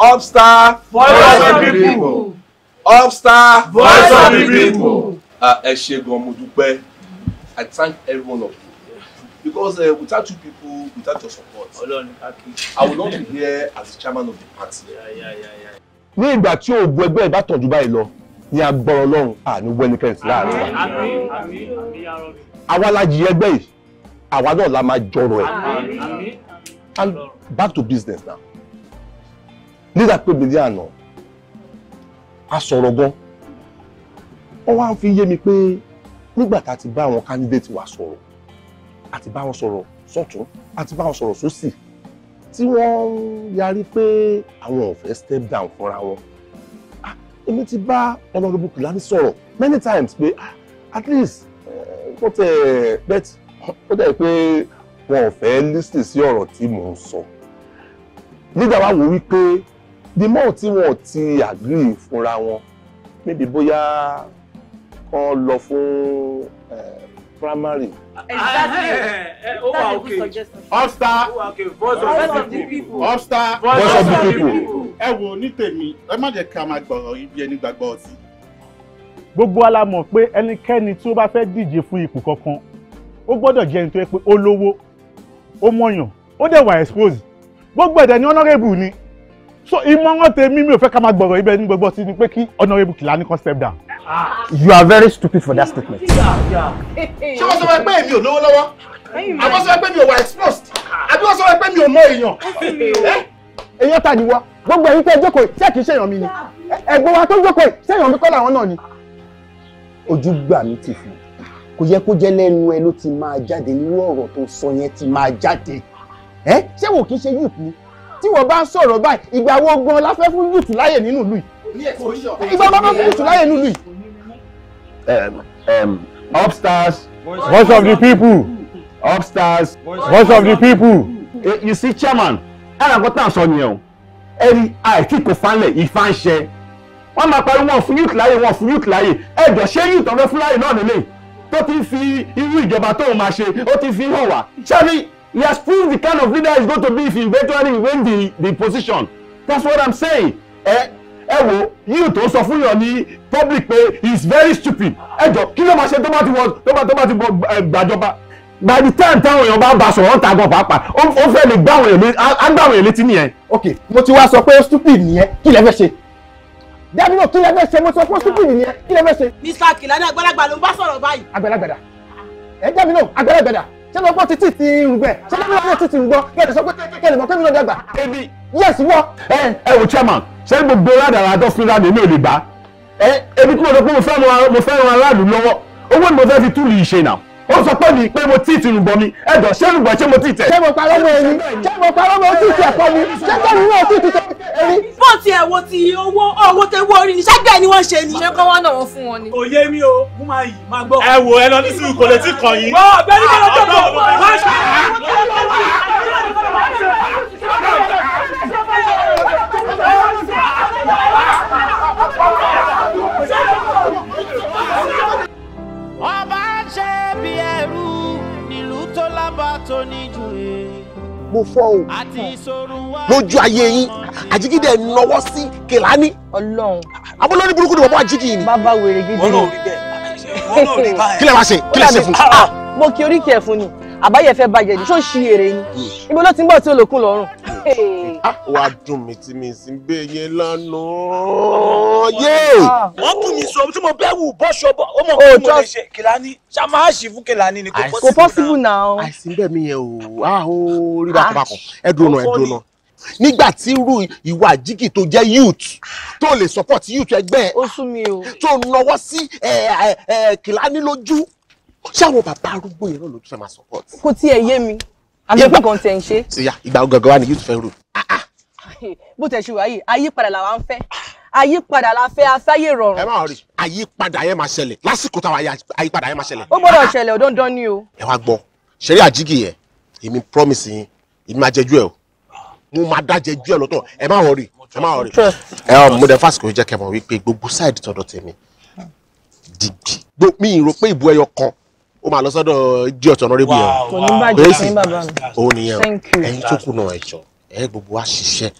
upstar voice of the people upstar voice of the people. Ah, ẹ ṣe gan mo dúpẹ́ i thank everyone of you because uh, without you people without your support i would not be here as the chairman of the party. ní ìgbà tí oògùn ẹgbẹ́ ìbátan jù báyìí lọ ní agbọ́rọ̀ ọlọ́run àní wẹ́nikẹ́ǹsì láàrin wa àwa la jì ẹgbẹ́ yìí àwa náà la máa jọrọ ẹ̀ and back to business now nígbà pébi ní àná a sọ̀rọ̀ gan wọ́n wá ń fi yé mi pé nígbà tá a ti bá àwọn candidate wa sọ̀rọ̀ a ti bá wọn sọ̀rọ̀ sọ̀tún a ti bá wọn sọ̀rọ̀ sósì tí wọ́n yarí pé àwọn ò fẹ́ step down fúnra wọn ah, èmi ti bá honourable Kìlání sọ̀rọ̀ many times pé ah, at least eh, wọ́n tẹ̀ bet ó dẹ̀ pé wọn ò fẹ́ listen sí ọ̀rọ̀ tí mò ń sọ nígbà wá wò wípé the more tí wọn ti agree fúnra wọn níbi bóyá kan lọ fún eh, primary. exactly ó wà okay upstar oh, Okay. of the people upstar voice of the people. ẹ eh, wo ní tèmi ẹ má jẹ́ ká máa gbọ̀rọ̀ ibi ẹni gbàgbọ́ ọtí. gbogbo wa la mọ̀ pé ẹnikẹ́ni tí ó bá fẹ́ díje fún ipò kankan ó gbọ́dọ̀ jẹ́ ẹni tó yẹ pé ó lówó ó mọ̀yàn ó dẹ̀ wà expose gbogbo ẹ̀dẹ̀ ni honourable ni so ìmọ̀ràn tèmi mi ò fẹ́ ká máa gbọ̀rọ̀ ibẹ̀ ní gbogbo sí ni pé kí honourable Kìlání kan step down. you are very stupid for that statement. ṣé wọ́n sọ wá pé èmi ò lówó lọ́wọ́ àbọ̀ sọ wá pé mi ò wà exposed àbí wọ́n sọ wá pé mi ò mọ èèyàn. Eh? èèyàn ta ni wá gbogbo ẹ̀yin tẹ́ jókòó ṣé kìí ṣèyàn mi ni ẹ̀gbọ́n wa tó jókòó ṣèyàn mi kọ́ làwọn náà ni. ojú gbà mí ti fún kò yẹ kó jẹ́ lẹ́nu ẹ ló ti máa jáde nínú ọ̀rọ̀ tó sọ yẹn ti máa jáde ẹ eh? ṣé wò kí ṣe yìí ni tí wọ́n bá ń sọ̀rọ̀ báyìí ìgbà wo gan la fẹ́ fún yùtù láyè nínú ìlú ìgbà wo gan yùtù láyè nínú ìlú um, um, upstairs voice of the people upstairs voice of the people eh, you see chairman ẹ̀rọ nǹkan tá à ń sọ nìyẹn o ẹ̀rí àìtí kò fanlẹ̀ ìfà ń ṣe wọ́n máa parí wọn fún yùtù láyè wọn fún yùtù láyè ẹ̀jọ̀ ṣé yùtù ọ̀fẹ́ fúláyè náà nílé tó ti fi irú ìjọba tóun máa ṣe ó ti fi hàn wá ṣẹ́ni He has proved the kind of leader is going to be if he eventually win the, the position. That's what I'm saying. Eh? ẹ wo you tó sọ fún yàn ní public pé he is very stupid ẹ jọ kí ló máa ṣe tó bá ti wọ tó bọ gbàjọba by the time táwọn èèyàn bá ba sọ̀rọ̀ ń ta gan pàápàá ó fẹ́ lè gbá àwọn èèyàn á gbá àwọn èèyàn létí nìyẹn. ok mo ti wá sọ pé stupid nìyẹn kí lẹ fẹ́ ṣe dábìlọ kí lẹ fẹ́ ṣe mo sọ pé stupid nìyẹn kí lẹ fẹ́ ṣe. mr akilani àgbàlagbà ló ń bá sọ̀rọ̀ báyìí. àgbàlagbà ẹ dábìlọ àgbàlagbà ṣé lọ́gbọ́n títí ti ń gbẹ ṣé lọ́gbọ́n náà títí ń gbọ́ kẹ́lẹ́ sọ pé kẹ́lẹ́ mọ̀ kẹ́mi náà dàgbà. èmi yes wọ. ẹ ẹ wò chairman ṣé gbogbo rádàrà dọ́fin rádà èmi ò lè gbà. ẹ ebi tí mo rò pé mo fẹ́ràn mo fẹ́ràn aráàlú lọ́wọ́ owó ni mo fẹ́ fi túlù ìṣe náà ó sọ pé mi pé mo tí ì ti rùbọ mi ẹ̀dọ̀ ṣé rùbọ ṣé mo tí ì tẹ̀. ṣé mo parọ́ mọ́ ẹni ṣé mo parọ́ mọ́ ọtí ì ì bó ti ẹ̀ wo ti owó owó tẹ wó orí ni ṣẹ́gbẹ́ ni wọ́n ṣe ni. ṣé kọ́ wá náà wọ́n fún wọn ni. òye mi o mo máa yìí máa gbọ́. ẹ wo ẹ lọ ní sùúrù kò lè tí kàn yín. wọ́n ọ̀gbẹ́ni kí ló tó bọ̀ wọ́n ṣe ọba ṣe bí ẹrú nílùú tó lábàá tó níjù rè mo fọ́ o lójú ayé yín àjíkídẹ̀ nọwọ́ sí kèlání. Ọlọ́run abúlórí burúkú ni bàbá àjíkì yìí. bàbá wèrè gidi ni kílẹ̀ wá ṣe kílẹ̀ ṣe fún. Ah, mo kí oríkì ẹ̀ fún ni àbáyẹ̀ fẹ́ bàjẹ́ ni ṣó ń ṣí èrè ni hmm. ibo ló ti ń bọ̀ tí olókùn lọ́rùn. Ah, wàá dùn mí tí mi sì ń bẹ yẹn lánàá oh, wọ́n kù mí sọ tí mo bẹ́ẹ̀ wù bọ́ṣọ bọ́ ó mọ̀ kí oh, mo lè ṣe kìlání ṣàmà àṣì fún kìlání ni kò pọ́sibú náà. àìsí ń bẹ̀ mí yẹn o a ah, rí bàkàbàkàn ah. ẹ dùn náà nígbà tí irú ìwà àjíkì tó jẹ́ youth tó lè support youth ẹgbẹ́ tó nọwọ́ sí kìlání lójú ṣé àwọn bàbá arúgbó yẹn náà ló tún fẹ́ máa support. kò tiẹ̀ yé mi àgbẹ̀gbẹ̀ kan tẹ̀ ń ṣe. ìyá ìgbà gọ̀gọ̀ wa ni yóò tún fẹ́ rò. bó tẹ̀ ṣe wà yìí àyípadà làwa ń fẹ́ àyípadà la fẹ́ afẹ́yè rọrùn. ẹ máa rí àyípadà yẹn máa ṣẹlẹ̀ lásìkò táwa àyípadà yẹn máa ṣẹlẹ̀. ó gbọ́dọ̀ ah, ah. ṣẹlẹ̀ dandan ni o. ẹ wá gbọ́ ṣeré àjíǹkì yẹn èmi promise yín èmi máa jẹjú ẹ o mo máa dájẹ jú ẹ lọ́tọ̀ ẹ máa hàn rí ẹ máa hàn rí. ẹ ọ mo dẹ fásitì kò jẹ́ kẹ́ mọ̀ wípé gbogbo sáìdì tọ̀dọ̀ tèmi dìgbì mi ì rò pé ìbú ẹyọ kan ó máa lọ sọ́dọ̀ jí ọ̀tọ̀ náà rébù yẹn kò òun nìyẹn ẹ̀yin tó kùnà ẹ̀jọ̀ ẹ̀ gbogbo wa ṣiṣẹ́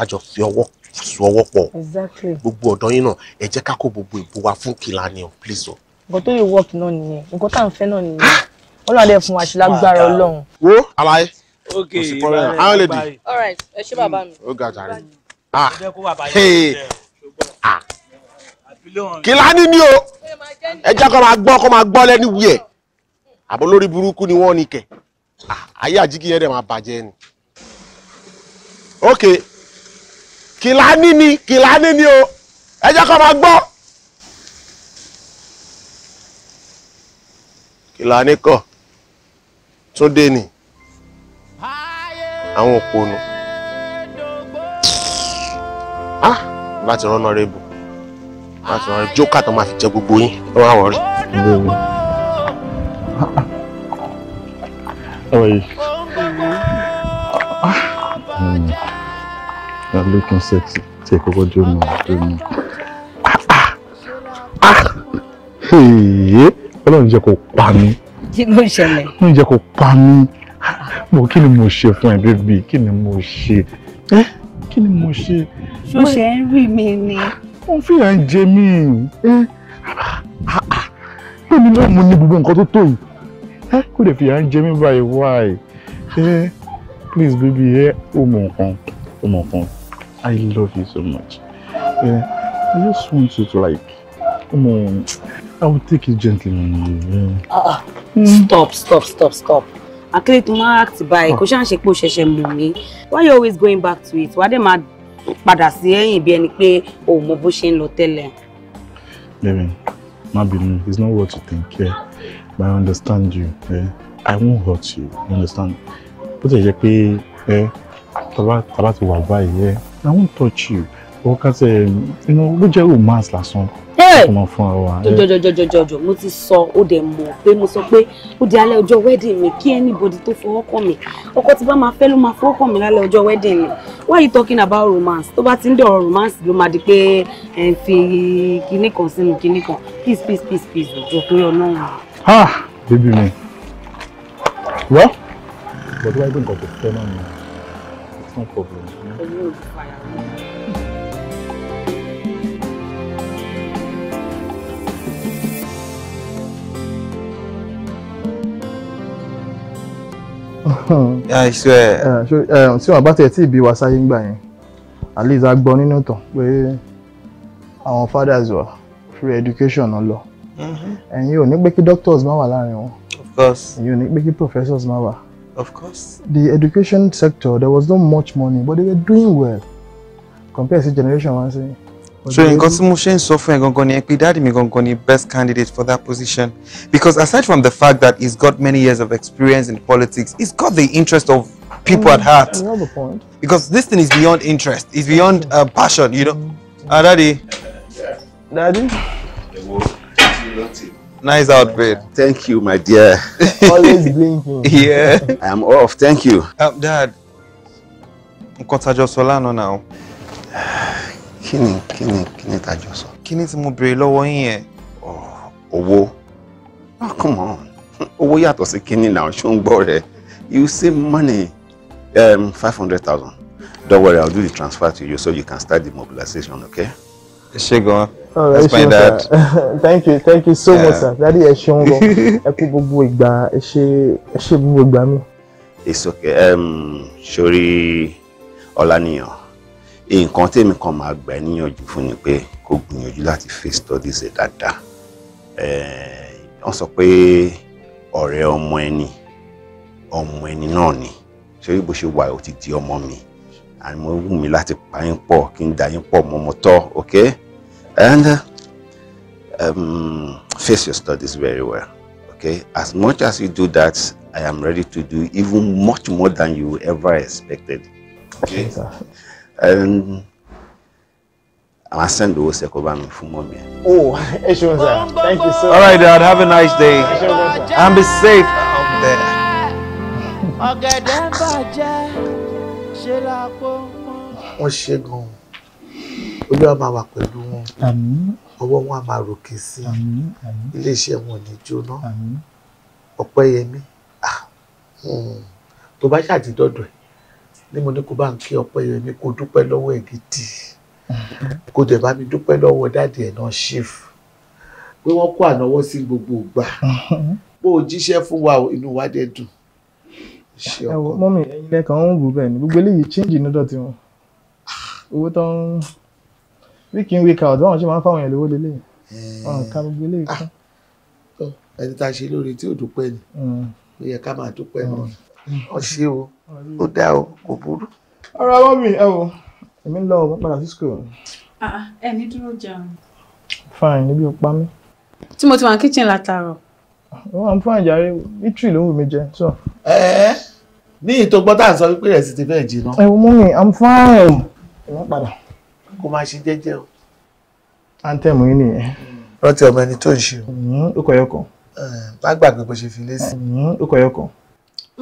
àjọ fi ọwọ́ sùn ọwọ́ pọ̀ gbogbo ọ̀dọ́ yín náà ẹ jẹ́ ká kó gbogbo ìbò wa fún kìlà ni o please o. nǹkan tó lè work náà nìyẹn nǹkan tá à ń fẹ́ náà nìyẹn wọ́n náà lè fún wa ṣe lágbára ọlọ́run. wo alaye ok iron lady all right ẹ ṣe bàbá mi. ó ga ah ah kìláni ni o ẹja kọ́ máa gbọ́ kọ́ máa gbọ́ lẹ́ni wí ẹ̀ àbọ̀ lórí burúkú ni wọ́n ní kẹ̀ ayé àjíkì yẹn dẹ̀ máa bàjẹ́ ni. ok kìláni ni kìláni ni o ẹja kọ́ máa gbọ́. kìláni kọ̀ túndé ni àwọn òpó nu láti rọ́nà rébù máa ti rán jókà tó máa fi jẹ gbogbo yín ẹ máa wọrí. You're looking sexy. Take over the room. Do you know? Ọlọ́run jẹ́ kó pa mí. Kí ló ń ṣẹlẹ̀? Ọlọ́run kó pa mí. Mo kí ni mo ṣe fún ẹ bébí? Kí ni mo ṣe? Kí ni mo ṣe? Ṣo ṣe ń rí mi ni? wọ́n fi ń jẹ mí lónìí náà mo ní gbogbo nǹkan tó tó yìí kò lè fìyà ń jẹ mí báyìí why please baby ó mọ̀ nǹkan ó mọ̀ nǹkan I love you so much yeah, I just want you to like ọmọ I will take it gently. Yeah. Uh, ah. stop stop stop stop akérètò máa act báyìí kò ṣáà ṣe pé ó ṣẹ̀ṣẹ̀ mú mi why you always going back to it wàá dé máa padà sí ẹ̀yìn bí ẹni pé o mọ bó ṣe ń lọ tẹ́lẹ̀. Lẹ́rìn, má bínú, it's not what you think, yeah. but I understand you. Yeah. I won't hurt you, you understand? Bó ti jẹ́ pé tàbá ti wà báyìí, I won't touch you. Wọ́n ká tẹ̀ ló jẹ́ romance lásán. Ọmọ fún àwa. Jọjọjọjọjọ mo ti sọ ó dẹ̀ mọ̀ pé mo sọ pé ó di alẹ́ ọjọ́ wedding mi kí anybody tó fọwọ́ kàn mí. Ọkọ tí bá máa fẹ́ ló máa fọwọ́ kàn mí lálẹ́ ọjọ́ wedding mi why are you talking about romance tó bá ti ń dọ̀rọ̀ romance ló máa di pé ẹ̀ ń fi kinní kan sínú kinní kan peace peace peace peace òjò pé ọlọ́run. ah bébí mi wọ́n bọ̀dọ̀ wáyé pé nǹkan kò fẹ́ náà ni it's no problem. ẹ̀yin I swear. Eh, eh, tí wọn bá tẹ̀ tí ìbí wa sáyé ń gbà yẹn at least a gbọ́ nínú tàn pé àwọn fathers wa free education náà lọ mm-hmm. ẹ̀yin ò ní pé kí doctors máa wà láàrin wọn of course ẹ̀yin ò ní pé kí professors máa wà of course the education sector there was not much money but they were doing well compared to generation one sẹ́yìn. so in tí mo ṣe ń sọ fún ẹ gangan ni ẹ best candidate for that position because aside from the fact that he's got many years of experience in politics he's got the interest of people mm, at heart another point. because this thing is beyond interest it's beyond uh, passion you know mm. ah daddy daddy nice outfit thank you my dear always blinking yeah i'm off thank you um, dad nǹkan tá a now. kí ni kí ni kí ni tàjọ sọ. kí ni tí mo béèrè lọ́wọ́ yín yẹn. owó oh come on owó yàtọ̀ sí kí ni náà ṣó ń gbọ́ rẹ̀ you see money um, five hundred thousand don't worry i'll do the transfer to you so you can start the mobilization okay. ẹ ṣé gan-an. ọ̀rọ̀ ẹ ṣeun sir thank you thank you so yeah. much sir dadi ẹ ṣeun gan ẹ kú gbogbo ìgbà ẹ ṣe ẹ ṣe gbogbo ìgbà mi. it's okay um, sori ọ̀lànìyàn nǹkan tèmi kan máa gbà níyànjú fún ni pé kó gbìyànjú láti face studies ẹ̀ dáadáa wọ́n sọ pé ọ̀rẹ́ ọmọ ẹni ọmọ ẹni náà ni ṣé bó ṣe wà ó ti di ọmọ mi àmọ́ wù mí láti pa yín pọ̀ kí n dà yín pọ̀ mọ́ mo tọ́ ok and um, face your studies very well ok as much as you do that I am ready to do even much more than you ever expected. Okay. okay Um, and I send those Sekobami for mommy. Oh, Eshon, sir. Thank you so much. All right, Dad. Have a nice day. And be safe out there. ọ̀gẹ̀dẹ̀ ń bàjẹ́ ṣe la kó wọn. wọ́n Amin. gan-an olúwa máa wà pẹ̀lú Amin. Amin. wọn a máa ròkè sí i iléeṣẹ́ wọn ò ní jóná ọ̀pẹ́yẹmí ah, hmm. tó bá ṣàtidọ́dọ̀ ẹ̀ ni mo ní kó bá ń kí Ọpẹ́yẹmí kó dúpẹ́ lọ́wọ́ ẹ̀ gidi mm-hmm. kó dẹ̀ bá mi dúpẹ́ lọ́wọ́ dáàdì ẹ̀ náà ṣèf pé wọ́n kó ànáwọ́ sí gbogbo ìgbà mm-hmm. bó o jíṣẹ́ fún wa inú wa dẹ̀ dùn. ẹ wo mọ́mì ẹ̀yin lẹ́kàn ń wù bẹ́ẹ̀ ni gbogbo eléyìí chíǹjì nídọ̀ tí wọn owó tó ń week in week out báwọn ṣe máa ń fáwọn èèyàn lówó lélẹ̀ mm. wọn kà gbogbo eléyìí kan. Ah. ẹni tá a ṣe lóore tí ò dúpẹ́ ni mm. ó yẹ ká máa dúpẹ́ náà ọṣẹ o ó dá o kò burú. ọ̀rọ̀ àwọn mi ẹ wo èmi ń lọ ọ̀pọ̀ padà sí school. Ah, ah, ẹni dúró jẹun. fine níbi ò pa mí. tí mo ti wà ní kitchen látàárọ̀. wọ́n máa ń fún àjàre ítírì ló wù mí jẹ sọ. ẹ ẹ ní ìtò gbọ́dọ̀ àǹsọ wípé rẹ̀ sì ti fẹ́ jìnnà. ẹ wo mú mi i'm fine. ìwọ́n padà. kó máa ṣe jẹ́jẹ́ o. anthem yín nìyẹn. rántí ọmọ ẹni tó ń ṣe o. Mm-hmm, ó kọ̀ yọkọ̀. má gbàgbé bó ṣe fi lé sí. Mm-hmm, ó kọ̀ yọkọ̀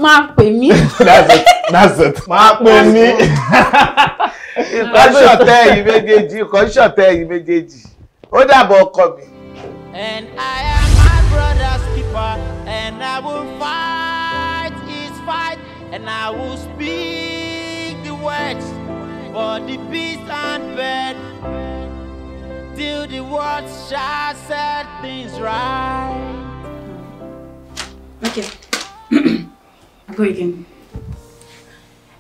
máa pè mí. that's it that's it máa pè mí. ìkan ṣọ̀tẹ̀ ẹ̀yin méjèèjì ìkan ṣọ̀tẹ̀ ẹ̀yin méjèèjì ó dàbọ̀ ọkọ mi. and I am my brother's keeper and I will fight his fight and I will speak the words for the beast and bird till the world shall set things right.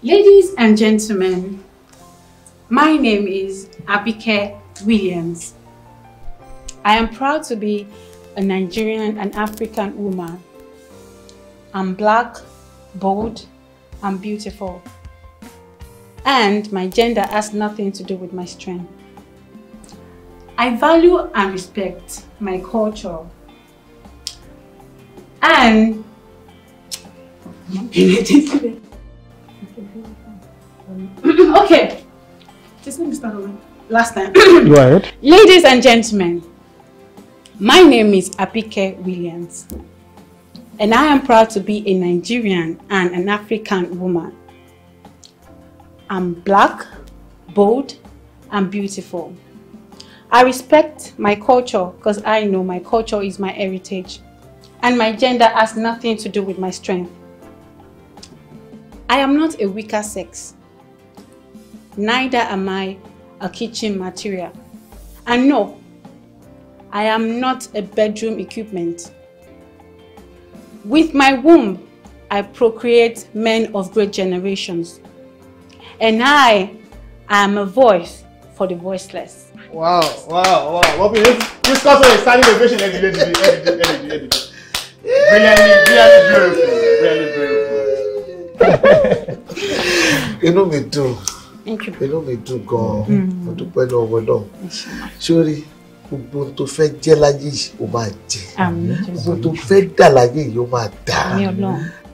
Ladies and gentlemen, my name is Abike Williams. I am proud to be a Nigerian and African woman. I'm black, bold, and beautiful. And my gender has nothing to do with my strength. I value and respect my culture. And okay. Just let me start over. Last time. Right, Ladies and gentlemen, my name is Apike Williams. And I am proud to be a Nigerian and an African woman. I'm black, bold, and beautiful. I respect my culture because I know my culture is my heritage. And my gender has nothing to do with my strength. I am not a weaker sex. Neither am I a kitchen material. And no, I am not a bedroom equipment. With my womb, I procreate men of great generations. And I am a voice for the voiceless. Wow, wow, wow. What we this comes with a standing ovation. Brilliantly, brilliantly, beautiful. Brilliantly, beautiful. inú mi dùn inú mi dùn gan-an hmm. mo dúpẹ́ lọ́wọ́ náà sórí gbogbo tó fẹ́ jẹ́ láyé yìí ó máa jẹ́ gbogbo tó fẹ́ dà láyé yìí ó máa dà.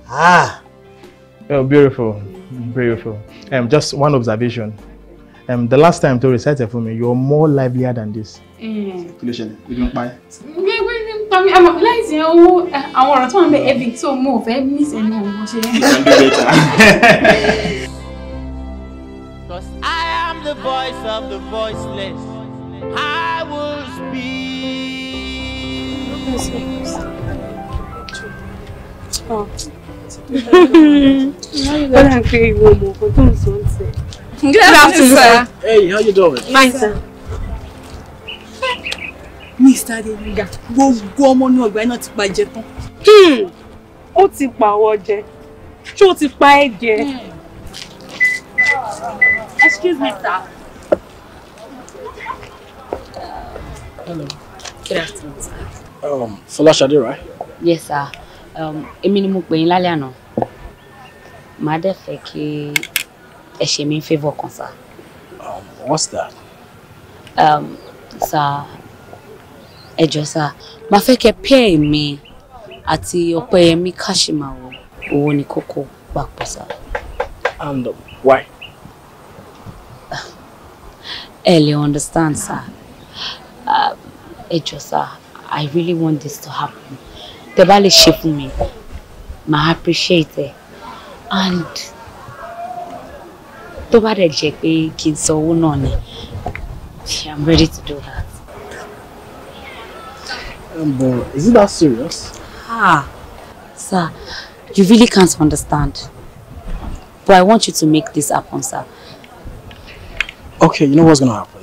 Ah! Oh, beautiful, beautiful. Um, just one observation. Um, the last time to recite it for me, you're more livelier than this. Mm mami ẹ mọ láìsí ẹ owó eh, àwọn ọ̀rọ̀ tó wà ń bẹ ẹbí tó mú ò fẹ́ mí Because I am the voice of the voiceless. I will speak. Oh. Good afternoon, sir. Hey, how you doing? Nice. sir. Mr. Adéyẹ̀yà gbogbo ọmọ ní ọgbà náà ti pa jẹ tán. Hmm, ó ti pa ọwọ́ jẹ ṣé ó ti pa ẹ́ hmm. excuse me sir. hello. good afternoon sir. Um, Fọláṣadé right. yes sir um, èmi ni mo pè yín lálẹ́ àná màá dẹ̀ fẹ́ kí ẹ ṣe mí favour kan sir. Um, what's that? Um, sir ẹ jọ sá máa fẹ́ kẹ́ pẹ́ èmi àti ọpẹ́yẹmí káṣímáwò owó ní kókó papọ̀ sá. and um, why. ẹ lè understand sá ah, ẹ jọ sá i really want this to happen tẹ bá lè ṣe fún mi màá appreciate it, and tó bá dẹ̀ jẹ́ pé kí n san owó náà ni i'm ready to do that. Um, but is it that serious? Ah, sir, you really can't understand. But I want you to make this happen, sir. Okay, you know what's gonna happen?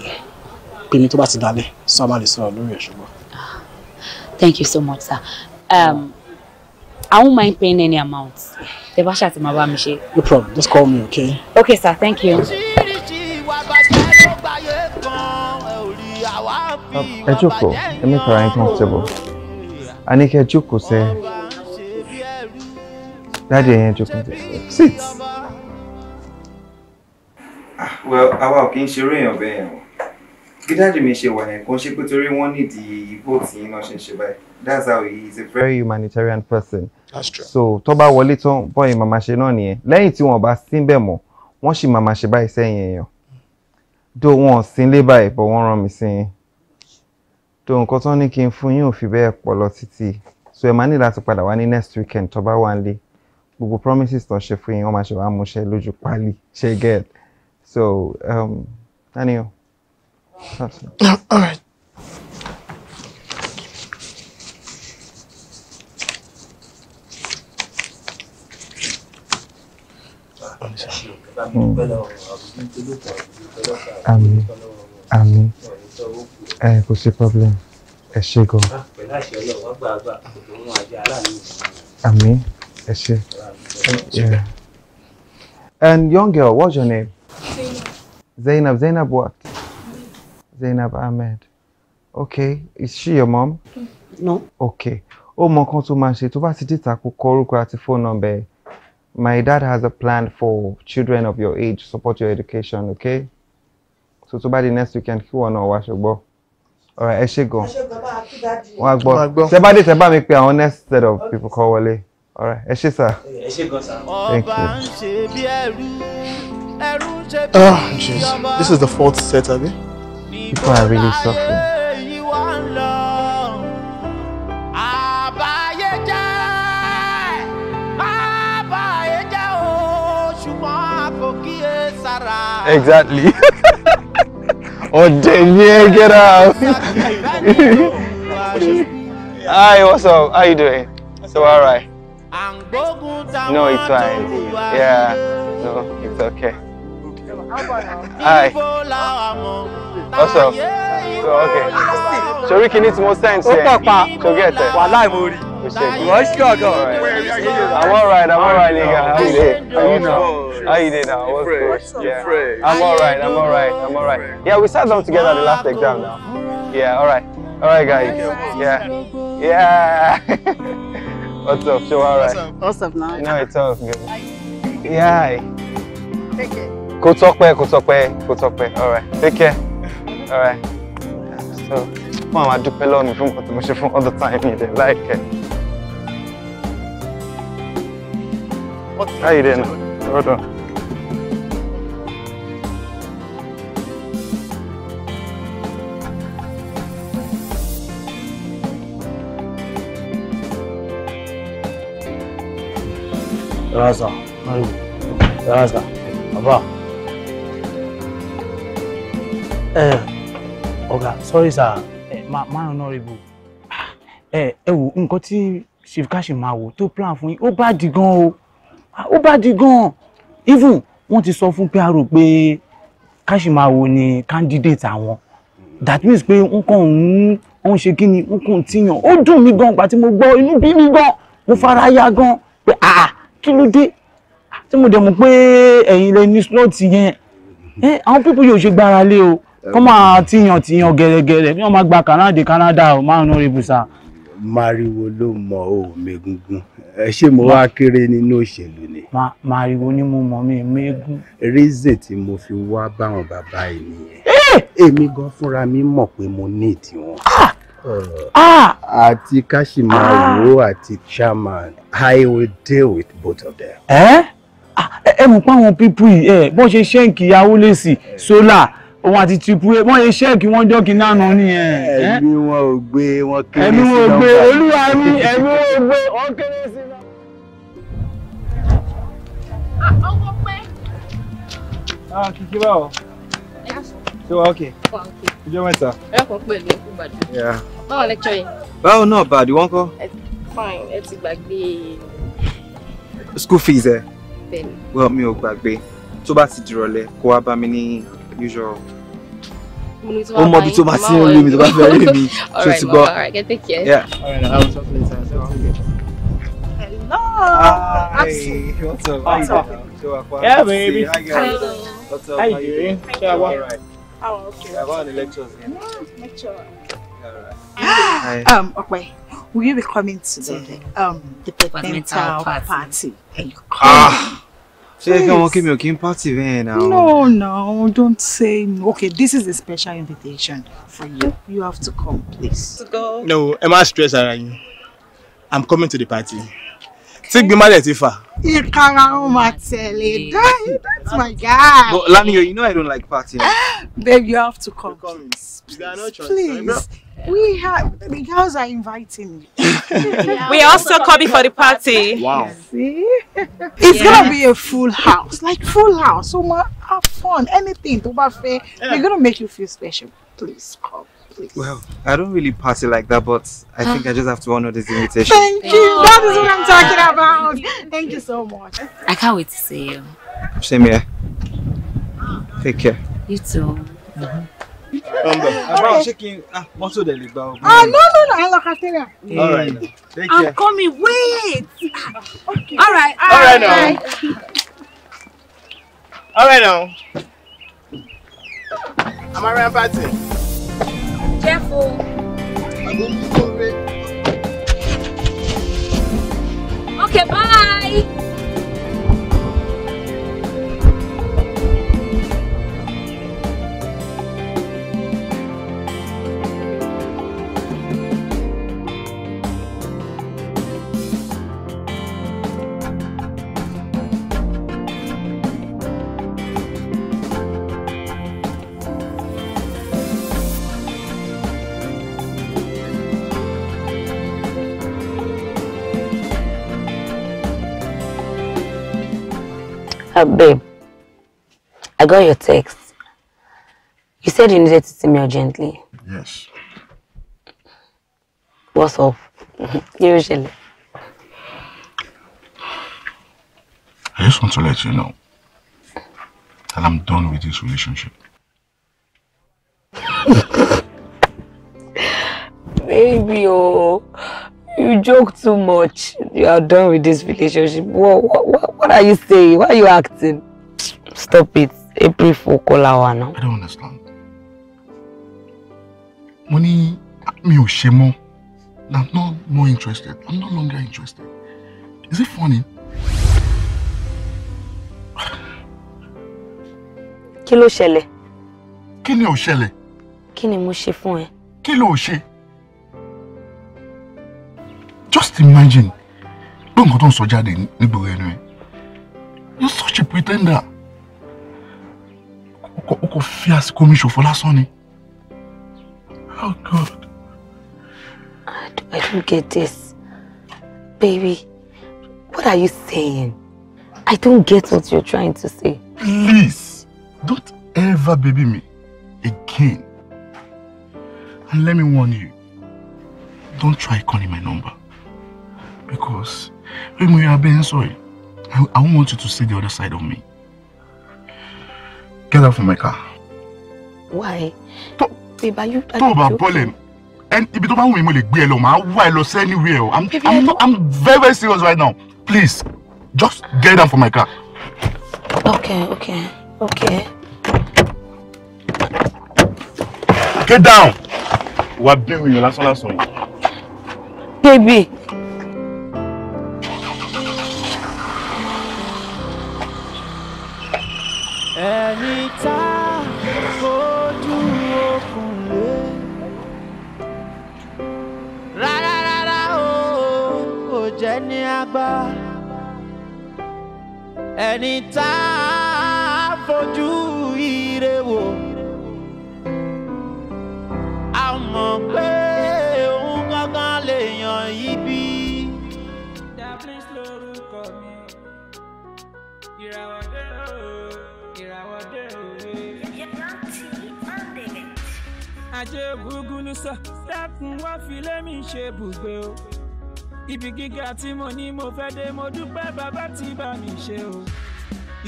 Pimi tó bá ti dalẹ̀, so ma lè sọ lórí ẹ̀ Thank you so much, sir. Um, I won't mind paying any amount. Tẹ́ bá ṣá ti máa No problem, just call me, okay? Okay, sir, thank you. ẹ jókòó ẹ make comfortable a ní kí ẹ jókòó sẹ dáàdi sit. Ah, well àwa ò kí ń ṣeré èèyàn bẹ́ẹ̀ yẹn o kí dáàdi mi ṣe wà yẹn kó ṣe pé torí wọ́n nídìí that's how he is a very humanitarian person. that's true. so toba bá wọlé tán bọ́ọ̀yì màmá ṣe náà nìyẹn lẹ́yìn tí wọ́n bá síbẹ̀ mọ́ wọ́n sì màmá ṣe báyìí sẹ́yìn èèyàn dó wọn sí lé báyìí bọ́ wọ́n tó nǹkan tán ní kí n fún yín ò fi bẹ́ẹ̀ pọ̀ lọ títí so ẹ máa ní láti padà wá ní next weekend tó bá wà ń lé gbogbo promises tó ṣe fún yín wọ́n máa ṣe wá múṣẹ lójú pálí ṣe get so um, daniel. all right. Àmín. Hmm. Àmín ẹ kò sí problem ẹ ṣe gan. Ah, pẹ̀lú àṣẹ ọlọ́run wọ́n ẹ ṣe. and young girl what's your name. Zainab. Zainab what? Zainab Ahmed. okay is she your mom. no. okay ó mọ nǹkan tó máa ṣe tó bá ti dìtà kó kọ orúkọ àti phone number my dad has a plan for children of your age to support your education okay so tó bá di next weekend kí wọn náà wá ṣùgbọ́ ọ̀rọ̀ ẹ ṣe gan wọn á gbọ́ ṣe bá dé ṣe bá mi pe àwọn next set of people kọ́ wọlé ọ̀rọ̀ ẹ ṣe sà. ẹ ṣe gan sà. ọba ń ṣe bí Oh, ah, jeez. This is the fourth set, abi? People are really suffering. Exactly. Odenier, oh, get out. Hi, what's up? How you doing? So all right. No, it's fine. Yeah. No, it's okay. Hi. What's up? So, okay. Sorry, can it more sense? So get it. Appreciate you. What's going I'm alright, I'm alright, nigga. How you doing? How you know? How you doing now? What's good? Yeah. I'm alright, I'm alright, I'm alright. Yeah, we sat down together at the last exam now. Yeah, alright. Alright, guys. Yeah. Yeah. What's up? So, alright. What's up now? No, it's all good. Yeah. Take care. Go talk, kò tọ́pẹ́, kò tọ́pẹ́. Alright. Take care. Alright. So. máa máa dúpẹ́ lọ́nu fún nǹkan tí mo all the time yìí dẹ̀ láìkẹ́. How you doing? Hold on. Raza, Maru, Raza, Baba. Eh, Ọ̀gá, sorry sir márùn náà rìbò ẹ ẹ wò nǹkan tí chief kashi máa wò tó plan fún yín ó bá di gan o ó bá di gan even wọ́n ti sọ fún pro pé kashi máa wò ní candidate àwọn that means pé n kàn ń ń ṣe kí ni n kàn ti yàn ó dùn mí gan gbà tí mo gbọ́ inú bí mi gan mo fara ya gan pé ah kí ló dé tí mo dẹ̀ mọ̀ pé ẹ̀yin lẹ ní slọ́ọ̀tì yẹn àwọn pípọ̀ yóò ṣe gbára lé o kọ́ máa tíyan tíyan gẹ̀rẹ́gẹ̀rẹ́ bí wọ́n máa gba Canada Canada ò máa ń rí ibùsà. mariwo ló mọ òun egungun ẹ ṣé mo wá kéré nínú òṣèlú ni. mariwo ni mo mọ mi megun. reason tí mo fi wá báwọn bàbá ẹ nìyẹn eh! èmi gan fúnra mi mọ̀ pé mo ní ìtiwọn ah! ah! àti káṣímáwò ah! àti chairman i will deal with both of them. Eh? ẹ ẹ mọ̀ pé àwọn pípú yìí ẹ bọ́n ṣe ṣẹ́ǹkì yahoo lè sí sólà òun àti tìpúrẹ wọn yẹ ṣẹẹkì wọn jọ kí nánà nìyẹn. ẹ̀mí wọn ò gbé wọn kéré sí lọ́pàá ẹ̀mí wọn ò gbé olúwa mi ẹ̀mí wọn ò gbé wọn kéré sí lọ́pàá. ọkọ pé. ah kìkì báwo. ṣé wàá okay. ìjọ mẹ́ta. ẹ kàn pẹ̀lú ẹkú gbàdúrà. báwo lẹ́kọ̀ọ́ yẹn. báwo náà bàdí wọn kọ́. fine ẹ ti gbàgbé. school fees ẹ. bẹ́ẹ̀ni. well mi ò gbàgbé tó bá ti dìrọ̀lẹ́ kó wá bá mi ní usual o mọ ibi tó bá ti ń rí mi tó bá fẹ́ All right, I will Hello. Hi. What's up? Yeah, baby. What's up? How you doing? How are Oh, okay. I want the lectures again. Yeah, ah, um, okay. Will you be coming to the mm. um the departmental party? party? Ah. Please. Ṣé come wọn kí mi ò kí n party bẹ́ẹ̀ náà? No, no, don't say no. Okay, this is a special invitation for you. You have to come, please. To go. No, ẹ má stress ara yín. I'm coming to the party. Tí gbímọ dẹ̀ ti fà. Ìkara That's my guy. But Laniyo, you know I don't like partying. Babe, you have to come. Please, please. please. We have the girls are inviting me. yeah, we are also coming for the party. Wow. See? It's yeah. gonna be a full house. Like full house. So much have fun. Anything to buffet. Yeah. We're gonna make you feel special. Please come. Please. Well, I don't really party like that, but I think I just have to honor this invitation. Thank you. Oh, that is what I'm talking about. Thank you so much. I can't wait to see you. Same here. Take care. You too. Mm -hmm. About chicken, ah, mọ́tò ah, no, no, no, I love cafeteria. Mm. All right, now. Take I'm ah, coming, wait. okay. All right, all, all right, right now. All right now. I'm around party. Careful. I'm going to go Okay, bye. Uh, babe, I got your text. You said you needed to see me urgently. Yes. What's up? Usually. I just want to let you know that I'm done with this relationship. Baby, oh. You joke too much. You are done with this relationship. What, what, what are you saying? Why are you acting? Stop it. April Fool call our now. I don't understand. Money, me mi ò I'm not more interested. I'm no longer interested. Is it funny? Kilo ló ṣẹlẹ̀? Kí ni ò ṣẹlẹ̀? Kí ni mo just imagine pé nǹkan tó ń sọ jáde nígboro ẹnu ẹ you such a pretender o kò fi àsìkò mi ṣòfò lásán ni oh god. God I don't get this baby what are you saying I don't get what you're trying to say. please don't ever baby me again and let me warn you don't try calling my number. Because when we are being sorry, I, I want you to see the other side of me. Get out from my car. Why? To, Babe, are you... Are talk problem. And if you don't want me, I'm going to I lost anywhere. I'm, Baby, I'm, not, I'm very, very serious right now. Please, just get out from my car. Okay, okay, okay. Get down! What are doing? You're not Baby. ẹni tá fojú okùn lé rárá o kò jẹ́ ní agbá ẹni tá fojú ire wò a mọ̀ pé. ajé búgúlùsọ dákun wá fi lémi ṣe bùgbé o ibi gíga tí mo ní mo fẹ́ dé mo dúpẹ́ bàbá tí bá mi ṣe o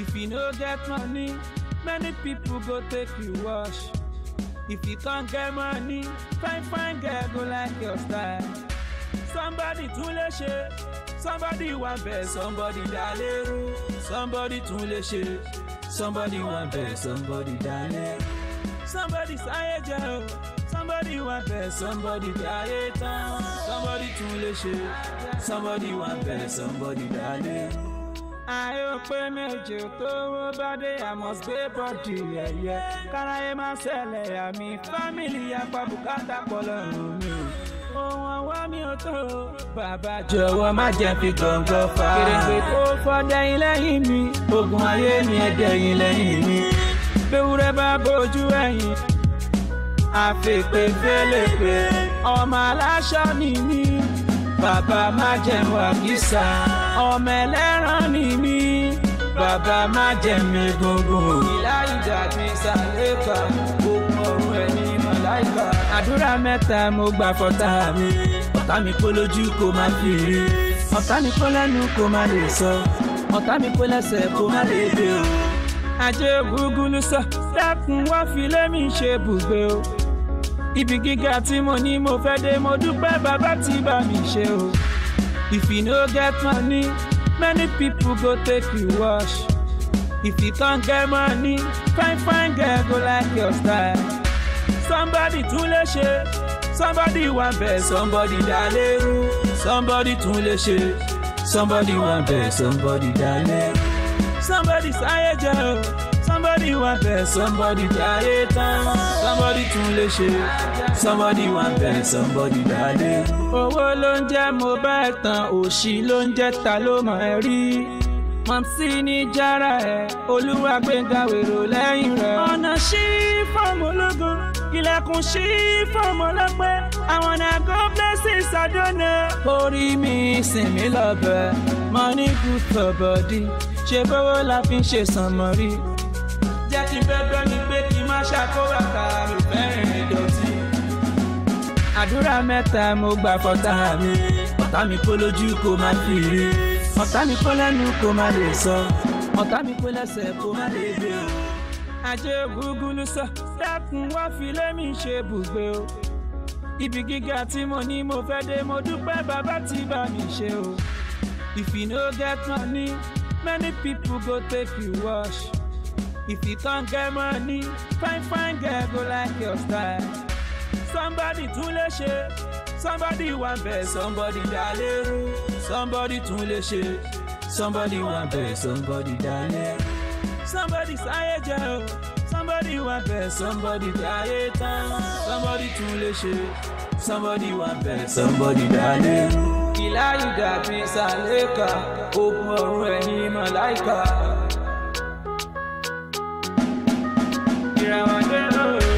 if you no get money many people go take you wash if you can't get money fine fine girl go like your style somebody tún lè ṣe somebody wan bẹ somebody dá lérú somebody tún lè ṣe somebody wan bẹ somebody dá lérú somebody sáyé jẹ́ o somebody wà bẹ́ẹ̀ somebody dáyé tán somebody tún lè ṣe somebody wà bẹ́ẹ̀ somebody dálé. Ayé òpé méje tó wó bá dé àmọ́ gbé bọ́dì ẹ̀yẹ. Káráyé máa ṣẹlẹ̀ àmì fámìlì ya bùkátà pọ̀ lọ́rùn mi o ohun ọwọ́ mi ò tó. bàbá jọ̀wọ́ má jẹ́ fi gbọ̀ngàn fà á. kèrègbè kó fọ́ dẹ́yìn lẹ́yìn mi. ogun ayé mi ẹ̀ dẹ́yìn mi bẹ́wúrẹ́ bá bójú ẹ̀yìn àfèpè fẹ́lẹ́pẹ́ ọmọ aláṣọ ni mí bàbá má jẹun àkísà ọmọ ẹlẹ́ran ni mí bàbá má jẹun egungun. ìlà ìjà mi sàlẹ́kà gbogbo ọ̀run ẹni màláìkà. àdúrà mẹ́ta mo gbà fọ́tà mi ọ̀tá mi kó lójú kó má fi rí ọ̀tá mi kó lẹ́nu kó má lè sọ ọ̀tá mi kó lẹ́sẹ̀ kó má lè dé ajé gúgúlú sọ dákun wá fi lémi ṣe bùgbé o ibi gíga tí mo ní mo fẹ́ dé mo dúpẹ́ bàbá tí bá mi ṣe o if you no get money many people go take you wash if you can't get money fine fine girl go like your style somebody tún lè ṣe somebody wan bẹ somebody dá lérú somebody tún lè ṣe somebody wan bẹ somebody dá lérú. somebody sáyé jẹ o somebody wà bẹ somebody dáyé tán somebody tún lè ṣe somebody wà bẹ somebody dáyé. owó ló ń jẹ́ mo bá ẹ̀ tán òṣì ló ń jẹ́ ta ló mọ̀ ẹ́ rí mọ̀tí ní jára ẹ̀ olúwa gbẹ̀ngà wèrò lẹ́yìn rẹ̀. ọ̀nà ṣí fọ́ọ̀mù ológun ilẹ̀kùn ṣí fọ́ọ̀mù ọlọ́pẹ́ àwọn na god blesses adóná. orí mi sìn mí lọ́bẹ̀ money good for body ṣe bọ́wọ́ la fi ń ṣe sànmọ́rí. jẹ́ kí n fẹ́ gbọ́ ni pé kí n má ṣàkóbá ká mi fẹ́ rìn ìdọ̀tí. àdúrà mẹ́ta mo gbà fọ́tà mi ọ̀tá mi kó lójú kó má fi rí ọ̀tá mi kó lẹ́nu kó má lè sọ ọ̀tá mi kó lẹ́sẹ̀ kó má lè gbé o. àjẹ ògúngún sọ dákun wá fi lémi ṣe bùgbé o ibi gíga tí mo ní mo fẹ́ dé mo dúpẹ́ bàbá tí bá mi ṣe o if you no get money. many people go take you wash if you can't get money fine fine girl go like your style somebody tún lè somebody want bẹ́ẹ̀ somebody dá somebody tún lè somebody want bẹ́ẹ̀ somebody dá somebody say jẹ́ o somebody want bẹ́ẹ̀ somebody die yé tán somebody tún lè somebody want bẹ́ẹ̀ somebody dá láì dàbí sàlẹ́kà ogun ọ̀run ẹ̀yìn màláìkà. ìràwọ̀ gbẹ́rọ̀ rẹ̀.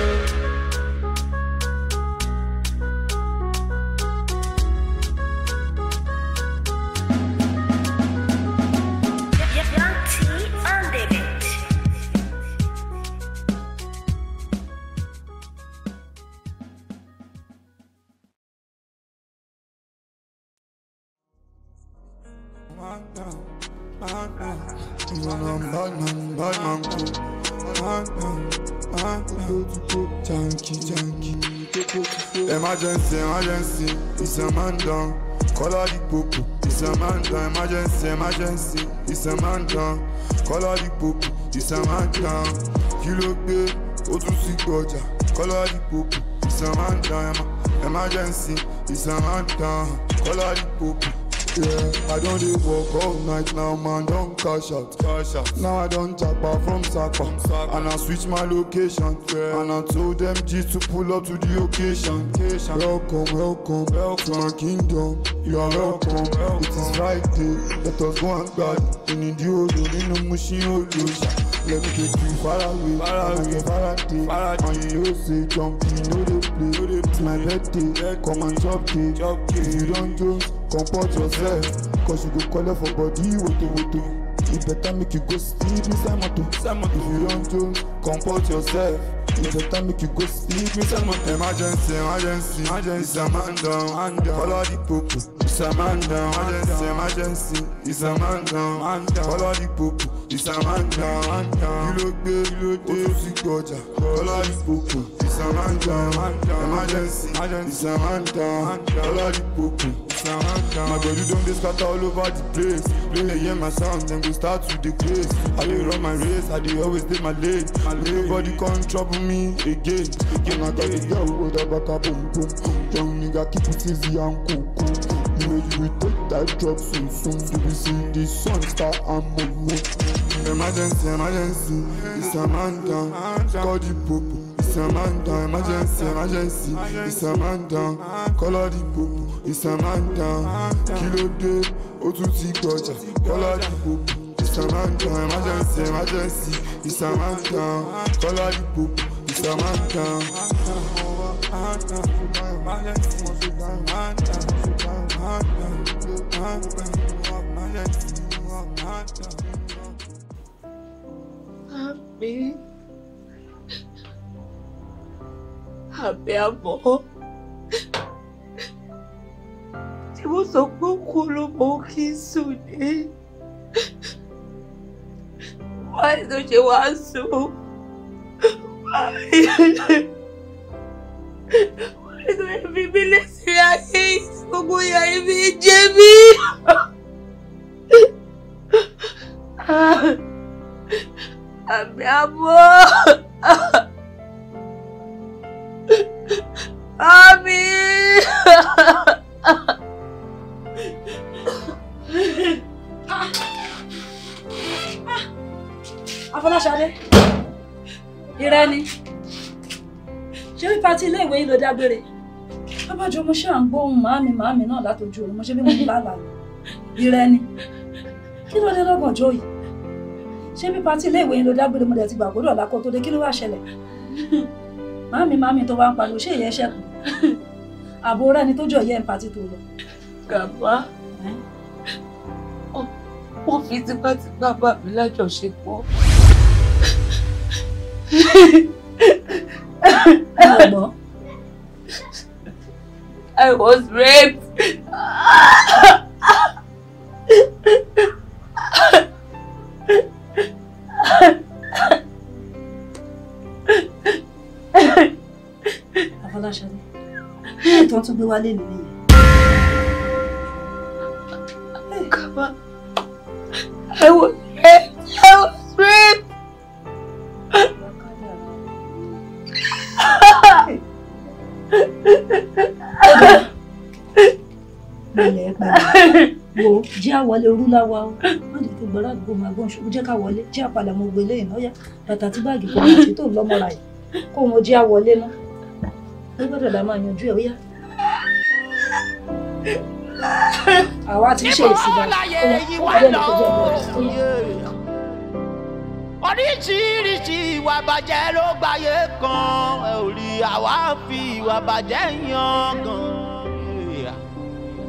emergency, emergency, it's a man down. Call all the popo, it's a man down. Emergency, emergency, it's a man down. Call all the popo, it's a man down. Kí ló gbé o tún sí the popo, it's a man down. Emergency, it's a man down. Call all the popo. Yeah, I don't even work all night now, man. Don't cash out. Cash out. Now I don't tap out from Sapa. And I switch my location. Yeah. And I told them just to pull up to the occasion. Welcome, welcome, welcome to my kingdom. You are welcome. welcome. It is Friday. Let us go and God. In the odo, in the machine odo. Let me take you far away, far away, far away. Far away. And you know say jump, you know they play. It's my birthday, come and chop it. If you don't joke, comport yourself cause you go collect for body woto woto e better make you go sleep inside moto if you don do comport yourself e better make you go sleep inside moto. emergency emergency emergency it's a man down and follow the popo it's a man down emergency emergency it's a man down and follow the popo it's a man down man down. and kilo gbé kilo dé o ti gbọjà follow the popo it's a man down emergency it's a man down follow the popo sound. My body don't be scatter all over the place. Play they hear my sound, then we start to decrease. I dey run my race, I dey always dey my lane. Nobody can trouble me again. Young I got a girl with a back up boom boom. Young nigga keep it easy and cool cool. You know you take that drop soon soon. Do we see the sun start and moon moon? Emergency, emergency, it's a man Amanda. Call the popo, it's a man Amanda. Emergency, emergency, it's a man Amanda. Call the popo, it's a man Amanda. Kilo de, ó tún ti gbọ́jà. Call the popo. Samantha, emergency, emergency, it's a man Samantha. Call the poop, it's Samantha. Emergency, emergency, emergency. àmì àmì àmọ́ tí mo sọ pé kú ló mọ kí n sùn ní wáyé tó ṣe wá sùn wáyé wáyé tó ṣe fi mí lẹ́sìn ayé gbogbo ìyá yìí jẹ́ mí. Ah àmì àmọ́ àmì. Afọláṣadé, ìrẹ́ ni, ṣé wípé àti ilé ìwé yìí ló dágbére? Bábájọ́ mo ṣe à ń gbóhùn màámi màámi náà látọjú òru, mo ṣe bí mo ń lálàá. Ìrẹ́ ni, kí ló dé lọ́gànjọ́ yìí? ṣé pípa tí ilé ìwé yín ló dágbére mo dẹ̀ ti gbàgbọ́ dọ̀la kó tó dé kí ló wá ṣẹlẹ̀ màámi màámi tó wá ń pariwo ṣé ìyẹn ṣẹkù àbò rẹ ni tó jọ ìyẹn pàtí tó lọ. bàbá wọ́n fi tipátipá bá mi lájọṣepọ̀. àgbọ̀. I was raped. Afọláṣadé, ní ìtàn tún gbé wálé nìyí. Kábà, ẹ wọ́n. jẹ́ àwọlé orúláwa o ah, má jẹ́ kí gbọ́dọ̀ àdúgbò máa gbọ́n ṣubú jẹ́ ká wọlé jẹ́ àpàlà mo gbélé ìnáyà bàtà tí báàgì kò máa ṣe tó lọ́mọra yìí kó wọn jẹ́ àwọlé ná gbọ́dọ̀ là máa yanjú ẹ̀ ó yá. àwa ti ṣe ìsìnkú ọjọ́ ìlú kọjá ìlú oríṣiríṣi ìwà bàjẹ́ ló gbáyé kan ẹ̀ àwa fi ìwà bàjẹ́ yan gan.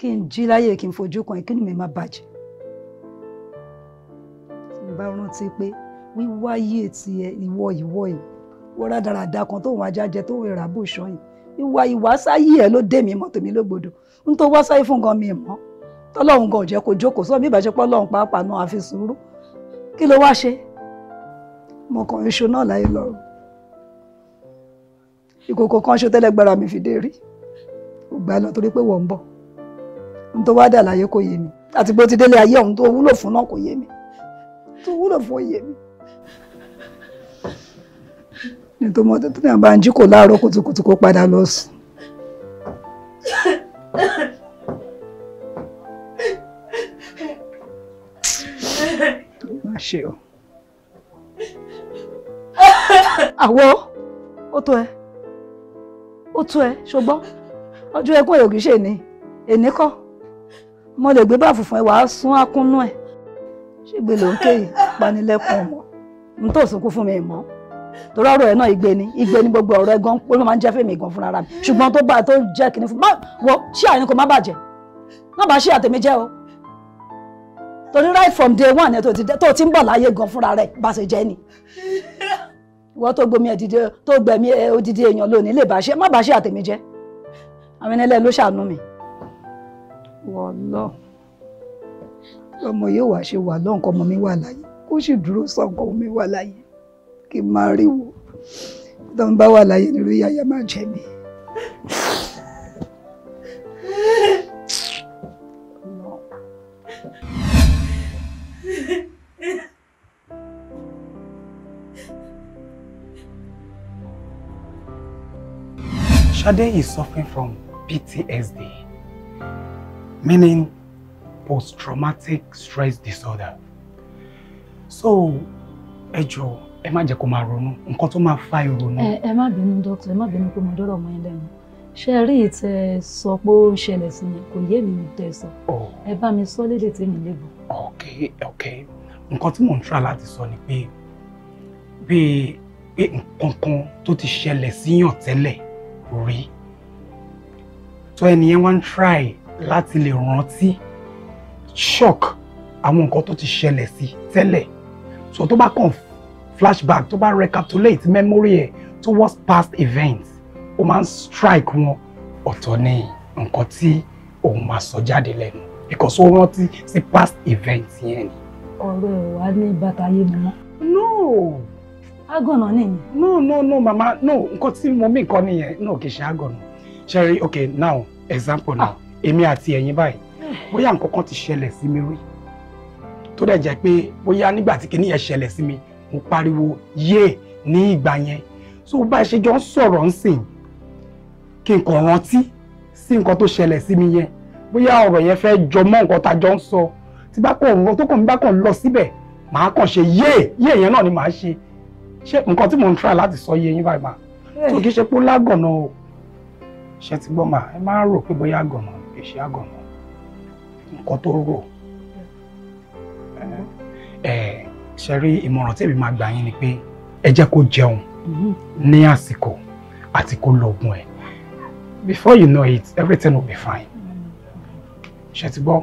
kí n jí láyè kí n fojú kan kí ni mi máa bàjẹ́ tí mo bá rántí pé wíwáyé tiẹ̀ ìwọ ìwọ yìí wọ́n rádaràda kan tó wọn ajá jẹ tó wọn ìràbù sọ́yìn ìwà ìwásáyé ẹ̀ ló dé mi mọ́ tèmi lógbòdò n tó wásáyé fún gan mi mọ́ tọ́lọ́hún gan ò jẹ́ kó jókòó sọ bí ìbàjẹ́pọ̀ lọ́hún pàápàá náà àfi sùúrù kí ló wá ṣe mo kàn ń ṣo náà láyé lọ́rùn ìkòkò kan ṣo tẹ́lẹ̀ gbára mi fi dé rí ò gbà lọ torí pé wọ́n ń bọ̀ n tó wá dà láyé kò yé mi àti pé ó ti délé ayé ọ̀hún tó wúlò fún náà kò yé mi tó wúlò fún ó yé mi. nítorí mo tètè náà bá ń jí kò láàárọ̀ kùtùkùtù kó padà lọ sùn. má ṣe o. àwọ̀ ó tó ẹ ó tó ẹ ṣùgbọ́n ọjọ́ ẹkún èrò kìí ṣe ni èní mo lè gbé bá funfun ẹ wàá sún akúnnú ẹ ṣègbè ló ń ké yìí panilẹ́kùn ọmọ n tó sunkún fún mi mọ́ torí ọ̀rọ̀ ẹ náà igbe ni igbe ni gbogbo ọ̀rọ̀ ẹ gan ó ló máa ń jẹ́ fèmí gan fúnra mi ṣùgbọ́n tó bá tó jẹ́ kìíní fún wọ ṣí àyìn kò má bàjẹ́ má bàa ṣí àtẹ̀mí jẹ́ o torí right from day one ẹ tó ti ń bọ̀ láyé gan fúnra rẹ̀ bá ṣe jẹ́ ni ìwọ tó gbomi ẹ̀ dìde tó gbẹ̀mí odidi èèyàn lónìí lè bá ṣe má bàa ṣe àtẹ̀mí jẹ́ àwọn ẹni ẹlẹ́ni ló ṣàánú mi wọ́lọ́ ọmọ yóò wá ṣe wà lọ́nkọ ọmọ mi wà láyé kó sì dúró sọ́nkọ mi wà láyé kí n máa rí wò tó ń bá wà láyé nírú yáyá máa jẹ mí. Shade is suffering from PTSD meaning post-traumatic stress disorder. So, ẹ jọ̀ọ́ ẹ má jẹ́ kó máa ronú nǹkan tó máa fa ìrònú. ẹ ẹ má bínú dókítà ẹ má bínú pé mo dọ́rọ̀ ọmọ yẹn lẹ́nu ṣe rí ìtẹ sọ pé ó ṣẹlẹ̀ sí yẹn kò yé mi tẹ sọ ẹ bá mi sọ lédè tí mi lè bọ. ok ok nǹkan tí mò ń tra láti sọ ni pé bí pé nǹkan kan tó ti ṣẹlẹ̀ síyàn tẹ́lẹ̀ rí tó ẹni yẹn wá ń try láti lè rántí shock àwọn nǹkan tó ti ṣẹlẹ̀ sí tẹ́lẹ̀ so tó bá kàn flashback tó bá recapitulate memory ẹ̀ towards past events ó máa ń strike wọn ọ̀tọ̀ ní nǹkan tí òun máa sọ jáde lẹ́nu because ó rántí sí past events yẹn ni. ọ̀rọ̀ ẹ̀ wá ní bàtà yé mi mọ́. no. agànà nìyẹn. no no no mama no nǹkan tí mo mí nǹkan nìyẹn no kì í ṣe agànà Sherry, okay now example ah. now. Ah èmi àti ẹ̀yin báyìí bóyá nǹkan kan ti ṣẹlẹ̀ sí mi rí tó dẹ̀ jẹ́ pé bóyá nígbà tí kìíní yẹn ṣẹlẹ̀ sí mi mo pariwo yé ní ìgbà yẹn so bá ẹ ṣe jọ ń sọ̀rọ̀ ń sìn kí n kàn rántí sí nǹkan tó ṣẹlẹ̀ sí mi yẹn bóyá ọ̀rọ̀ yẹn fẹ́ jọ mọ́ nǹkan tá a jọ ń sọ tí bá kàn ọ̀rọ̀ tó kàn mí bá kàn lọ síbẹ̀ màá kàn ṣe yé yé yẹn náà ni màá ṣe ṣé nǹkan tí mò ń try láti sọ yé yín báyìí mà tó kì ṣe pé ó lágànà o ṣe ti gbọ́ mà ẹ má rò pé bóyá gànà iṣẹ́ àgànmọ́ nǹkan tó rò ẹ ṣe rí ìmọ̀ràn tẹ́mi máa gbà yín ni pé ẹ jẹ́ kó jẹun ní àsìkò àti kó lo oògùn ẹ̀ before you know it everything will be fine ṣe ti gbọ́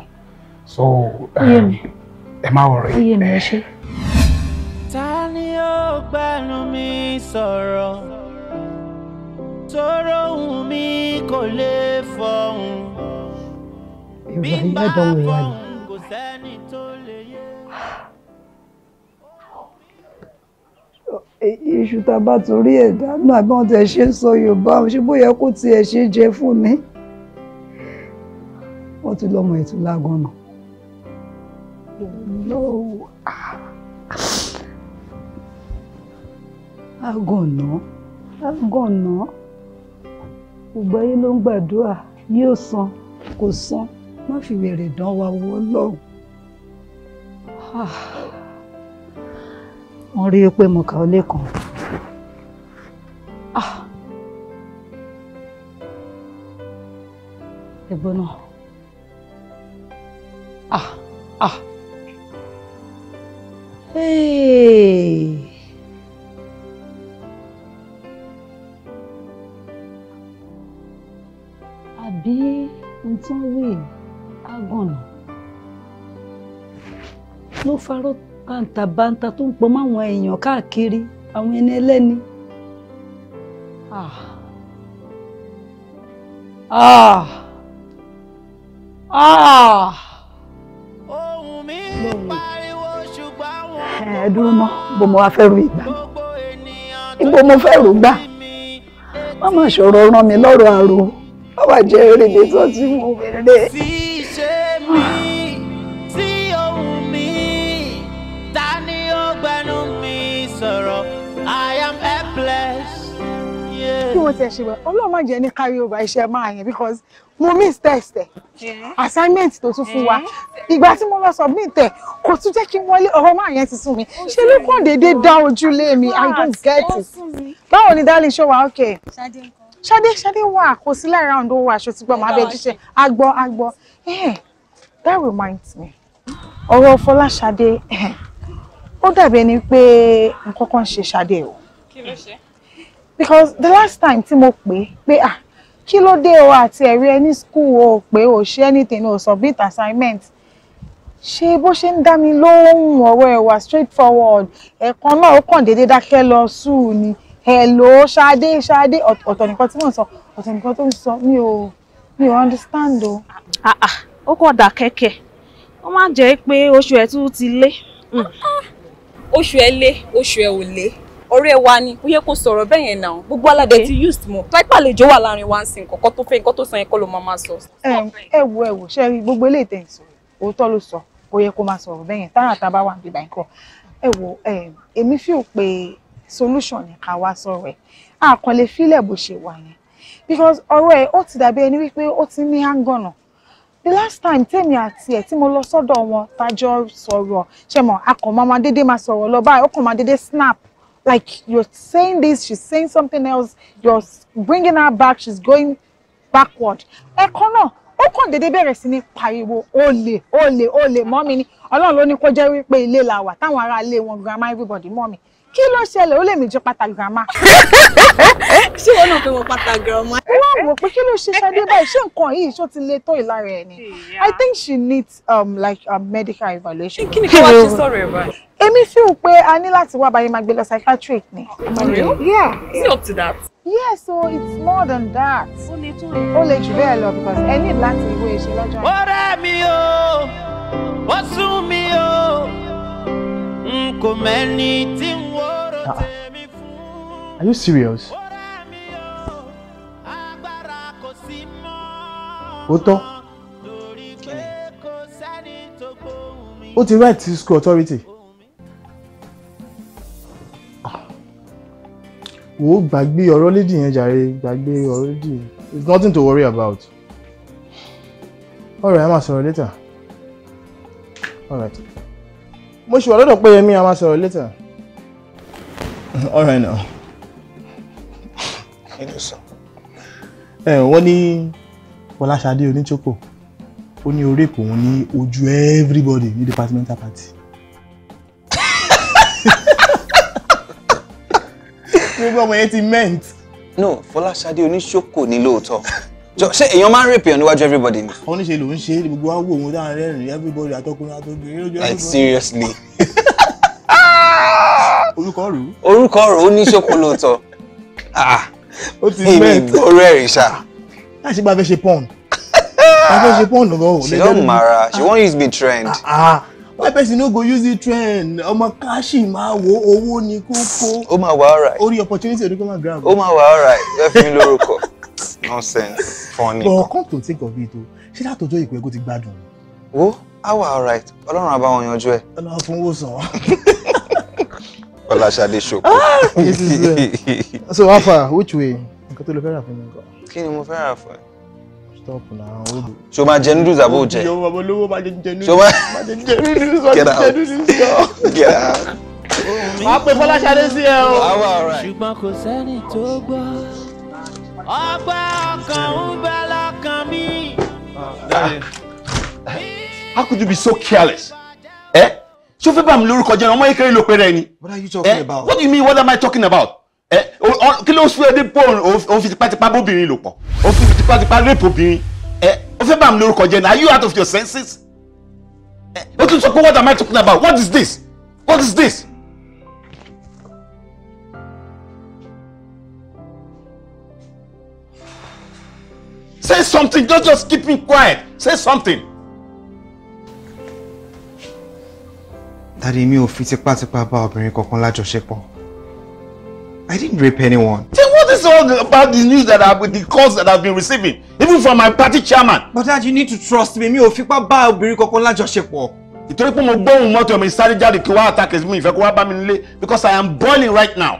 so um, ẹ má wọ̀rẹ́ ẹ. ta ni ó gbẹnu mi sọ̀rọ̀ tó rọ̀hún mi kò lè fọ̀hún ìgbà yẹn dán wò wá ni. iṣu tá a bá torí ẹ̀ dáná àbí wọ́n tẹ̀ ṣe ń sọ yorùbá ṣé bóyá kó tiẹ̀ ṣe jẹ fún mi. wọ́n ti lọ́mọ ètò lágànnà. àgànnà àgànnà gbogbo ló ń gbàdúrà yóò san kò san má fi wèrè dán wa wọ lọ́hùn. wọ́n rí i pé mo kà ó lẹ́kàn. ẹ̀gbọ́n náà. Ah, ah. Hey. àbí ohun tí gànà ló farọ́ bàǹtàbàǹtà tó ń pọn máwọn èèyàn káàkiri àwọn ẹni ẹlẹ́ni. Ah. Ah. Ah. Ohun mi pariwo ṣùgbọ́n wọn. Ẹ dúró mọ́ bó mo wá fẹ́ ru ìgbà. Ibo mo fẹ́ rò gbà. Má má ṣòro rán mi lọ́rọ̀ àrò. Báwa jẹ́ eré mi tó ti mú mi ti ẹ ṣe wẹ̀ ọlọ́run má jẹ́ ní carry over iṣẹ́ máa yẹn because mo miss test ẹ̀ assignment tó tún fún wa mm-hmm. ìgbà tí mo lọ submit ẹ̀ kò tún jẹ́ kí n wọlé ọ̀rọ̀ máa yẹn ti sún mi ṣe ló kàn déédéé dá ojú lé mi i don't get it báwo ni darling ṣó wa okay ṣadé ṣadé wà kò sí láì round owó aṣọ tí gbọ́n máa bẹ jíṣẹ́ agbọ́ eh, that reminds me ọ̀rọ̀ Fọláṣadé eh, ó dàbí ẹni pé nǹkan kan ṣe ṣadé o. kí ló ṣe? because the last time tí mo pè é ah kí ló dé o àti ẹ̀rí any school o pé o ṣe anything o submit assignment ṣé bó ṣe ń dá mi lóhùn ọ̀rọ̀ ẹ̀ wá straight forward ẹ̀kan náà ó kàn déédéé dákẹ́ lọ ni hello ṣáadé ṣáadé ọ̀tọ̀ nìkan tí mò ń sọ ọ̀tọ̀ nìkan tó ń sọ mi ò mi ò understand o. ah, o ah, dà da keke. O ma jẹ́ pé oṣù ẹ̀ tún ti le. Hmm. oṣù ẹ lé oṣù ẹ ò lé ọ̀rẹ́ wa ni ó yẹ kó sọ̀rọ̀ bẹ́ẹ̀ yẹn náà gbogbo aládẹ ti used mọ̀ táìpà àlejò wà láàrin wa ń sin nǹkan tó fẹ́ nǹkan tó san yẹn kọ́ ló máa máa sọ. ẹ wo ẹ wo ṣe rí gbogbo eléyìí tẹ̀ ń sọ òótọ́ ló sọ kò yẹ kó máa sọ̀rọ̀ bẹ́ẹ̀ yẹn tára ta bá wà níbi ìbá nǹkan ẹ wo èmi fi ò pé solution ni ká wá sọ̀rọ̀ ẹ̀ àkànlé fílẹ̀ bó ṣe wà yẹn because ọ̀rọ̀ ẹ̀ ó ti dàbí ẹni wípé ó ti ní hangọ̀nà the last time tèmi àti ẹ̀ tí mo lọ sọ́dọ̀ wọn tájọ́ sọ̀rọ̀ ṣe mọ̀ akọ̀ máa dédé máa sọ̀rọ̀ lọ báyìí ó kàn máa dédé snap like you're saying this, she's saying something else, you're bringing her back, she's going backward. Ẹ kọ́ náà, ó kàn déédéé bẹ̀rẹ̀ sí ní pariwo olè olè olè mọ́mí ni ọlọ́run ló ní kó jẹ́ wípé ilé la wà táwọn ará ilé wọn grandma everybody mommy. kí ló ṣẹlẹ̀ ó lè mí jẹ́ grandma. ṣé wọn náà fi wọn pátá grandma. wọn wò pé kí ló ṣe ṣadé báyìí ṣé nǹkan yìí ṣó ti lè tó ìlara ẹ I think she needs um, like a medical evaluation. kí ni kí wàá ṣe sọ̀rọ̀ ẹ̀ báyìí èmi fi hù pé a ní láti wá báyìí máa gbé lọ psychiatric ni. yeah. is it up to that? yeah so it's more than that. ó lè tún ó lè jù bẹ́ẹ̀ lọ because any ní láti ìwé ìṣe lọ́jọ́. mi o ó sún mi o n kò mẹ́ni tí n wo ro ah, ah. tèmi fún. are you serious? ó tọ́ ó ti write to school authority. wò ó gbàgbé ọ̀rọ̀ lédì yẹn jàre gbàgbé ọ̀rọ̀ lédì it's nothing to worry about all right a máa sọ̀rọ̀ later all right mo ṣì wà lọ́dọ̀ pé yẹmí a máa sọ̀rọ̀ later all right now ẹ wọ́n ní Fọláṣadé oníchókò ó ní orí ìpòun ní ojú everybody ní departmental party. gbogbo ọmọ yẹn ti mẹ́ǹt. no fọláṣadé oníṣòkò ni lóòótọ́ ṣé èèyàn máa ń rèpè ọ níwájú everybody ni. àwọn oníṣe ló ń ṣe é gbogbo wa wò wọn dáhùn rẹ́rìn everybody àtọkùnrin àtọkùnrin lójú everybody. like seriously. orúkọ rò ó. orúkọ rò ó oníṣòkò lóòótọ́ ah, ó ti mẹ́ǹt. èmi gbọ́ rẹ́rìn ṣá. láti bá a fẹ́ ṣe pọ́ùn. a fẹ́ ṣe pọ́ùn lọ́wọ́. she don mara she ah. wan use me trend. Ah, ah why person no go use the trend ọmọ káṣí máa wo owó ni kókó. ó máa wà alright. orí opportunity òdúkọ máa grab. ó máa wà alright ẹ fi mí lórúkọ nonsense funny. but come to think of it o ṣé látọjọ́ ìpè kó ti gbádùn. wo a wà alright ọlọ́run àbá wọn yanjú ẹ. ọlọ́run fún owó sàn wá. ọlásàdé ṣoko. so how far which way nǹkan tó lè fẹ́ rà fún mi nǹkan. kí ni mo fẹ́ rà fún ẹ stop now. ṣé o máa jẹ noodles àbò jẹ. yòówó bàbá olówó máa jẹ jẹ noodles. máa jẹ jẹ noodles máa jẹ jẹ noodles yọ. wàá pe Fọláṣadé sí ẹ o. ṣùgbọ́n kò sẹ́ni tó gbọ́ ọgbà ọkàn ń bẹ lọ́kàn mi. How could you be so careless? Eh? o fẹ́ bá mi lórúkọ jẹ́ ọmọ ìkẹyìn ni. What are you talking eh? about? What do you mean what am I talking about? kí ló sún ẹdí pé òun fi tipátipá bóbìnrin lò pọ̀ òun fi tipátipá rape obìnrin ẹ ó fẹ́ bá mi lórúkọ jẹ́ náà are you out of your senses ẹ ó tún sọ pé what am I talking about what is this what is this. say something don't just keep me quiet say something. dàdí mi ò fi tipátipá bá obìnrin kankan lájọṣepọ̀. I didn't rape anyone. Then what is all about the news that I've the calls that I've been receiving, even from my party chairman? But Dad, you need to trust me. Me ò fipá bá obìnrin kankan lájọṣepọ̀. Ìtorí pé mo gbóhùn mọ́tò mi sáré jáde kí wá attack mi me kó wá ba mi because I am boiling right now.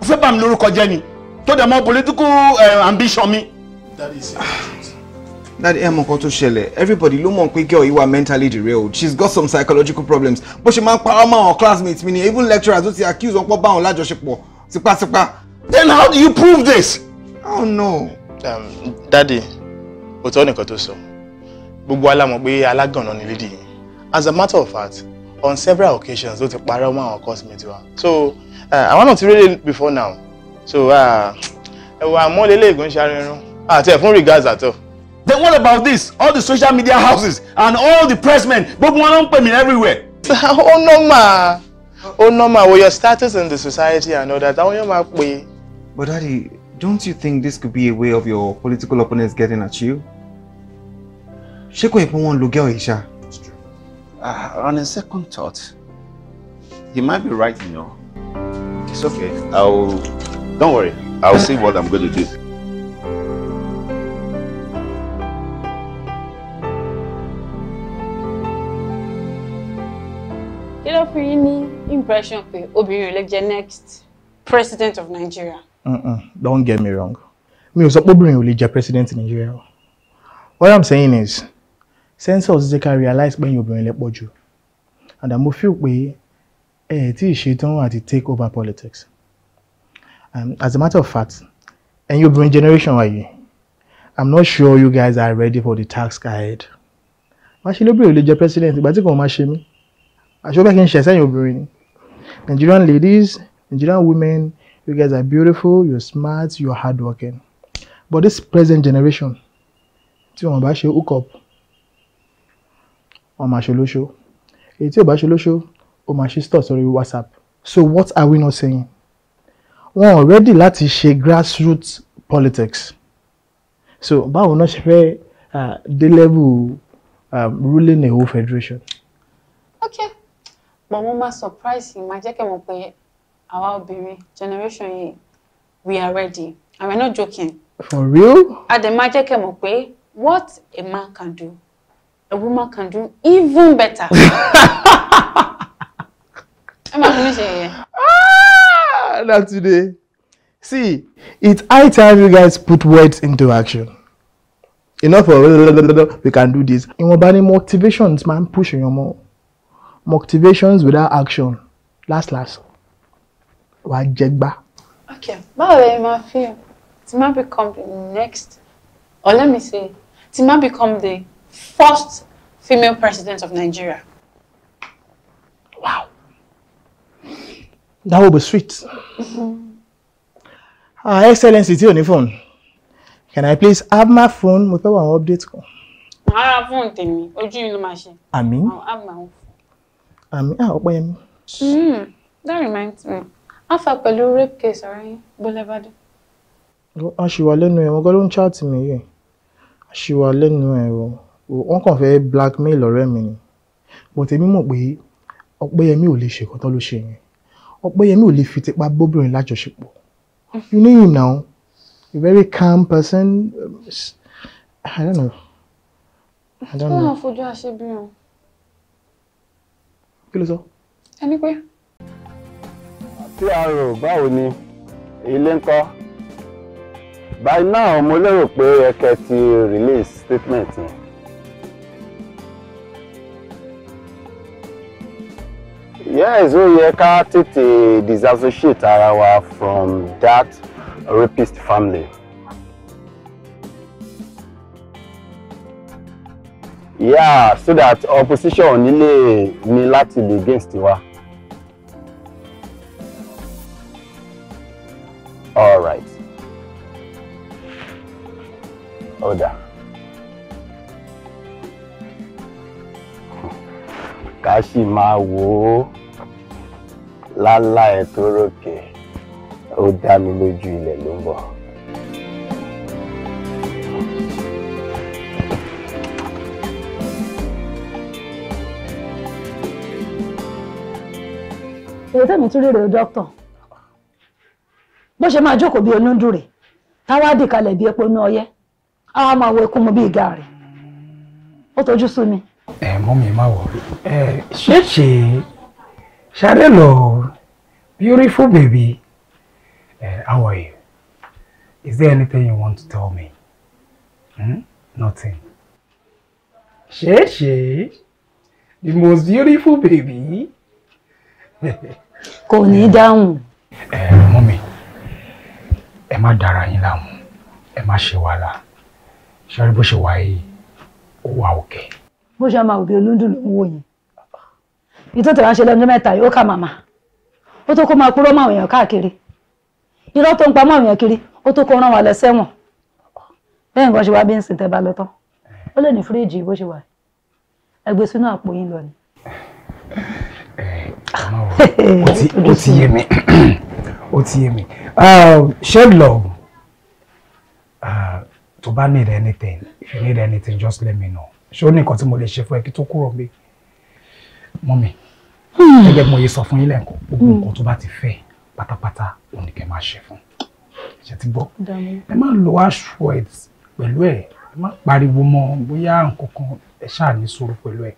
Ó fẹ́ bà mí lórúkọ jẹ́ ni. Tó dẹ̀ political uh, ambition mi. That is it. That ẹ mọ nǹkan tó everybody ló mọ̀ pé girl yìí wà mentally derailed she's got some psychological problems But she máa ń parọ́ mọ́ classmates mi even lecturers ló ti accuse wọn pọ̀ báwọn lájọṣepọ̀ tipátipá then how do you prove this? oh no. Um, Daddy, òtọ́ nìkan tó sọ gbogbo alámọ̀ pé alágànná ni lédi yìí as a matter of fact on several occasions ló ti parẹ́ mọ́ àwọn cosmate wa so uh, àwọn náà ti rí lè before now so uh, ẹ̀wọ̀ àmọ́lélé ìgò ń ṣe arìnrìn àti ẹ̀fún regards àtọ̀. then what about this all the social media houses and all the press men gbogbo wọn ló ń pè mí everywhere. ó nọ́mà. no, ma! with your status in the society and all that But Daddy, don't you think this could be a way of your political opponents getting at you? ṣé kò wọ́n ń lo ah, On a second thought, he might be right, you know. It's okay. I'll. Don't worry. I'll see what I'm going to do. kí ló impression pé obìnrin lè jẹ next president of Nigeria. Mm-mm, don't get me wrong mi ò sọ pé obìnrin ò lè jẹ president Nigeria what i'm saying is census jẹ́ ká realize pé ẹ̀yin obìnrin lè pọ̀ jù and mo feel pé ẹ tí ì ṣetán àti take over politics um, as a matter of fact ẹ̀yin obìnrin generation wa yìí i'm not sure you guys are ready for the task ahead má ṣe lóbìnrin ò lè jẹ president ìgbà tí kò máa ṣe mí àṣọ bẹ́ẹ̀ kí n ṣẹ̀ sẹ́yìn obìnrin ni. Nigerian ladies, Nigerian women, you guys are beautiful, you're smart, you're hardworking. But this present generation, tí wọ́n bá ṣe hook up, wọ́n máa ṣe lóṣó. Èyí tí ò bá ṣe lóṣó, ó máa ṣe store sórí WhatsApp. So what are we not saying? Wọ́n ò ready láti ṣe grassroots politics. So báwo náà ṣe fẹ́ ah, dé level um, ruling a whole federation? but mo máa surprise yìí máa jẹ́ kẹ́ mọ̀ pé generation yìí we are ready and we are not joking. for real. At the magic jẹ́ kẹ́ what a man can do a woman can do even better. I'm máa fi mí ah! not today. See, it's high time you guys put words into action. Enough of we can do this. Ìwọ̀nba ni motivations Man, ń push èèyàn mọ́ motivations without action last last wà á jẹ gbá. ok báwo lè máa feel tí má become the next or let me say tí má become the first female president of Nigeria. wow that will be sweet. Mm-hmm. ah uh, excellency tí ò ní phone can i please have my phone mo fẹ́ wà àwọn update kan. màá ra fóònù tèmi ojú mi ló máa ṣe. àmín. àwọn àmì àwọn fóònù àmì à Ọpẹ́yẹmí. Hmm, that reminds me afa pẹ̀lú rape case ọ̀rẹ́ yín gbólẹ́bàdé. àṣìwà lẹ́nu ẹ̀ wọ́n gọ́ ló ń chaàtì mi yìí àṣìwà lẹ́nu ẹ̀ o wọ́n kàn fẹ́ blackmail ọ̀rẹ́ mi ni but èmi mọ̀ pé Ọpẹ́yẹmí ò lè ṣe nǹkan tó ló ṣe yẹn Ọpẹ́yẹmí ò lè fi tipa bóbìnrin lájọṣepọ̀ you know him now a very calm person I don't know. I don't know. Tí wọ́n fojú kí ló sọ. ẹ ní pé. tí a rò báwo ni ilé ń kọ́ by now mo lérò pé ẹkẹ ti release statement yẹn. yes ó yẹ ká tètè disassociate ara wa from that rapist family. yeah so that opposition ní lè ní láti lè against wa. all right ó dà ká sì máa wò ó lálá ẹ̀ tó mi loju ilẹ̀ ló ń bọ̀. èyí tẹ̀mí tún rèrè dókítà bó ṣe máa jókòó bí olúndùn rè táwa dì kalẹ̀ bí epo inú ọyẹ́ á wá máa wo ikú mu bíi gààrí ó tojú sú mi. ẹ mọ́mí má wọrí ẹ ṣèṣe ṣáré lọ beautiful baby uh, how is there anything you want to tell me hmm? nothing ṣèṣe the most beautiful baby. kò ní dáhùn. ẹ ẹ mú mi ẹ má dára yín láàmú ẹ má ṣe wàhálà ṣáà bó ṣe wà yìí ó wà òkè. bó ṣe máa wò bí olóńdùn ló ń wò yẹn ìtọ́tẹ̀ ránṣẹ́ lẹ́nu mẹ́ta yìí ó kà màmá ó tó kó máa purọ́ máwọn èèyàn káàkiri irọ́ tó ń pa máwọn èèyàn kiri ó tó kó rán wa lọ sẹ́wọ̀n bẹ́ẹ̀ nǹkan ṣe wá bí ń sìn tẹ́ bá lọ tán ó lè ní fíríìjì bó ṣe wà ẹ sínú àpò yín lọ ni ó ti yé mi ó ti yé mi ṣé um, love uh, tó bá need anything if you need anything just let me know ṣé ó ní nǹkan tí mo lè ṣe fún ẹ kí tó kúrò mi mọ́mi hmm. gẹ́gẹ́ bí mo yẹ sọ fún yín lẹ́ẹ̀kan gbogbo hmm. nǹkan tó bá ti fẹ́ pátápátá òun ni kẹ́ máa ṣe fún ṣe ti gbọ́ ẹ má lo aṣọ ẹ pẹ̀lú ẹ ẹ má pariwo mọ́ bóyá nǹkan kan ẹ ṣáà ní sùúrù pẹ̀lú ẹ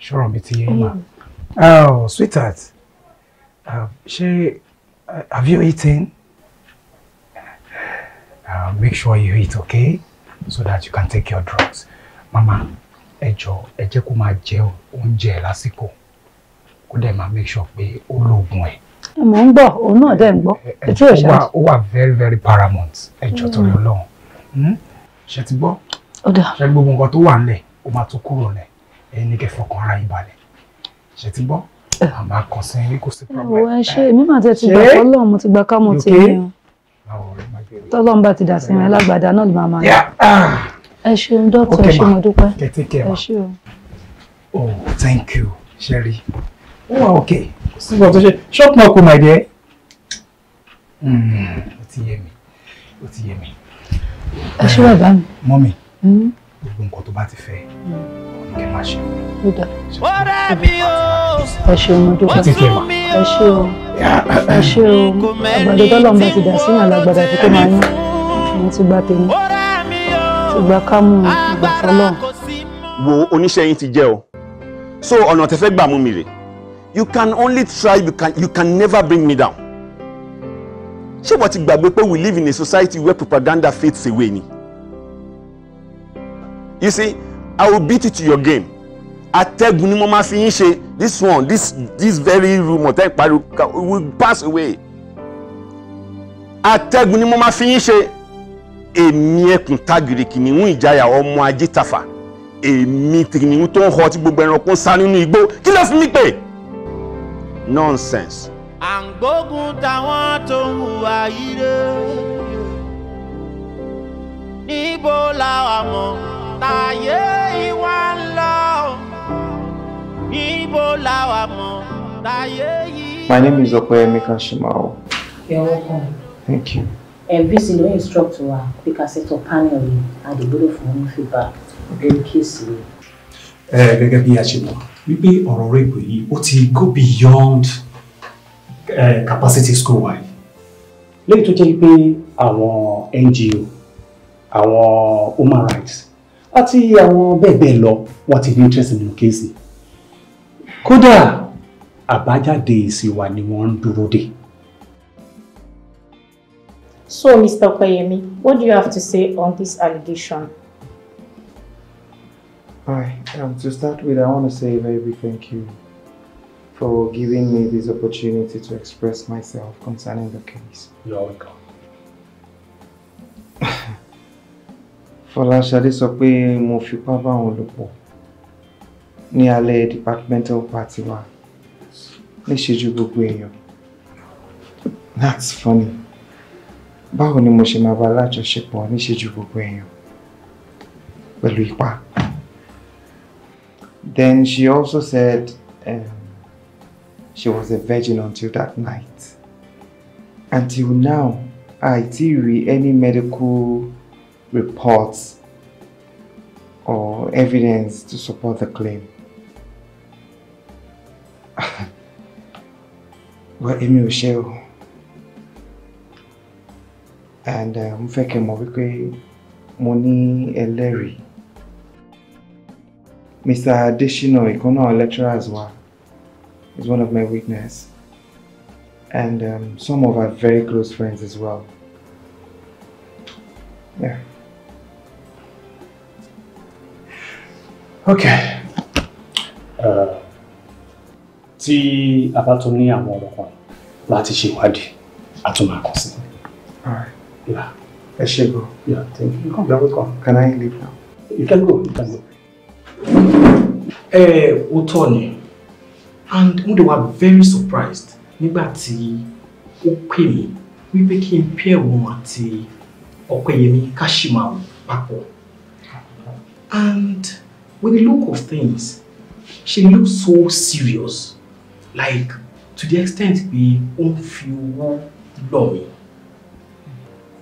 ṣọ́rọ̀ mi ti yé yín Oh, sweetheart. Uh, um, she, uh, have you eaten? Uh, make sure you eat, okay? So that you can take your drugs. Mama, ẹ jọ̀ọ́, Kuma jẹ́ kó máa jẹ oúnjẹ make sure pé ó lóògùn ẹ̀. Mo ń gbọ́, òun náà dẹ̀ ń very very paramount. Ẹ jọ̀ọ́ mm. torí Ọlọ́run. Hmm? Ṣé ti gbọ́? Ó dà. Ṣé gbogbo nǹkan tó wà nílẹ̀, ó máa tún kúrò nílẹ̀ ṣe ti gbọ́ àmà kan sí ní kò sí problem. ẹ ṣe èmi máa tẹ ti gbà fọlọ́ mo ti gbà ká mo ti yẹn tọ́lọ́n bá ti dà sí mi alágbàdá náà ló máa máa yẹ. Ah. ẹ ṣeun dọ́tọ̀ ẹ ṣe mo dúpẹ́ ẹ ṣe o. oh thank you Sherry oh wà ok kò sí ìgbà tó ṣe shop náà kò máa dé ó ti yé mi ó ti yé mi. ẹ ṣe wà bá mi. mọ́mi gbogbo nǹkan tó bá ti fẹ́ ní kẹ́ máa ṣe. ọ̀rẹ́ mi o ẹ ṣeun dúpẹ́ ẹ ṣe o ẹ ṣe o àgbàdo tọ́lọ́mọ ti dà sínú alágbàdà tó kó máa ń mo ti gba tèmi ti gba kámú ìgbà fọlọ́. wo oníṣẹ́ yín ti jẹ́ o so ọ̀nà tẹ́fẹ́ gbà mú mi rè you can only try you can, you can never bring me down ṣé wọ́n ti gbàgbé pé we live in a society where propaganda fades away ni you see i will beat you to your game atẹ́gùn ni mo máa fi yín ṣe this one this this very room ọ̀tẹ́ ìparí will pass away atẹ́gùn ni mo máa fi yín ṣe èmi ẹkùn tágìrì kìnìún ìjayà ọmọ ajé tàfà èmi kìnìún tó ń họ tí gbogbo ẹranko ń sá nínú igbó kí ló fi mí pè nonsense. à ń gbógun táwọn tó ń hùwà yìí rè níbo làwọn mọ̀ tàyé My name is Okoyemi Kashimawo. You're welcome. Thank you. And MPC no instruct wa because it's a panel yìí àdìgbòdò fún un feedback lórí kéèsì yìí. Eh, gẹ́gẹ́ bí a ṣe mọ̀ wípé ọ̀rọ̀ rape yìí ó ti go beyond uh, capacity school wide. Lẹ́yìn tó jẹ́ pé àwọn NGO àwọn human rights àti àwọn bẹ́ẹ̀ bẹ́ẹ̀ lọ wọ́n ti ní interest nínú kéèsì kódà àbájáde èsì wa ni wọ́n ń dúró dè. So, Mr. Opeyemi, what do you have to say on this allegation? Hi, um, to start with, I want to say a very big thank you for giving me this opportunity to express myself concerning the case. You're welcome. Fọláṣadé sọ pé mo fipá bá wọn lò ní alẹ́ departmental party wa níṣejú gbogbo èèyàn. That's funny. Báwo ni mo ṣe máa bá lájọṣepọ̀ níṣejú gbogbo èèyàn? Pẹ̀lú ipá. Then she also said um, she was a virgin until that night. Until now, I ti rí any medical reports or evidence to support the claim. well, èmi ò ṣe and mo fẹ́ uh, kẹ́ mọ̀ wípé mo ní Mr. elerii Mr. Adesina ìkànnà lecturers is one of my witnesses. and um, some of our very close friends as well. Yeah. okay tí a bá tún ní àwọn ọ̀rọ̀ kan láti ṣe ìwádìí a tún máa kàn sí. ẹ ṣe go yeah thank you you are can I leave now. you can go you can go. ẹ ó tọ́ ni and mo dey were very surprised nígbà tí ó pè mí wípé kí n pẹ́ òun àti Ọpẹ́yẹmí ká ṣì máa wò papọ̀ and. with the look of things, she looked so serious. Like, to the extent we all feel owó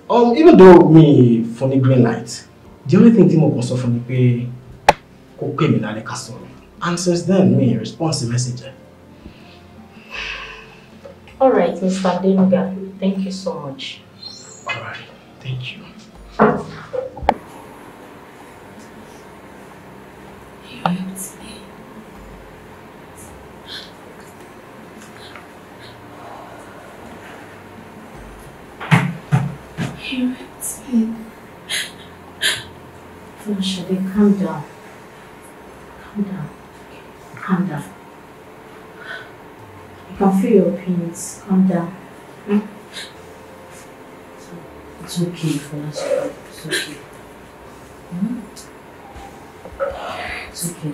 Um, even though me funny green light, the only thing tí mo kàn sọ fún ni pé kó pè mí And since then, me response the message. All right, Mr. Denga, thank you so much. All right, thank you. Calm down. Calm down. Calm down. I can feel your pains. Calm down. Hmm? It's okay for us. It's okay. Hmm? It's okay.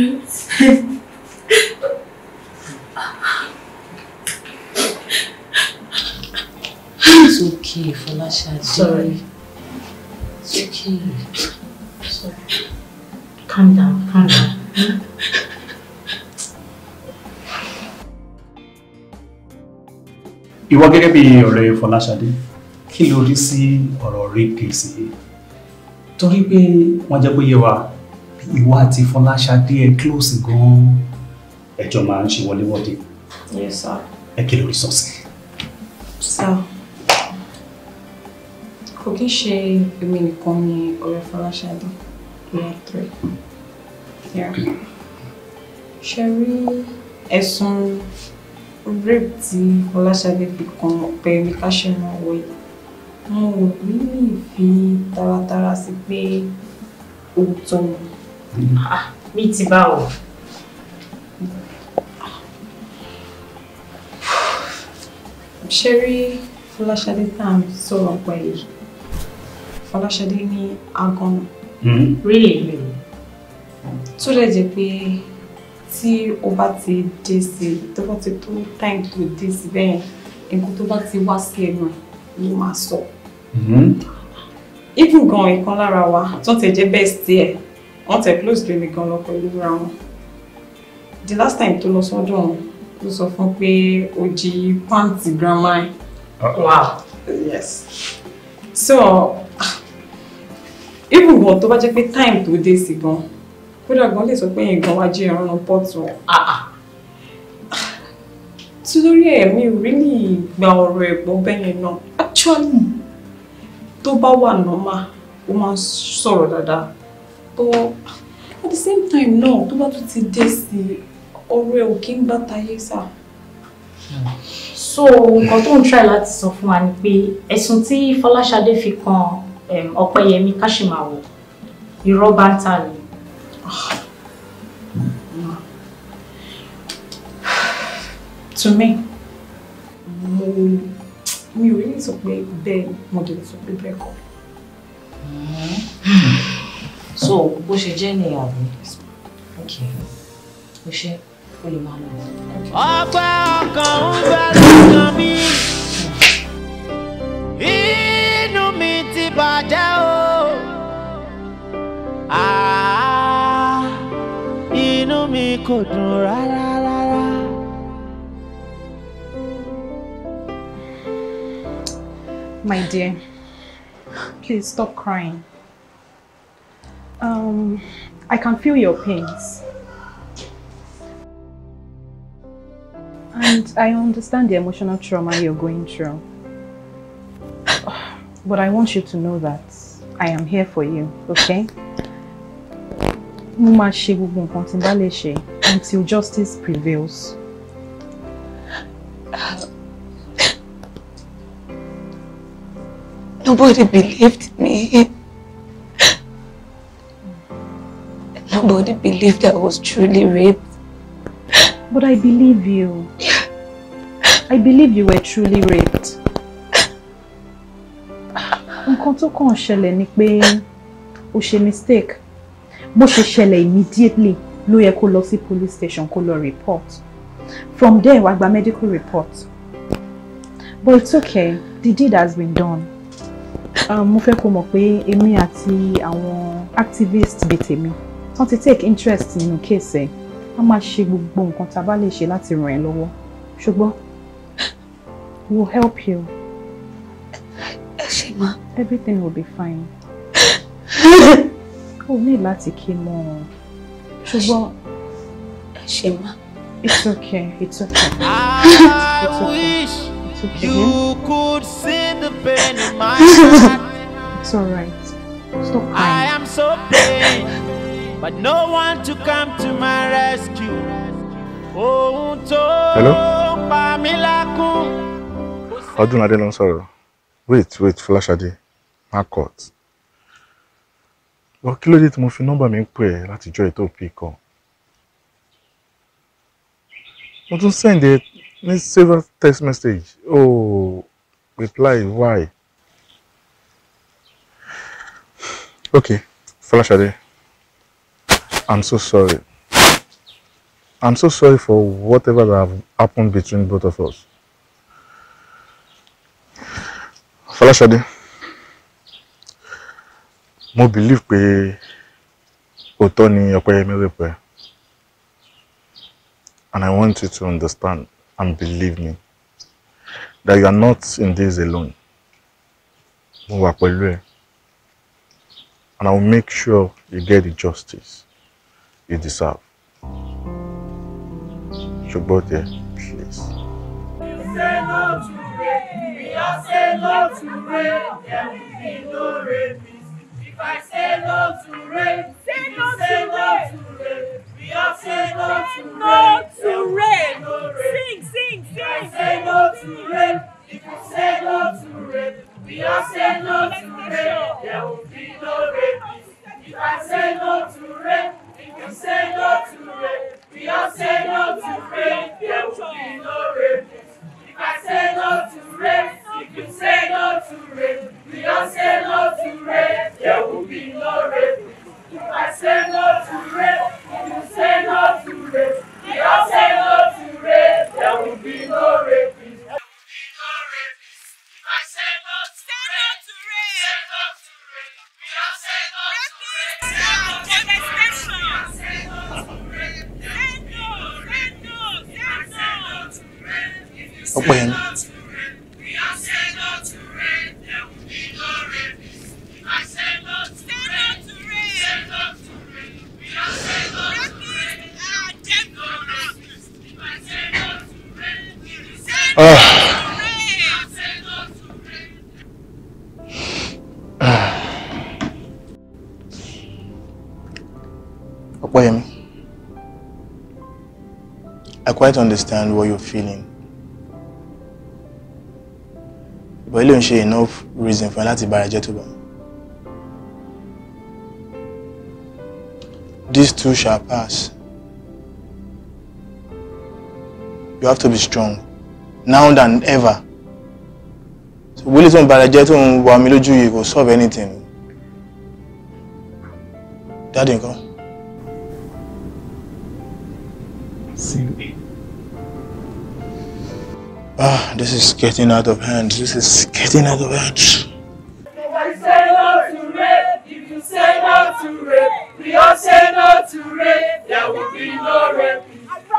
It's okay, it's okay. It's okay, Falasha. Sorry. It's okay. Sorry. Calm down, calm down. Ìwọ gẹ́gẹ́ bí ọ̀rẹ́ Fọláṣadé, kí ló rí sí ọ̀rọ̀ rape case yìí? Torí pé wọ́n jẹ́ pé yé wa, ìwọ àti Fọláṣadé ẹ close gan-an. Ẹjọ́ máa ń ṣe wọléwọ́de. Yes sir. Ẹ kí ló rí sọ́sẹ̀? Sir kò kí ń ṣe èmi nìkan ni ọ̀rẹ́ Fọláṣadé ìyá three ṣe rí ẹ̀sùn rape tí Fọláṣadé fi kan ọ̀pẹ mi káṣẹ́mọ́ wọ yìí mo ò rí lè fi taratara sí pé òótọ́ ni. Mm-hmm. Ah, mi ti bá wọ̀. ṣe rí Fọláṣadé tá à ń sọ̀rọ̀ pẹ̀lú Fọláṣadé ní agànnà. Really? Hmm? Really. Tó dẹ̀ jẹ́ pé tí o bá ti dé sí tó bá ti tó time to dé sí bẹ́ẹ̀ nǹkan tó bá ti wá sí ẹnu ẹ̀ ló máa sọ. Hmm? Even gan ìkan lára wa tó tẹ̀ jẹ́ best ẹ̀ wọ́n tẹ̀ close to mi gan lọ pẹ̀lú ra wọn. The last time tó lọ sọ́dọ̀ wọn ló sọ fún pé o jí pàǹtì grandma ẹ̀. Wow. Yes. So even wọn tó bá jẹ́ pé time tó dé sí gan kódà gan lè sọ pé yẹn gan wá jẹ́ ìrànlọ́ pọ́ọ̀tù torí ẹ̀ mi ò rí ní ìgbà ọ̀rọ̀ ẹ̀gbọ́n bẹ́yẹn náà actually tó bá wà nọ́mà ó máa ń sọ̀rọ̀ dáadáa but at the same time náà tó bá tún ti dé sí ọ̀rọ̀ ẹ̀ ò kí ń gbá tayé sá. Hmm. so nǹkan tó ń try láti sọ fún wa ni pé ẹ̀sùn tí Fọláṣadé fi kan ọpẹ́yẹmí káṣímáwò irọ́ bá ń tà ní. to me mo mi ò rí ní sọ pé bẹ́ẹ̀ mo dẹ̀ sọ pé bẹ́ẹ̀ kọ́. so bó ṣe jẹ́ nìyàwó ok ó ṣe ó lè máa lọ. ọpẹ́ ọkàn ń bẹ lọ́kàn mi. o. Ah, inú mi kò dùn rárá rárá. My dear, please stop crying. Um, I can feel your pains. And I understand the emotional trauma you're going through. But I want you to know that I am here for you, okay? until justice prevails. Nobody believed me. Nobody believed I was truly raped. But I believe you. I believe you were truly raped. nǹkan tó kàn ṣẹlẹ̀ ni pé o ṣe mistake bó ṣe ṣẹlẹ̀ immediately ló yẹ kó lọ sí police station kó lọ report from there wàá gba medical report but it's okay the deed has been done um, mo fẹ́ kó mọ̀ pé èmi àti àwọn activist bíi tèmi wọ́n ti take interest nínú kéèsì ẹ̀ a máa ṣe gbogbo nǹkan tá a bá lè ṣe láti ràn ẹ́ lọ́wọ́ ṣùgbọ́n we will help you ma. everything will be fine. o ní láti kí mọ ọ ṣùgbọ́n. ẹ ṣe má. it's okay it's okay. I it's okay. wish it's okay. you could see the pain in my heart. it's alright stop crying. I am so pain but no one to come to my rescue. ohun tó ń pa mí lákùn. ọdún adé ló ń sọ̀rọ̀ wait wait fọláṣadé marcot lọ kí ló dé tí mo fi nọ́mbà mi ń pè ẹ́ látijọ́ ètò pk mo tún send ẹ ní several text message oh reply why okay fọláṣadé i'm so sorry i'm so sorry for whatever that happened between both of us. Fọláṣadé mo believe pé òótọ́ ni Ọpẹ́yẹmí rape ẹ and I want you to understand and believe me that you are not in this alone mo wà pẹ̀lú ẹ and I will make sure you get the justice you deserve ṣùgbọ́n tẹ please. you say no to love to rape, there will be no rapists. If I say no to rape, say no say rape. No to rape. We all say no say to no rape. To rape. No rape. Sing, sing, sing. If I say no to rape, if you say no to rape, we all say no to rape. There will be no rapists. If I say no to rape, if you say no to rape, we all say no to rape. There will be no rapists. If I say no to rape. We say no to rape. We don't say no to rape. There will be no rape. I say no to rape. You say no to rape. We don't say no to rape. There will be no rape. ọpẹ́ yẹn Opoyemi, ah. I quite understand what you're feeling. But ilé ń ṣe enough reason for that to bára jẹ́ tó bá. This too shall pass. You have to be strong now than ever so tó ń balẹ̀ jẹ́ tó ń wà mí lójú yìí kò solve anything dáàdì nǹkan. Ah, this is getting out of hand. This is getting out of hand. We say no to rape. If you say no to rape, we all say no to rape. There will be no rape.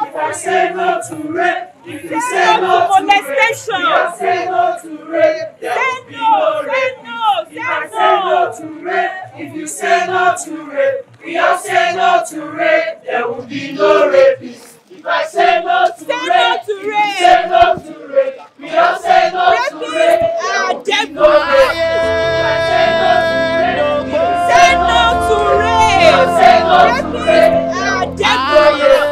If I say no to rape. If you say no to molestation, if I say no to rape, there will be no rape. If I say no to rape, if you say no to rape, we all say no to rape, there will be no rapists. If I say no to say rape, no to rape. If you say no to rape, we all say no rapists to rape, there will be no rapists. If I say no to rape, say no to rape, say no to rape, there will be no rapists.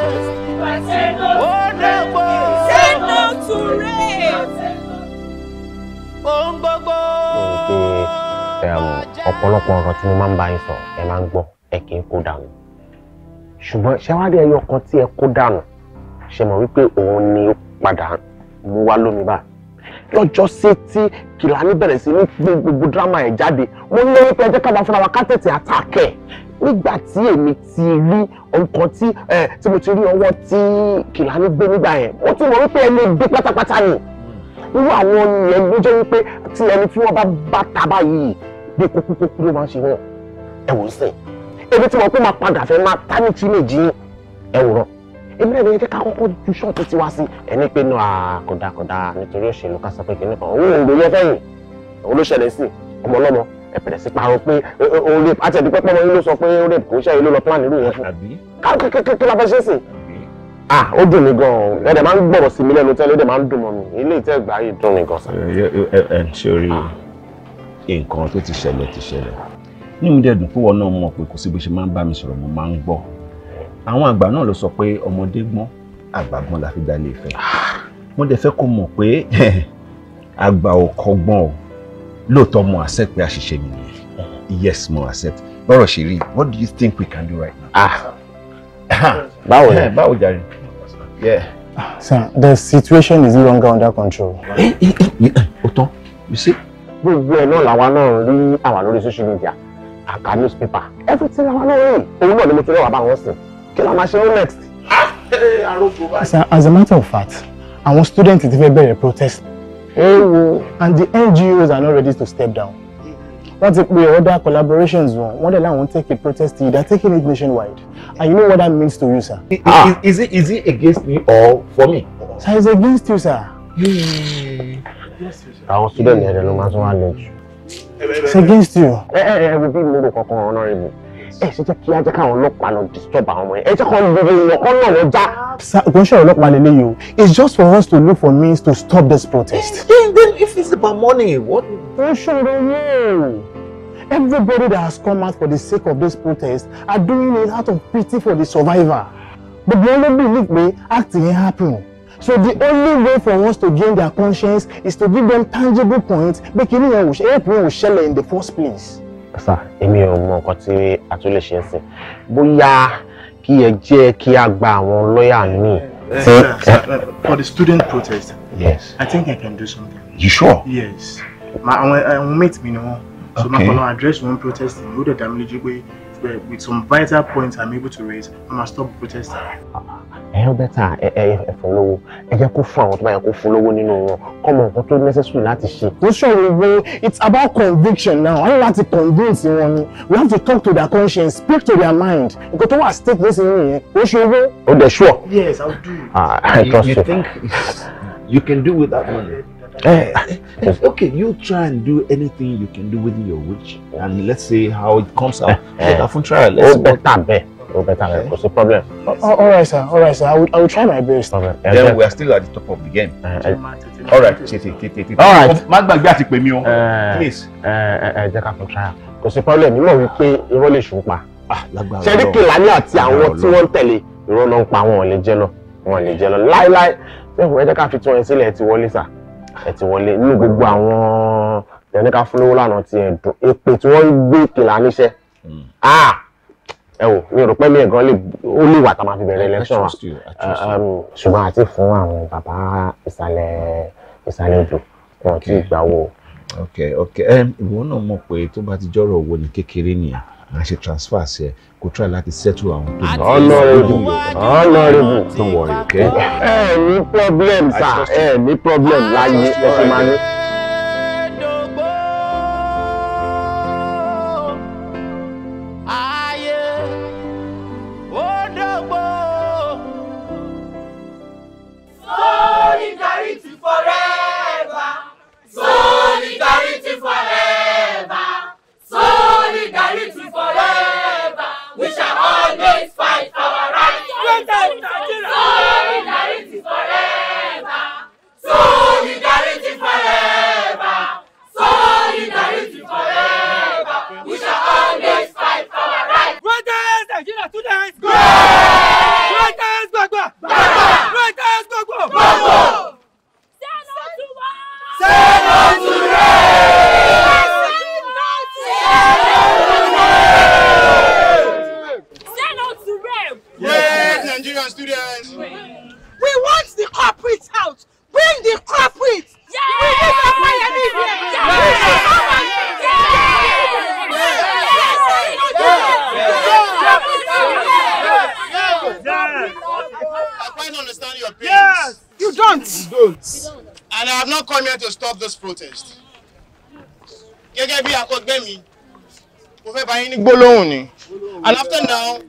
ọ̀pọ̀lọpọ̀ ọ̀rọ̀ tí mo máa ń bá yín sọ ẹ máa ń gbọ́ ẹ kì í kó dànù ṣùgbọ́n ṣẹ́wádìí ẹyọ kan tí ẹ kó dànù ṣe mọ̀ wípé òun ni ó padà mú wá lómi bá lọ́jọ́ sí tí Kìlání bẹ̀rẹ̀ sí ní gbé gbogbo dírámà ẹ̀ jáde mo ní lórí pé ẹ jẹ́ ká bá fúnra wa ká tètè àtàkẹ́ nígbà tí èmi ti rí nǹkan tí ẹ tí mo ti rí ọwọ́ tí Kìlání gbé nígbà yẹn mo ti mọ̀ wípé ẹni gbé pátápátá ni irú àwọn yẹn ló jẹ́ wípé tí ẹni tí wọ́n bá bá ta báyìí bí kókúkókú ló máa ń ṣe wọn ẹ wò ó sìn ebi tí wọn kó máa padà fẹ́ máa tá ní tún lè jí yín ẹ wò rán ebi náà yẹn jẹ́ ká kọ́kọ́ ju ṣọ́ọ̀tì tí wá sí ẹni pé náà kódà kódà nítorí òṣèlú ká sọ pé kìnìún òun ò lè yẹ fẹ́yìn òun sí ọmọ ọlọ́mọ ẹ sí parọ́ pé ó lè àtẹ̀dúpẹ́ pọ́nmọ́ yín ló sọ pé ó lè kó iṣẹ́ yìí ló lọ plan irú yẹn fún kí la fẹ́ ṣe sí. ah ó dùn mí gan-an ẹ̀ẹ́dẹ̀ máa ń gbọ̀rọ̀ sí mi lẹ́nu tẹ́lẹ̀ ẹ̀ẹ́dẹ̀ máa ń dùn mọ́ mi ilé ìtẹ́gbà yìí dùn mí gan-an. ẹ ẹ ṣe orí nǹkan tó ti ṣẹlẹ̀ ti ṣẹlẹ̀ ní mi dẹ̀dùn pé wọn náà mọ̀ pé kò sí bó ṣe máa ń bá mi sọ̀rọ̀ mo máa ń gbọ́ àwọn àgbà náà ló sọ pé ọmọdé gbọ́n àgbà gbọ́n la fi dá ilé ìfẹ́ mo dẹ̀ fẹ́ kó mọ̀ pé àgbà ò kọ́gbọ́n o lóòótọ́ mo accept pé àṣìṣe mi nìyẹn yes mo accept lọ́rọ̀ ṣe rí what do you think we can do right now. ah báwo ni eh, báwo jàre. yeah. sir the situation is no longer under control. Eh, eh, ó tán you see gbogbo ẹ̀ náà làwa náà rí àwa lórí social media kàkà newspaper everything làwa náà rí òun náà ni mo ti rẹwà bá wọn sìn kí la máa ṣe ó next. as a matter of fact àwọn students ti fẹ́ bẹ̀rẹ̀ protest. ewu and the NGOs are not ready to step down. wọ́n ti pe other collaborations wọn wọ́n dẹ̀ láwọn take a protest they are taking it nationwide and you know what that means to you sir. ah is, is it is it against me or for me. sir it's against you sir. Hmm àwọn student ẹ̀rẹ̀ ló máa tún wá lè jù. it's against you. ẹ ẹ ẹ wo bí mo rò kankan honourable ẹ ṣe jẹ́ kí ajá káwọn ọlọ́pàá lọ disturb àwọn ọmọ yẹn ẹ jẹ́ kọ́ lórí ìwọ̀kọ́ náà lọ já. kò ń ṣe ọlọ́pàá lè léyìí o it's just for us to look for means to stop this protest. then if it's about money what. ó ṣòro yóò. Everybody that has come out for the sake of this protest are doing it out of pity for the survivor. Gbogbo wọn ló believe pé act yẹn happen so the only way for us to gain their conscience is to give them tangible points pé kí ni yẹn ò èèpù yẹn ò ṣẹlẹ̀ in the first place. sà èmi ò mọ nǹkan tí a tún lè ṣe é sìn bóyá kí ẹ jẹ́ kí a gba àwọn lọ́ọ̀yà míì. Eh, eh, for the student protest. yes. i think i can do something. you sure. yes. My, àwọn àwọn mate mi ni wọn. so ma kọ́nà address one protest ni ó dẹ̀ dá mi eh, with some vital points i'm able to raise i ma stop protesting. Uh ah, -huh ẹ ẹ bẹ́tà ẹ ẹ ẹ fún lówó ẹ jẹ́ kó fún àwọn tó bá yẹ kó fún lówó nínú wọn kọ́ nǹkan tó necessary láti ṣe. ó ṣòro wé it's about conviction now I want to convince wọn ni we have to talk to their conscience speak to their mind nǹkan tó wà stake nísìnyí nìyẹn ó ṣe owó. o de sure. yes i'll do ah i trust you. you think you can do with that money. Eh. Eh, eh, okay, you try and do anything you can do with your witch, and let's see how it comes out. Eh, eh, trial. Let's oh, better, o better rẹ kò sí problem. Uh, uh, all right sir all right sir i will, I will try my best. then yeah. we are still at the top of the game. Uh, uh all right tètè tètè tètè all right má gbàgbé àti pè mí o please. ẹ ẹ jẹ́ ká fún trial kò sí problem mi náà wípé irọ́ lè ṣùn pa ah, ṣẹ́rí kìlání àti àwọn tí wọ́n ń you. irọ́ náà ń pa wọn ò lè jẹ́ lọ wọn ò lè jẹ́ lọ láéláé ẹ jẹ́ ká fi tún ẹ sílẹ̀ you ti wọlé sà ẹ ti wọlé nínú gbogbo àwọn ẹni ká fún lówó lánàá ti ẹ̀ dùn èpè tí wọ́n ń hmm. ah ẹ wò mi rò pé mi gan lè ó lè wà tá a máa fi bẹ̀rẹ̀ election wa um, ṣùgbọ́n àti fún àwọn bàbá ìsàlẹ̀ ìsàlẹ̀ odò wọn kì í gbà wò. ok ok um, ìwọ náà mọ̀ pé tó bá ti jọ́rọ̀ owó ni kékeré nìyẹn a ṣe transfer sí ẹ kò try láti settle àwọn tó ń bọ̀. honourable honourable don't worry ẹ ní problem sir ẹ ní problem ah, láyé ẹ ṣe máa ní. don't. And I have not come here to stop this protest. And after now,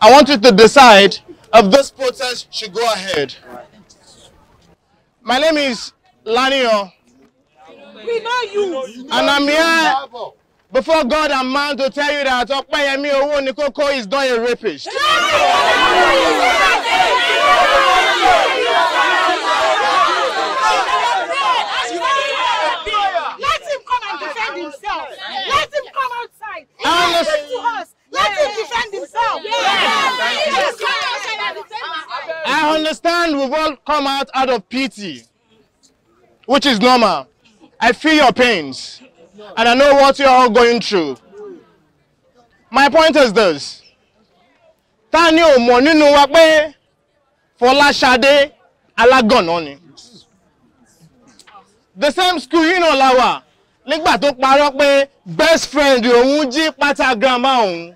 I want you to decide if this protest should go ahead. My name is Lanio. We know you. And I'm here before God and man to tell you that Owo Owonikoko is not a rapist. right. Ah, yes. Yes. to us. Let him defend himself. Yes. Yes. Yes. I understand we've all come out out of pity, which is normal. I feel your pains, and I know what you're all going through. My point is this. Ta ni ò mọ̀ nínú wa pé Fọláṣadé alágànná ni. The same school you know, Lawa nígbà tó parọ́ pé best friend òun jí pátá grandma òun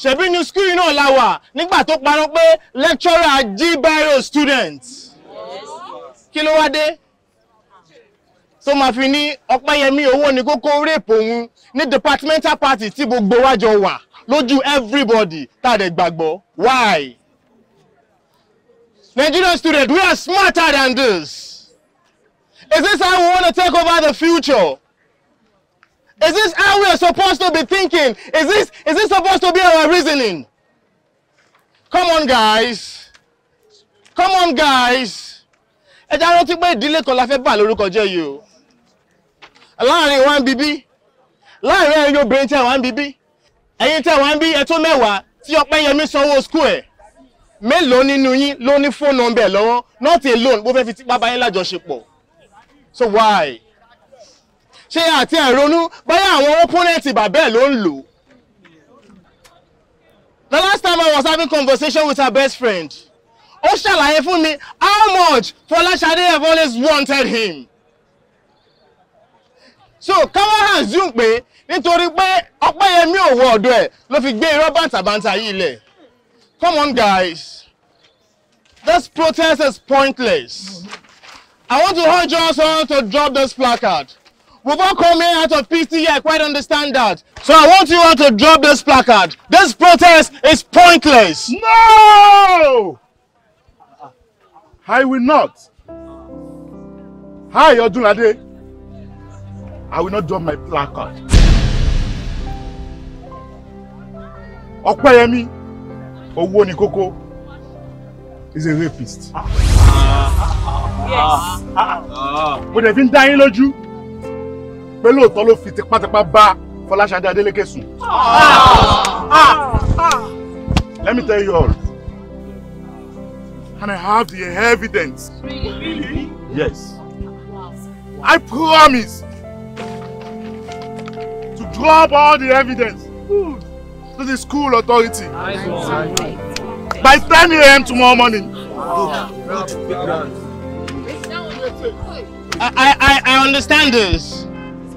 ṣebí ní skul náà la wà nígbà tó parọ́ pé lecturer jí biro student kí ló wá dé tó máa fi ní ọpẹ́yẹmí owó ni kókó rape òun ní departmental party tí gbogbo wa jọ wà lójú everybody tá a dẹ̀ gbàgbọ́ why Nigerian students we are smarter than this. Is this how we want to take over the future? Is this how we are supposed to be thinking? Is this, is this supposed to be our reasoning? Come on, guys. Come on, guys. Ẹ já rántí pé ìdílé kan la fẹ́ bà lórúkọ jẹ́ yìí o. Láàárín wa ń bíbí. Láàárín ẹ̀yin obìnrin tí àwọn ń bíbí. Ẹ̀yin tí àwọn ń bí ẹtún mẹ́wàá tí Ọpẹ́yẹmí sanwó skul ẹ̀. Mélòó nínú yín ló Not alone bó fẹ́ fi bàbá yín lájọṣepọ̀ so why ṣé àti ẹ̀rọnú báyà àwọn opponent bàbá ẹ̀ ló ń lò the last time I was having conversation with her best friend ó ṣàlàyé fún mi how much Fọláṣadé have always wanted him so káwá assume pé nítorí pé Ọpẹ́yẹmí ò wọ ọ̀dọ̀ ẹ̀ ló fi gbé irọ́ bàǹtàbàǹtà yìí lẹ̀ come on guys this protest is pointless. Mm -hmm. I want to urge us all to drop this placard. We've all come here out of pity, e, I quite understand that. So I want you all to drop this placard. This protest is pointless. No! I will not. Hi, Odunlade. I will not drop my placard. Ọpẹ́yẹmí, owó ni is a rapist. Ah. Ah. Ah mo dẹ̀ fi ń dá yín lójú pé lóòótọ́ ló fi tipátipá bá Fọláṣadé Adélékè sùn. Let me tell you all and I have the evidence. Yes. I promise to drop all the evidence to the school authority by 10 a.m. tomorrow morning. Wow. Wow. I, I, I understand this.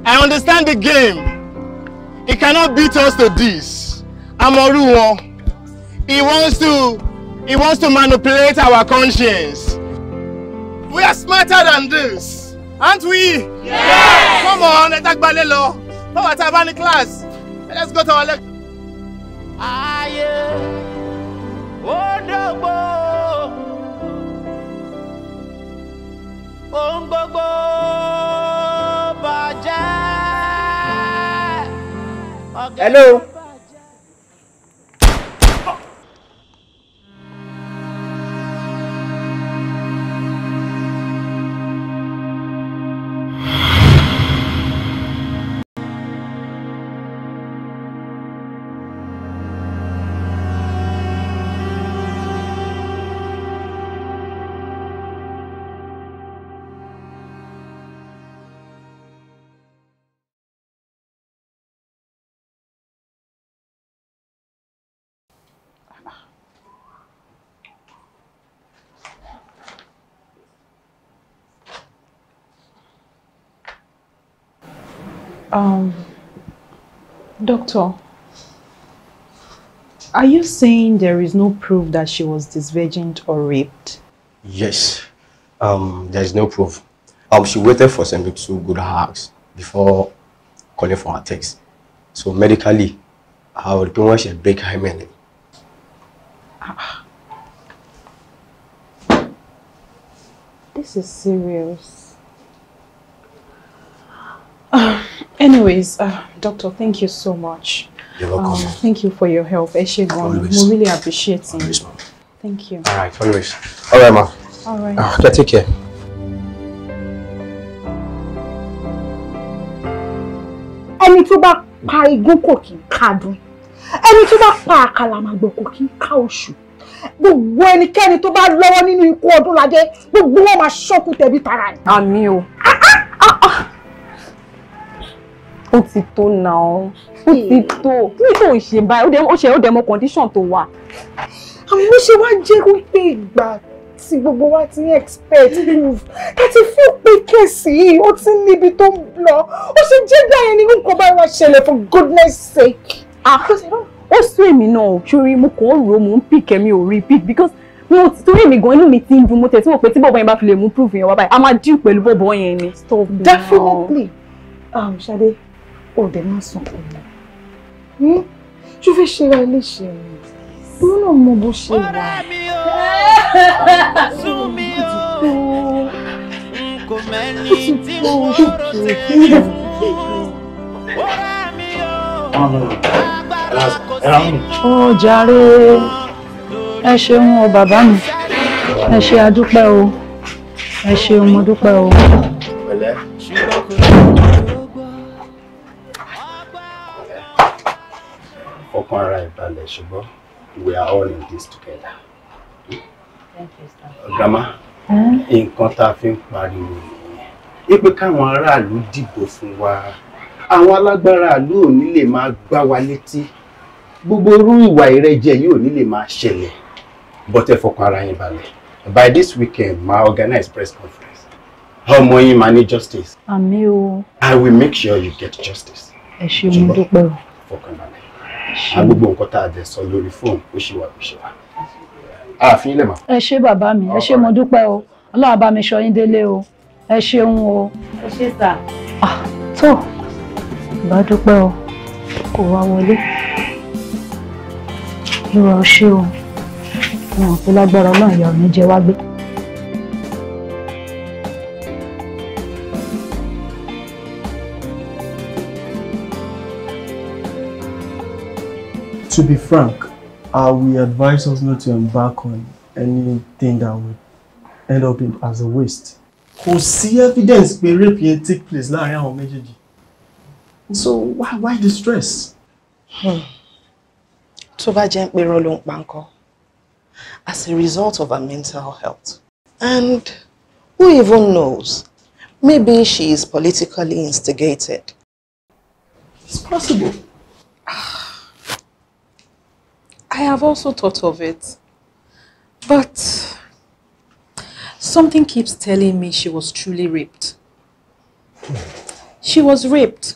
I understand the game. He cannot beat us to this. Amoruwo. He wants to he wants to manipulate our conscience. We are smarter than this. Aren't we? Yes! Come on, ẹ tagbale lọ. Báwa tá a bá ní class. Let's go to our lecture. Ayé, ó dọ́gbọ́n. ohun gbogbo bàjẹ́. hello. Um, doctor, are you saying there is no proof that she was disvirgined or raped? Yes, um, there is no proof. Um, she waited for to good hugs before calling for her text. So medically, I would pretty much break her hymen. Ah. This is serious. Anyways, uh, doctor, thank you so much. You're welcome. Um, thank you for your help. Eshe gan, really appreciate it. Thank you. All right, always. All right, ma. All right. Uh, yeah, take care. Ẹni tó bá pa igún kò kí n kádùn. Ẹni tó bá pa àkàlà màgbò kò kí n ká oṣù. Gbogbo ẹnikẹ́ni tó bá lọ́wọ́ nínú ikú Ọdúnladé, gbogbo wọn máa ṣọ́kù tẹ̀bí ó ti tó náà ó ti tó kí tó ń ṣe báyìí ó ṣe ó dẹ̀ condition tó wà. àwọn ó ṣe wá jẹ́ kó pé ìgbà tí gbogbo wa ti ń expect move láti fún pé kẹ̀sì yìí ó ti níbi tó ń lọ ó ṣe jẹ́ báyìí ní nǹkan báyìí wá ṣẹlẹ̀ for goodness sake. ó sún èmi náà sórí mo kàn ń rò ó mò ń pick ẹ̀mí ò rí pick because mo ti torí èmi gan inú mi ti ń dùn mo tẹ̀ tí mo pé tí bọ̀bọ̀ yẹn bá fi lè mú proof yẹn wá báyìí a máa deal pẹ̀lú bọ̀bọ̀ yẹn ni. definitely um, Ṣadé ò dé má sunkún mọ́ ṣó fẹ́ ṣe ra ilé ṣe mi òun náà mọ bó ṣe wà. ọ̀rẹ́ mi ò sún mi ò kò mẹ́ni tí mo rò ṣe fọkàn ara ẹ̀ balẹ̀ ṣùgbọ́n we are all in this together. Thank Grandma, nǹkan tá a fi ń pariwo nìyẹn. Ipe káwọn aráàlú dìbò fún wa. Àwọn alágbára ìlú ò ní lè máa gbá wa létí. Gbogbo irú ìwà ìrẹ́jẹ yìí ò ní lè máa ṣẹlẹ̀. Bọ́tẹ́ fọkàn ara yín balẹ̀. By this weekend, ma organize press conference. Ọmọ yín máa ní justice. Àmì o. I will make sure you get justice. Ẹ ṣé mo dúpẹ́ o. Fọkàn balẹ̀ a gbogbo nǹkan tá a dẹ̀ sọ lórí fóònù ó ṣì wà ó ṣì wà ààfin ilẹ̀ mà. ẹ ṣé bàbá mi ẹ ṣé mo dúpẹ́ o ọlọ́run bá mi sọ yín délé o ẹ ṣeun o. ẹ ṣé sà. Ah, tó bá dúpẹ́ o kò wá wọlé ìwà ọ̀ṣẹ́ o ìwọ̀n tó lágbára ọlọ́run ìyá ò ní jẹ wá gbé. To be frank, I will advise us not to embark on anything that would end up in, as a waste. Kò sí evidence may rape and take place now àwọn méjèèjì. So why, why the stress? Hmm. Tó as a result of her mental health. And who even knows? Maybe she is politically instigated. It's possible. Ah. I have also thought of it. But something keeps telling me she was truly raped. She was raped.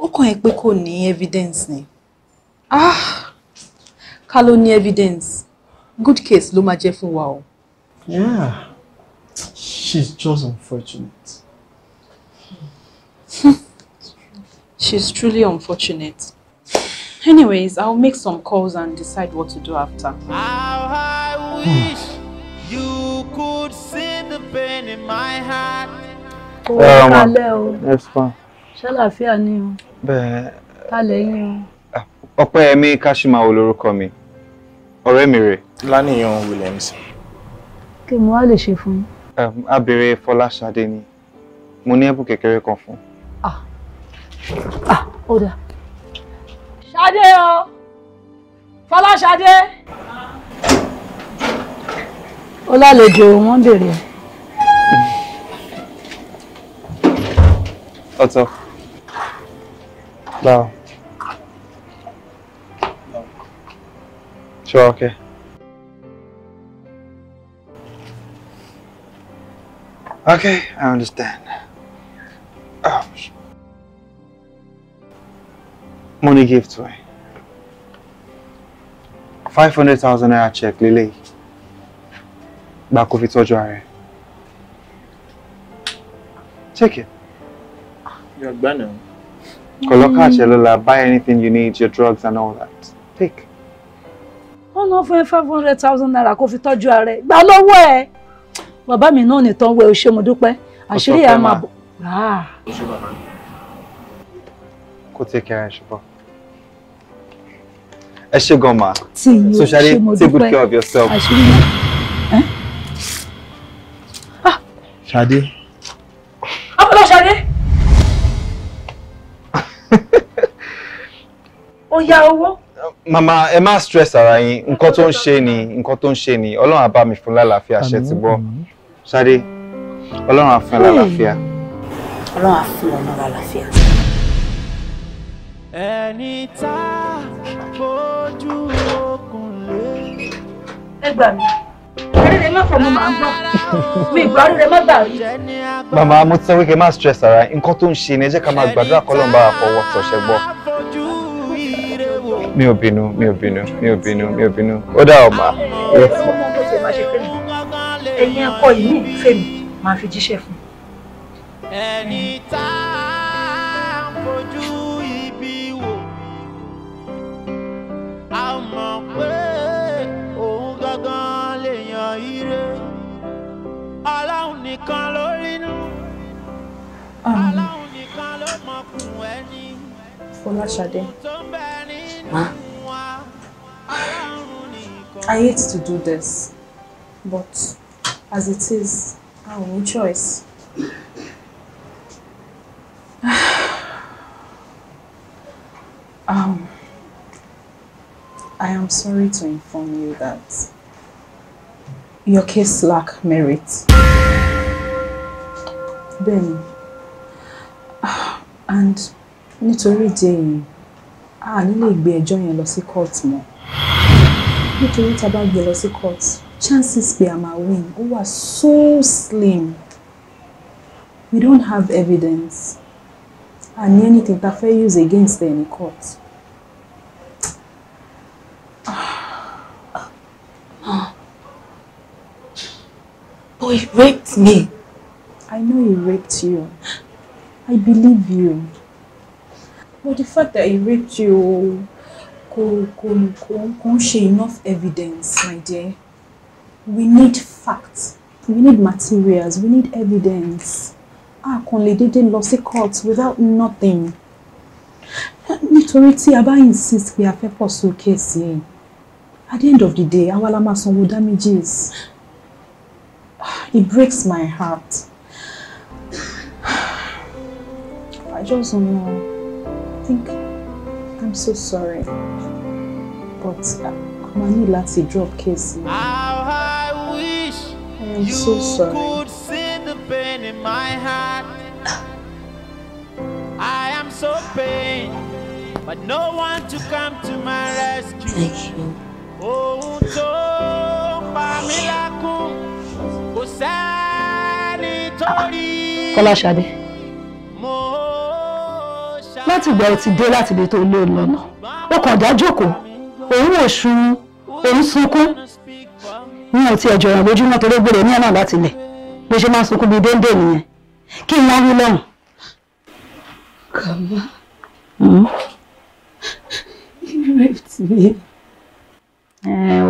Ó ní evidence ni. Ah! Ká ní evidence? Good case Loma máa jẹ́ Yeah. She's just unfortunate. Hmm. She's truly unfortunate. Anyways, I'll make some calls and decide what to do after. How I wish you could see the pain in my heart. Oh, kálẹ̀ o. Yes, ma. Ṣàlàáfíà ni o. Bẹ́ẹ̀. Kálẹ̀ yín o. Ah, Ọpẹ́yẹmí Káṣímáwo lorúkọ mi. Ọ̀rẹ́ mi rè. Lánìyàn Williams. Kí mo wá lè ṣe fún yín? A béèrè Fọláṣadé ni. Mo ní ẹ̀bùn kékeré kan fún. Ah! Ah! Ó Ṣadé o Fọláṣadé. ó lálejò wọn béèrè. ọ̀tọ̀ báwo ṣé wàá kẹ́. Okay, I understand. Oh, money gift ẹ five hundred thousand naira check lélẹ̀ gba kó fi tọ́jú check it. yóò gbá náà. Koloka Chelola, buy anything you need, your drugs and all that. Take. Oh no, for ẹ five hundred thousand naira kofi fi tọ́jú no way. Baba lọ́wọ́ ẹ̀. Bàbá mi náà nìtàn wẹ̀ o ṣé mo dúpẹ́. Àṣírí ẹ̀ kó tiẹ̀ kí ara ẹ̀ ṣùgbọ́n. ẹ ṣe gan ma so ṣáré take good care of yourself. ṣadé. ọpọlọ ṣadé. ó yá owó. Màmá ẹ má stress ara yín nǹkan tó ń ṣe ni nǹkan tó ń ṣe ni Ọlọ́run á bá mi fún lálàáfíà ṣe ti gbọ́ mm-hmm. Ṣadé Ọlọ́run á fún ẹ lálàáfíà ẹni tá fojú okùn lé. ẹ gbà mí ẹrẹ́rẹ́ má fọmọ màá gbọ́ mi ìgbà rẹ̀ má gbà rí. màmá mo ti sọ pé kí n má stress ara ẹ nǹkan tó ń ṣe ni ẹ jẹ́ ká máa gbàdúrà kọ́lọ́n bá fọwọ́ sọ̀ṣẹ́ gbọ́. mi ò bínú mi ò bínú mi ò bínú mi ò bínú ó dà ọ̀ máa. ẹ̀yin ẹ̀kọ́ yìí ní ìfẹ́ mi máa fi jíṣẹ́ fún. ẹni tá Ah. ma ah. I hate to do this but as it is I have no choice. Um, I am sorry to inform you that your case lack merit. bẹ́ẹ̀ ah, and nítorí ìdí èyí a ní lè gbé ẹjọ́ yẹn lọ sí court mọ́ nítorí tá a bá gbé lọ sí court chances pé a máa win ó wà so slim we don't have evidence and anything tá a fẹ́ use against them in court. Ah. Boy raped me. I know he raped you. I believe you. But the fact that he raped you kò kò kò kò ń enough evidence my dear. We need facts. We need materials. We need evidence. A kàn lè lost lọ court without nothing. Nítorí tí a bá insist pé a pursue pọ̀ at the end of the day, our la will damages. It breaks my heart. just uh, know. I think I'm so sorry. But uh, I'm a need láti drop case. How I wish I am so sorry. could see the pain in my heart. I am so pain, but no one to come to my rescue. Thank you. Oh, so Pamela Kum, Kosani Tori. Kọ́lá láti ìgbà tí dé láti ibi tó lé e lọ́nà ó kàn dá jókòó òun ò sun òun sunkún mi ò tiẹ̀ jọ̀yàn lójúmọ́ torí gbèrè ní ẹ̀nà láti lẹ̀ bó ṣe máa sunkún bíi déńdé nìyẹn kí n wọ́n wí lẹ́hùn. kàmá hmm? ireft mi.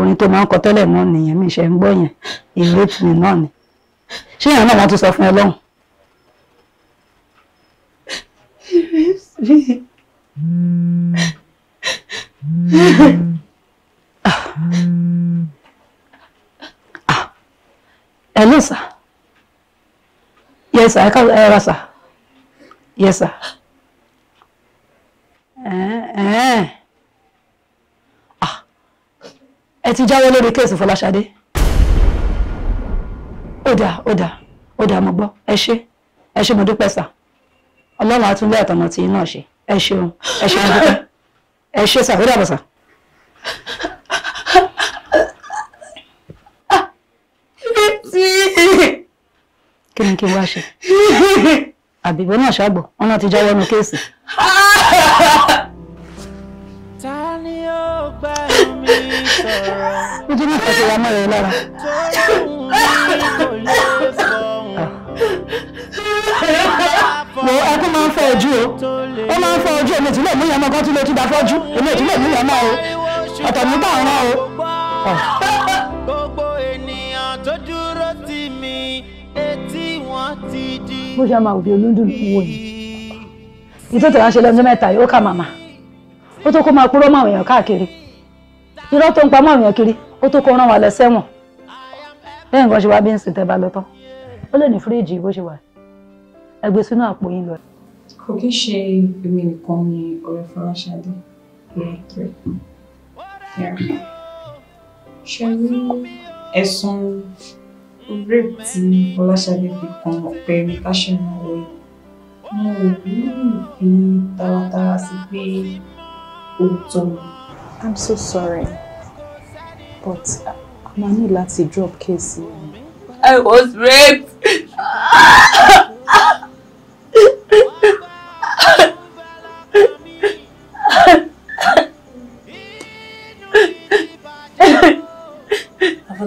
orin tó máa ń kọ tẹ́lẹ̀ náà nìyẹn mi ṣe ń gbọ́ yẹn ireft mi náà ni ṣé ìyá náà wọ́n tún sọ fún ẹ lọ́hùn. ireft Hello, sir. Yes, sir. I can't hear, sir. Yes, sir. Eh, eh. Ah. Ẹ ti jáwọ́ lórí kéèsì Fọláṣadé. Ó dáa, ó dáa, ó dáa mo gbọ́. Ẹ ṣé, ẹ ṣé mo dúpẹ́ sà ọlọ́run àtúndé àtọmọ tí náà ṣe ẹ ṣeun ẹ ṣeun dúpẹ́ ẹ ṣe sàkódà bọ̀sà. kí ni kí n wá ṣe àbígbó náà ṣàgbọ̀ wọn náà ti jáwọ́ nu kéèsì. ta ni ó gbà mí sọ̀rọ̀. ojú ní ìfẹsẹ̀wá mọ́ ẹ̀rọ lára. wo ẹkún máa ń fẹ́ ojú o ó máa ń fọ́ ojú èmi ìtúlẹ̀ mú ìyàmọ́ kan tún lè tún bá fọ́jú èmi ìtúlẹ̀ mú ìyàmọ́ o ọ̀tọ̀ ní tà ń rán o. gbogbo ènìyàn tó dúró tì mí etí wọn ti di. bó ṣe máa òbí olúndùn wò ni ìtò tó ránṣẹ́ lọ́dún mẹ́ta yìí ó kà màmá ó tó kó máa kúrò máwọn èèyàn káàkiri irọ́ tó ń pa máwọn èèyàn kiri ó tó kó rán wa lọ sẹ́wọ̀n bẹ́ẹ̀ nǹkan ṣe wá bí ń sìn tẹ́ bá lọ tán ó lè ní fíríìjì bó ṣe wà yìí ẹgbẹ́ sínú àpò yín lọ. kò kí ṣe èmi nìkan ni ọ̀rẹ́ Fọláṣadé rẹ̀ rẹ̀ ṣe rí ẹ̀sùn rape tí Fọláṣadé fi kan ọ̀pẹ mi káṣíìmọ̀ rẹ̀ mo ò lóyún fi taratara sí pé òótọ́ ni. I'm so sorry but a máa ní láti drop case yẹn. I was raped.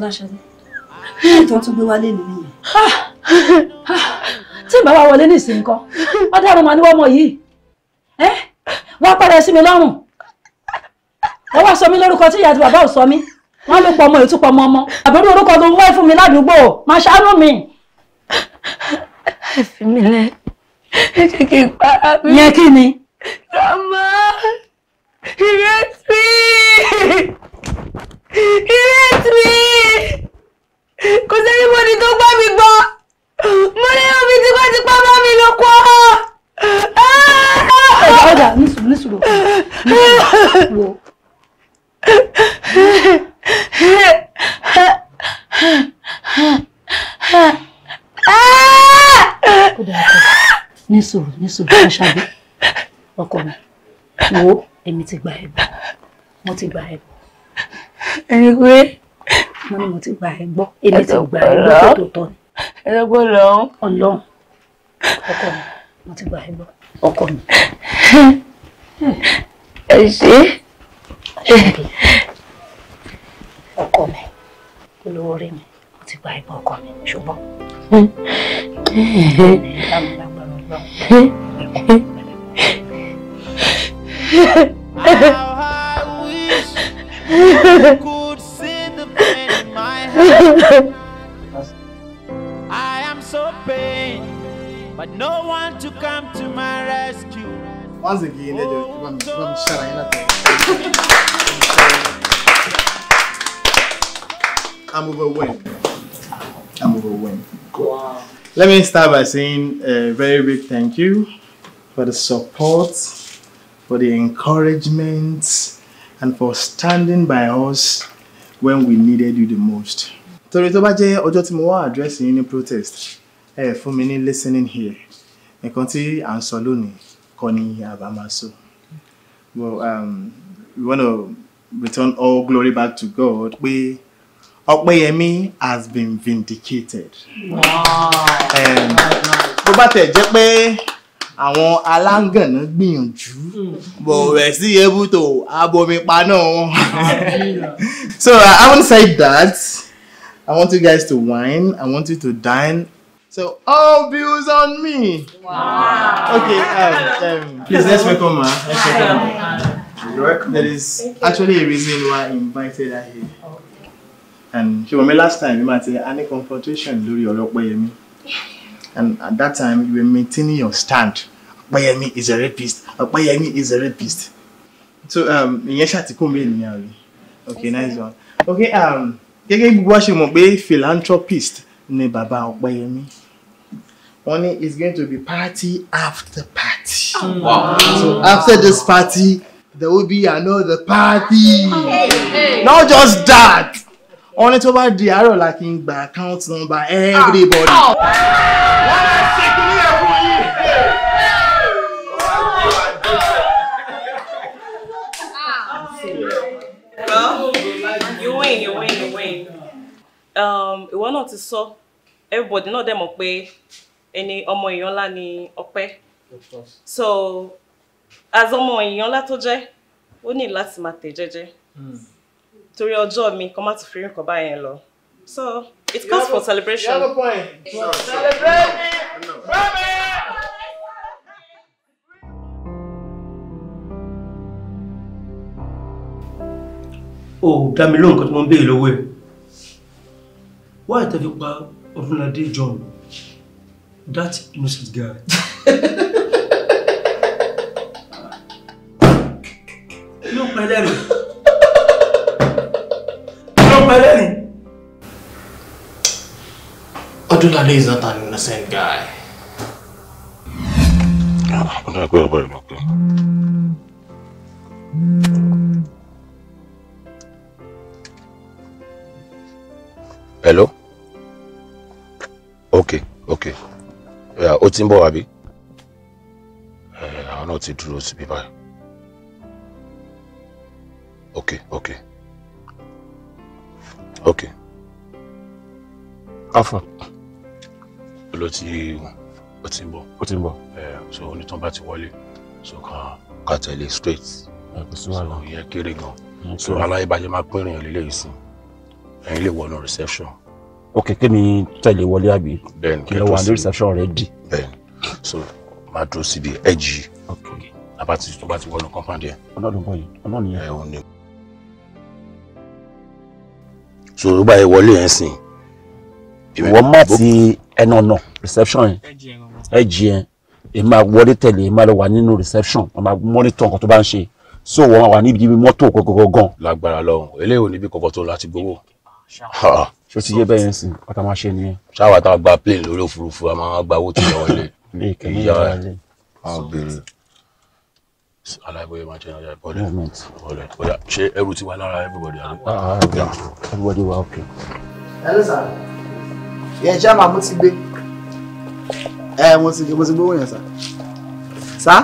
Fọláṣadé. Ìtàn tún gbé wálé mi nìyẹn. Tí ìbá wa wọlé nísìnyí kan, wọ́n dárò máa níwọ́ ọmọ yìí. Wọ́n pẹ́rẹ́ sí mi lọ́rùn. Wọ́n wá sọ mí lórúkọ tí ìyá àti bàbá ò sọ mí. Wọ́n ló pọ̀ ọmọ ìtúpọ̀ ọmọ ọmọ. Àbúrò orúkọ tó ń wáyé fún mi ládùúgbò. Màá ṣàánú mi. Ẹ fi mi lẹ. Ẹ jẹ́ kí n para mi. Yẹ kí ni? Dàmá! Ìrètí! he raped me kò sẹ́ni mo ní tó gbọ́ mi gbọ́ mo ní omi tí wọ́n ti pa bá mi ló kọ́ ọ̀dà nísùrù nísùrù wo. nísùrù nísùrù ṣáṣáájú ọkọ mi wo èmi ti gba ẹ̀bùn mo ti gba ẹ̀bùn ẹni pé wọn ni mo ti gbà ẹ gbọ́ èmi ti gbà ẹ gbọ́ tó tọ́ ni. ẹlẹgbẹ́ lọ́hún. Ọlọ́run ọkọ mi mo ti gbà ẹ gbọ́ ọkọ mi. ẹ ṣe ọkọ mi olówó rí mi mo ti gbà ẹ gbọ́ ọkọ mi ṣùgbọ́n. Wow. could see the pain in my head. I am so pain, but no one to come to my rescue. Once again, oh, I'm, I'm sharing. I'm overwhelmed. I'm overwhelmed. Wow. Let me start by saying a very big thank you for the support, for the encouragement, and for standing by us when we needed you the most. torí tó bá jẹ́ ọjọ́ tí mo wá àdírẹ́sì yín ní protest ẹ fún mi ní listening here nǹkan tí à ń sọ lónìí kọ́ ni àbá máa sọ. well um, we want to return all glory back to God pé Ọpẹ́yẹmí has been vindicated. Um, bó bá tẹ̀ jẹ́ pé àwọn aláǹgànná gbìyànjú but we're still able to abomipa náà wọn. so uh, having say that I want you guys to wine I want you to dine so all views on me. Wow. Okay um, um, please let's welcome her let's welcome her. You're There is actually a reason why I invited her here. Okay. And she was my last time, you might say, any confrontation lórí Ọlọ́pẹ́yẹmí and at that time you were maintaining your stand Ọpẹ́yẹmí is a rapist Ọpẹ́yẹmí is a rapist so um, ìyẹn ṣàtìkù mi ènìyàn rẹ okay nice one okay um, gẹ́gẹ́ gbogbo wa ṣe mọ̀ pé philanthropist ni bàbá Ọpẹ́yẹmí wọ́n ní it's going to be party after party oh, wow. so after this party there will be another party hey, hey. not just that. Only to buy the arrow, àárọ̀ la kí n gba account number everybody. wọ́n máa ṣe you win you win you win. Um, ìwọ náà ti sọ everybody náà dẹ̀ mọ̀ pé ẹni ọmọ èèyàn ńlá ni ọpẹ́ so as ọmọ èèyàn ńlá tó jẹ́ ó ní láti máa tẹ̀ jẹ́jẹ́. Mm torí ọjọ́ mi kọ́ má ti fi rí nǹkan báyẹn lọ so it calls for celebration. you have a point. celebrate me. o dá mi lóhùn kan tí mo ń béèrè lọ́wọ́ ẹ̀ wáyé tẹ́ fi pa Ọdúnládé John that innocent guy. Odunlade is not an innocent guy. I'm not going about it, Hello? Okay, okay. Yeah, ó abi. ń bọ̀ àbí? Eh, àwọn náà ti dúró síbí Okay, okay. Okay. Afra ló ti ó ti ń bọ̀. ó ti ń bọ̀. so onítàn bá ti wọlé so kan kan tẹ̀lé straight. so ìyẹn kéré gan. so aláyé bá ṣe máa pín ìrìn lílé yìí sí ẹ̀yin lè wọnú reception. ok kí ni tẹ̀lé wọlé àbí. bẹ́ẹ̀ni kí ló wà ní reception rẹ dì. bẹ́ẹ̀ni so máa dúró síbi ẹ̀jì. ok abati tó bá ti wọnú compound yẹn. ọlọ́dún bọ̀ yìí ọlọ́run yẹn. ẹ̀ ò ní. so ló bá yẹ wọlé yẹn sìn. ìwọ má ti ẹnu ọ̀nà reception yẹn ẹ̀jì yẹn èyí máa wọlé tẹ̀lé èyí máa lọ wà nínú reception wọ́n máa monitor nǹkan tó bá ń ṣe so wọ́n wà níbi mọ́tò kọ̀kọ̀kọ̀ gan. lágbára lọ́hùn eléyìí ò níbi kọ̀kọ̀ tó láti gbowó ah, ṣó ti yé bẹ́ẹ̀ yẹn sìn ọ̀tá máa ṣe nìyẹn. ṣáwa tá gba plane lórí òfurufú a máa gba owó tó yẹ wọlé. ilé ìkẹ́lẹ́ ìjọba ilé. ọjà ìbọlẹ ọlẹ ṣé ẹrù ti wà lára everybody. Ah, ah, everybody yẹn ṣá máa mú ti gbé ẹ mo ti mo ti gbówó yẹn sá sá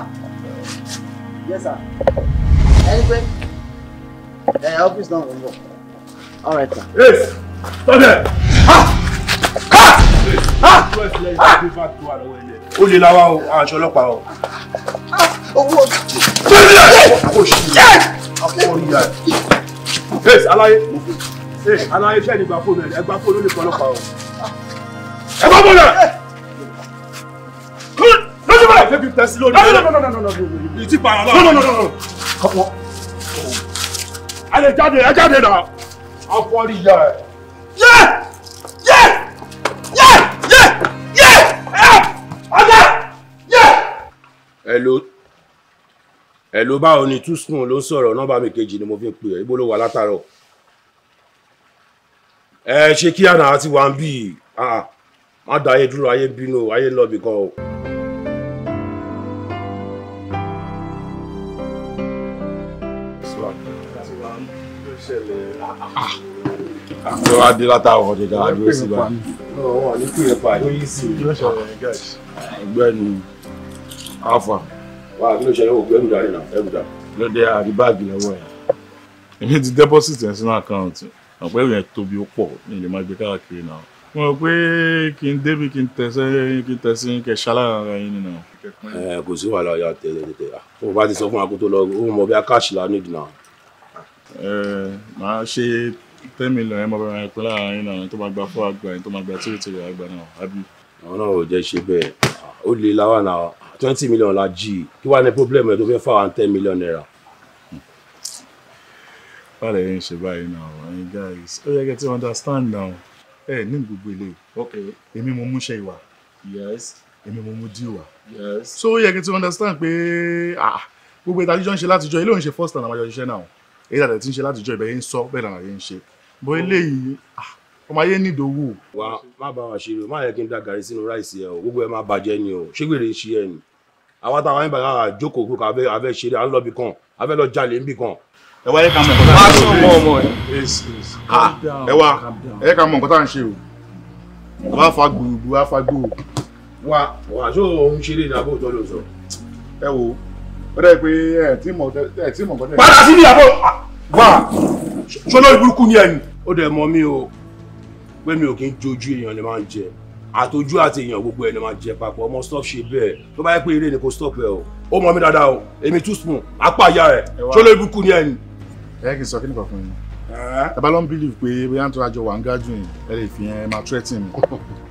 yẹ sá ẹni pé ẹ ọ́fíìsì náà ń bọ̀ all right sir. yes tọ́lẹ̀. o lè la wa o aṣọ ọlọ́pàá o. owó o ṣe. alaye alaye fẹ́ẹ̀ ni gba fóònù ẹ̀ gba fóònù ó lè kọ́ ọlọ́pàá o ẹ bá bọ̀lẹ̀ lójú báyìí. ẹ fi tẹ̀sí lórí. ìtì pààyàn náà. kọ́pọ̀ alẹ jáde ẹ jáde náà. afọ́rí ya ẹ. yẹ yẹ yẹ yẹ yẹ ẹ ọjà yẹ. hello hello báwo ni two spoon ló ń sọ̀rọ̀ nọ́mbà mi kejì ni mo fi ń pè ẹ́ ibo ló wà látàárọ̀ ẹ ṣe kí àná àti wà ń bì í má da ayé dúró ayé bínú ayé lọ bìkan o. àti wàá di látàwọn ọ̀dẹ̀dà àdúró sí bá. ọgbẹ́ni alfa. wà á kí ló ṣe ẹ̀wọ̀n gbẹ́rù dání náà ẹ̀rù dá. lóde àrí báàgì lọ́wọ́ ẹ̀. èmi ti deposit ẹ̀ sínú àkáǹtì ọ̀pẹ́ ìrìn ẹ̀ tóbi ó pọ̀ ní ìlú máa gbé káàkiri náà mo rò pé kí n débi kí n tẹ̀sẹ̀ kí n tẹ̀sẹ̀ kẹ̀ ṣálára ara yín nínú. ẹ kò sí wàhálà ọ̀yà tẹ̀lé tètè ah, ó bá ti sọ fún akótó lọ ó mọ bí a káàṣì la nídìí náà. ẹ máa ṣe ten million ẹ mọ bẹ́ẹ̀ máa pín láàrin yín náà tó máa gba fún àgbà yín tó máa gba tìrìtìrì àgbà náà àbí. àwọn náà ò jẹ́ ṣe bẹ́ẹ̀ ah, ó lè láwà náà twenty million la jí kí wàá ní problem ẹ tó fẹ́ fáwọn ten million naira báyìí ń ṣe báyìí náà ẹ̀yin guys ó yẹ kẹ́ ti understand now ẹ ní gbogbo ilé èmi mo mú iṣẹ́ ìwà èmi mo mú dí ìwà so ó yẹ kí n ti understand pé gbogbo ìdájọ́ ń ṣe látijọ́ ilé òun ṣe first time àwọn àjọṣiṣẹ́ náà èyí àtẹ̀ tí ń ṣe látijọ́ ibẹ̀ yẹn ń sọ bẹ́ẹ̀ náà yẹn ń ṣe bọ́ eléyìí ọmọ ayé ní ìdòwò. wà á má bá wọn ṣeré o má yẹ kí n da gàrí sínú ráìsì ẹ o gbogbo ẹ má bàjẹ́ ni o ṣégbèrè ṣe ẹ ni àwọn táwọn ẹ̀ bá jókòó kúrò káfẹ́ ṣeré à ń lọ bì kan àfẹ́ lọ jalè ń bì kan ẹ wá yẹ ká mọ nǹkan tá à ń ṣe o. má sùn mọ́ ọmọ ẹ. ẹ wá ẹ ká mọ nǹkan tá à ń ṣe o. wà á fa gbòògbò wà á fa gbòò. wà wà á sọ ohun ṣeré ní abó ìtọ́lẹ̀ sọ. ẹ wo ó dẹ́ pé ẹ tí mọ̀ ẹ tí mọ̀ nǹkan tẹ́. padà sí ní àbọ̀ wà sọlá ìbúrúkú ni ẹni. ó dẹ̀ mọ̀ mi o pé mi ò kí ń jojú èèyàn lè máa ń jẹ àtọjú àti èèyàn gbogbo ẹ̀ máa jẹ papọ̀ ọmọ stop ṣe bẹ́ẹ̀ tó bá yẹ pé eré ni kò stop ẹ o ó mọ̀ mi dáadáa o èmi too small apá àyà ẹ̀ sọlá ìbúrúkú ni ẹni ẹ kì í sọ kí nìkan fún yín ẹ bá lọ́n bílíf pé bóyá ń àjọ wà ń gájú yìí ẹ lè fi yẹn máa tírẹ́tìn mi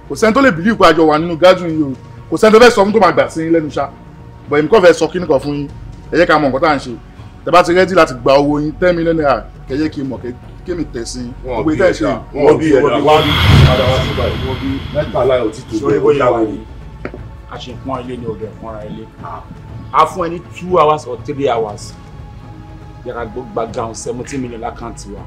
kò sẹ́ni tó lè bílíf pé àjọ wà nínú gájú yìí o kò sẹ́ni tó fẹ́ sọ fún tó máa gbà sí lẹ́nu ṣá bọ̀ èmi kò fẹ́ sọ kí nìkan fún yín ẹ jẹ́ ká mọ nǹkan tá à ń ṣe tẹ bá ti rẹ́dí láti gba owó yín ten million naira kẹ kí n mọ̀ kémi tẹ̀ sí i wọ́n bí ẹ̀dá wọ́n bí two hours or three hours yàrá gba ground seventeen million lákàntì wa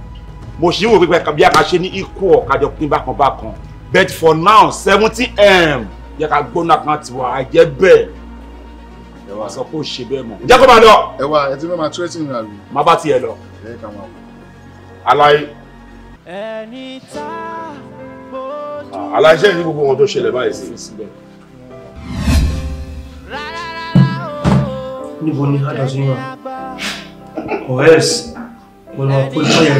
mo ṣì ń wò pípẹ́ bí a ka ṣe ní ikú ọ̀kadà pín bákan bákan but for now seventeen m yàrá gbóná kan ti wà á jẹ́ bẹ́ẹ̀ ẹ wá sọ pé ó ṣe bẹ́ẹ̀ mọ̀ ǹjẹ́ kó máa lọ. ẹ wá ẹ ti fẹ́ máa tírẹ́tì nínú àlù. má bá tiẹ̀ lọ. ẹ kà máa wọ. aláì. ẹni tá bójú. Ah, aláìṣẹ́ ní gbogbo wọn tó ṣẹlẹ̀ báyìí sí níbo ni adásúnyàn or else mo lọ kó lọ yẹ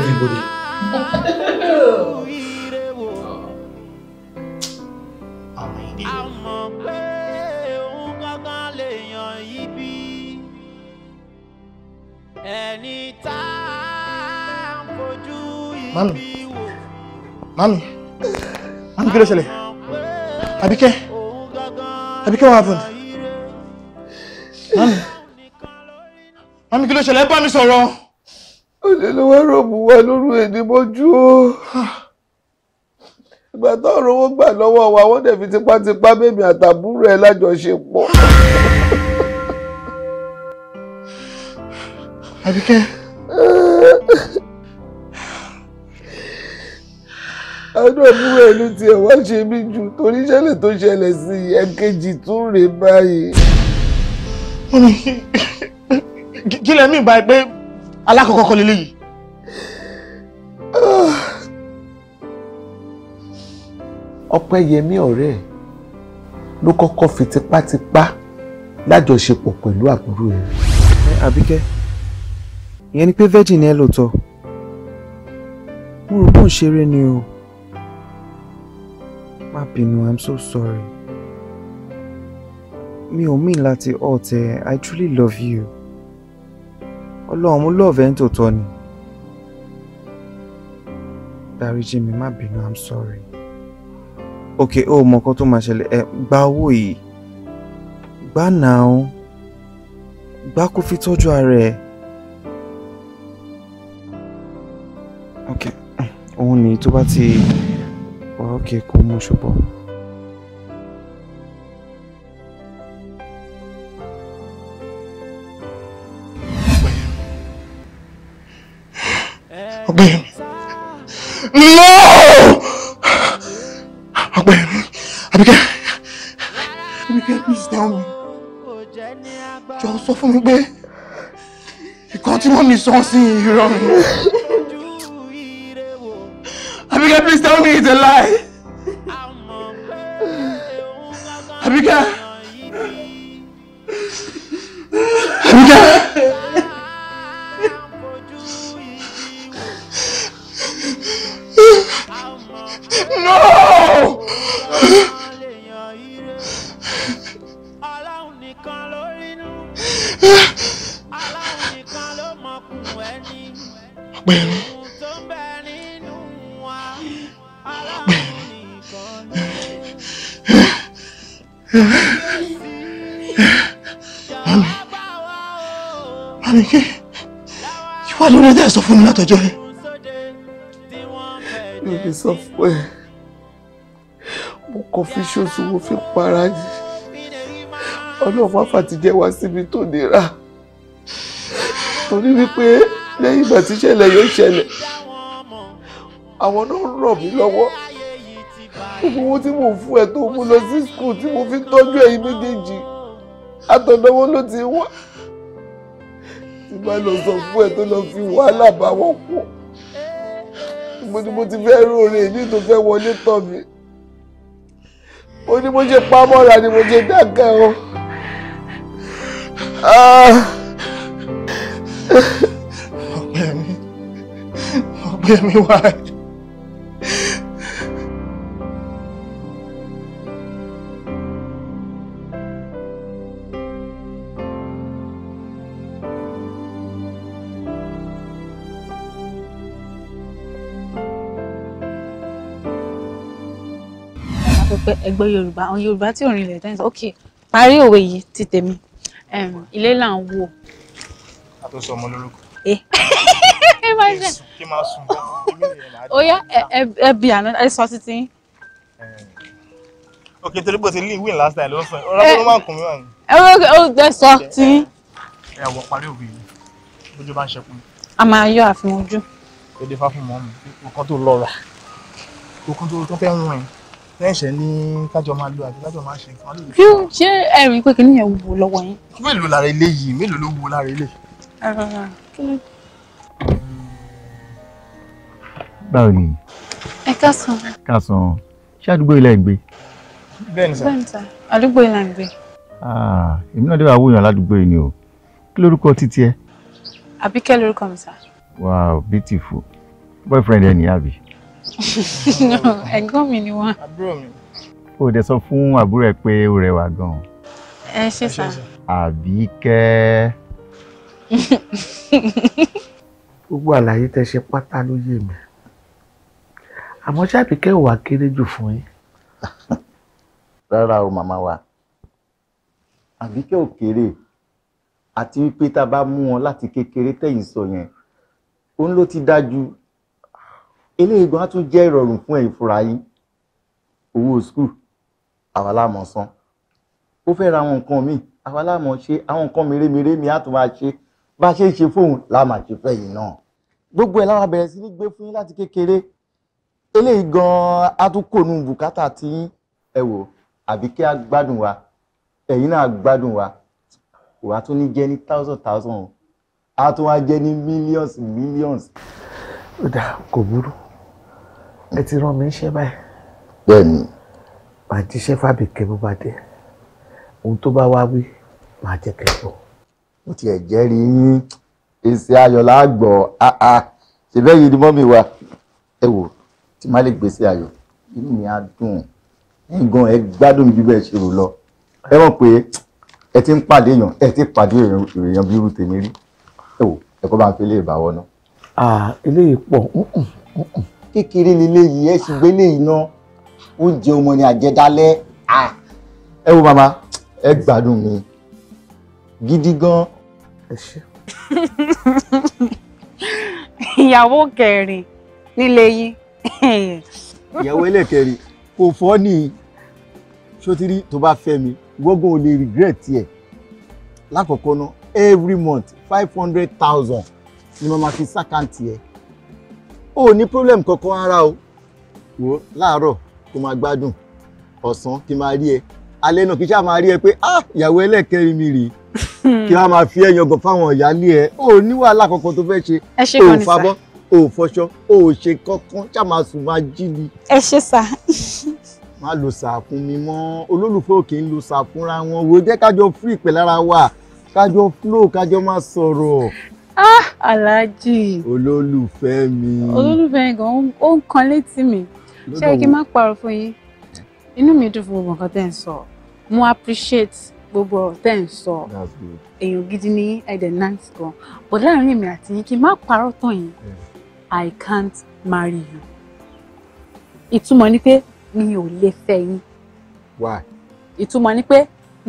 Mami, gbòdì. Mami, mami, mami kí ló ṣẹlẹ̀? Abike, Abike what happened? Mami. Mami kí ló ṣẹlẹ̀ bá mi sọ̀rọ̀. Ó lè lọ́wọ́ rògbò wa lóru èdè mọ́jú o. Ìgbà tó rówó gbà lọ́wọ́ wa, wọ́n dẹ̀ fi tipátipá bèmí àtàbúrò ẹ̀ lájọṣepọ̀. Àbíkẹ́. Àdó àbúrò ẹ̀ ló tiẹ̀ wá ṣe mí jù torí ìṣẹ̀lẹ̀ tó ṣẹlẹ̀ sí ẹ̀kejì tún rèé báyìí kí lẹ́mí ìgbà pé alákọ̀ọ́kọ́ kọ́ lélẹ́yìí. ọpẹ́yẹmí ọ̀rẹ́ ẹ̀ ló kọ́kọ́ fi tipátipá lájọṣepọ̀ pẹ̀lú àbúrò ẹ̀. àbíkẹ́ ìyẹn ni pé virgin ẹ lóòótọ́ mo rò bó ń ṣeré ni o má bínú i'm so sorry mi ò mean láti ọ̀tẹ̀ i truly love you ọlọ́run mú lọ́ọ̀fẹ́ ń tòótọ́ ni dáríjì mi má bínú i'm sorry ok ó mọ nǹkan tó máa ṣẹlẹ̀ ẹ gba owó yìí gbá náà gbá kó fi tọ́jú ara ẹ̀ ok òun ni tó bá ti ok kó mú ṣùgbọ́n. fún mi pé ìkan tí wọ́n mi sọ sí irọ́ Abike, please tell me it's a lie. látọjọ́ yẹn mi ò lè sọ fún ẹ mo kàn fi ṣoṣù mo fi para yìí ọlọ́run wá fàtijẹ́ wá síbi tó nira torí wípé lẹ́yìn ìgbà tí ìṣẹ̀lẹ̀ yóò ṣẹlẹ̀ àwọn náà ń ràn mí lọ́wọ́ gbogbo owó tí mò ń fún ẹ tó mú lọ sí skul tí mo fi tọ́jú ẹ̀yin méjèèjì àtọ̀dọ́wọ́ ló ti wá tí bá lọ sọ fún ẹ tó lọ fi wàhálà bá wọn pọ̀ mo ní mo ti fẹ́ róore èyí tó fẹ́ wọlé tọ̀ mí mo ní mo ṣe pamọ́ra ni mo ṣe dákẹ́ o. Ah. ọ̀pẹ mi ọ̀pẹ mi wáyé. pé ẹgbẹ́ yorùbá àwọn yorùbá tí ò rìnlẹ̀ tẹ́lẹ̀ ok parí òwe yìí ti tèmi ilé là ń wò. a tó sọ ọmọ lórúkọ. Eh. ẹ kí máa sùn ó yá ẹ bí àná ẹ sọ títí. Eh. ok torí bó ti lé ìwé last night? ló ń sọ ọ̀rọ̀ ló máa ń kún mi wà ní. ẹ wọ́n ẹ sọ tí. ẹ wọ parí òwe yìí bójú bá ń ṣẹkùn. a máa yọ àfihàn ojú. èdè fáfún mọ́ mi kókó tó lọ́ra kókó tó fẹ́ wọ̀n lẹ́sẹ̀ ní kájọ máa lo àti kájọ máa ṣe nǹkan lè. bí ó ṣe ẹ̀rìn pé kìnìyàn wúwo lọ́wọ́ yín. mélòó lára ilé yìí mélòó ló wúwo lára ilé. báwo ni. ẹ káàsán. káàsán ṣé àdúgbò ilẹ̀ ń gbé. bẹ́ẹ̀ni sá bẹ́ẹ̀ni sá àdúgbò ilẹ̀ ń gbé. Ah, èmi náà débà wúyàn ládùúgbò yìí ni o kí lórúkọ títí ẹ. àbíkẹ́ lórúkọ mi sá. wow beautiful boyfriend ẹ nìyá bíi. ẹ̀gbọ́n mi ni wọ́n. àbúrò mi. o dẹ sọ fún àbúrò ẹ pé o rẹwà gan-an. ẹ ṣe sá. Àbíkẹ́. gbogbo àlàyé tẹ ṣe pátá ló yé mi àmọ́ ṣé Àbíkẹ́ wà kéré jù fún yín. rárá o màmá wa Àbíkẹ́ ò kéré àti wípé tá a bá mú wọn láti kékeré tẹ̀yìn sọ yẹn òun ló ti dájú eléyìí gan á tún jẹ́ ìrọ̀rùn fún ẹ̀yin fúnra yín owó skul àwa la mọ̀ san ó fẹ́ ra àwọn nǹkan míì àwa la ṣe àwọn nǹkan mèremère mi á tún máa ṣe bá a ṣe ń ṣe fóun la máa ṣe fẹ́yìn náà gbogbo ẹ̀ láwa bẹ̀rẹ̀ sí ní gbé fún yín láti kékeré eléyìí gan-an á tún kò nu bùkátà tí ẹ wò àbí kí á gbádùn wa ẹ̀yin náà gbádùn wa wà á tún ní jẹ́ ní thousand thousand á tún wá jẹ́ ní millions millions. ó dà kò burú ẹ ti rán mi iṣẹ́ báyìí. bẹ́ẹ̀ni. màá jíṣẹ́ fábíkẹ́ bó bá dé ohun tó bá wá wí màá jẹ́ kẹ́ mo tiẹ̀ jẹ́rìí yín èsì ayọ̀ láàgbọ̀ àà ṣèbẹ́ yìí ni mọ́mì wa ẹ wò tí má lè gbèsè ayọ̀ inú mi á dùn nǹkan ẹ gbádùn bí bẹ́ẹ̀ ṣe rò lọ ẹ mọ̀ pé ẹ ti ń pàdé èèyàn ẹ ti pàdé èèyàn bí irú tèmi rí ẹ wò ẹ kọ́ bá ń fi lè bá wọnú. eléyìí pọ̀ kékeré lélẹ̀ yìí ẹ sì gbélé yìí ná oúnjẹ ọmọ ni àjẹdálẹ́ ẹ wo màmá ẹ gbádùn mi gidi gan. ìyàwó kẹrin nílé yín. ìyàwó ẹlẹ́kẹrin kò fọ́ ni sotiri tó bá fẹ́ mi gbọ́gbọ́n ò lè regret ẹ̀ lákọ̀ọ́kọ́ náà every month five hundred thousand ni mo máa fi sákàǹtì ẹ̀ o ò ní problem kankan ara o wò láàárọ̀ kó máa gbádùn ọ̀sán kí máa rí ẹ alẹ́ náà kí ṣáà máa rí ẹ pé ah ìyàwó ẹlẹ́kẹrin mi rèé kí wọ́n máa fi ẹyàn gàn fáwọn ìyáálé ẹ o ò ní wàhálà kankan tó fẹ́ ṣe o ò fabọ́ o ò fọṣọ o ò ṣe kankan ṣáà máa sùn máa jí ni. ẹ ṣe sà. má lo sàkún mi mọ́ olólùfẹ́ òkè ń lo sàkúnra wọn wo jẹ́ kájọ fún ìpè lára wa kájọ flow kájọ máa sọ̀rọ̀ ah aláàjì olólùfẹ́ mi olólùfẹ́ mi gan ó ń kan létí mi ṣé kí n má parọ́ fún yín inú mi dùn fún gbogbo nǹkan tẹ́ ń sọ mo appreciate gbogbo ọ̀rọ̀ tẹ́ ń sọ èèyàn gidi ní ẹ̀dẹ̀ nice gan but láàrin èmi àti yín kí n má parọ́ tán yín i can't marry you ìtumọ̀ ni pé mi ò lè fẹ́ yín ìtumọ̀ ni pé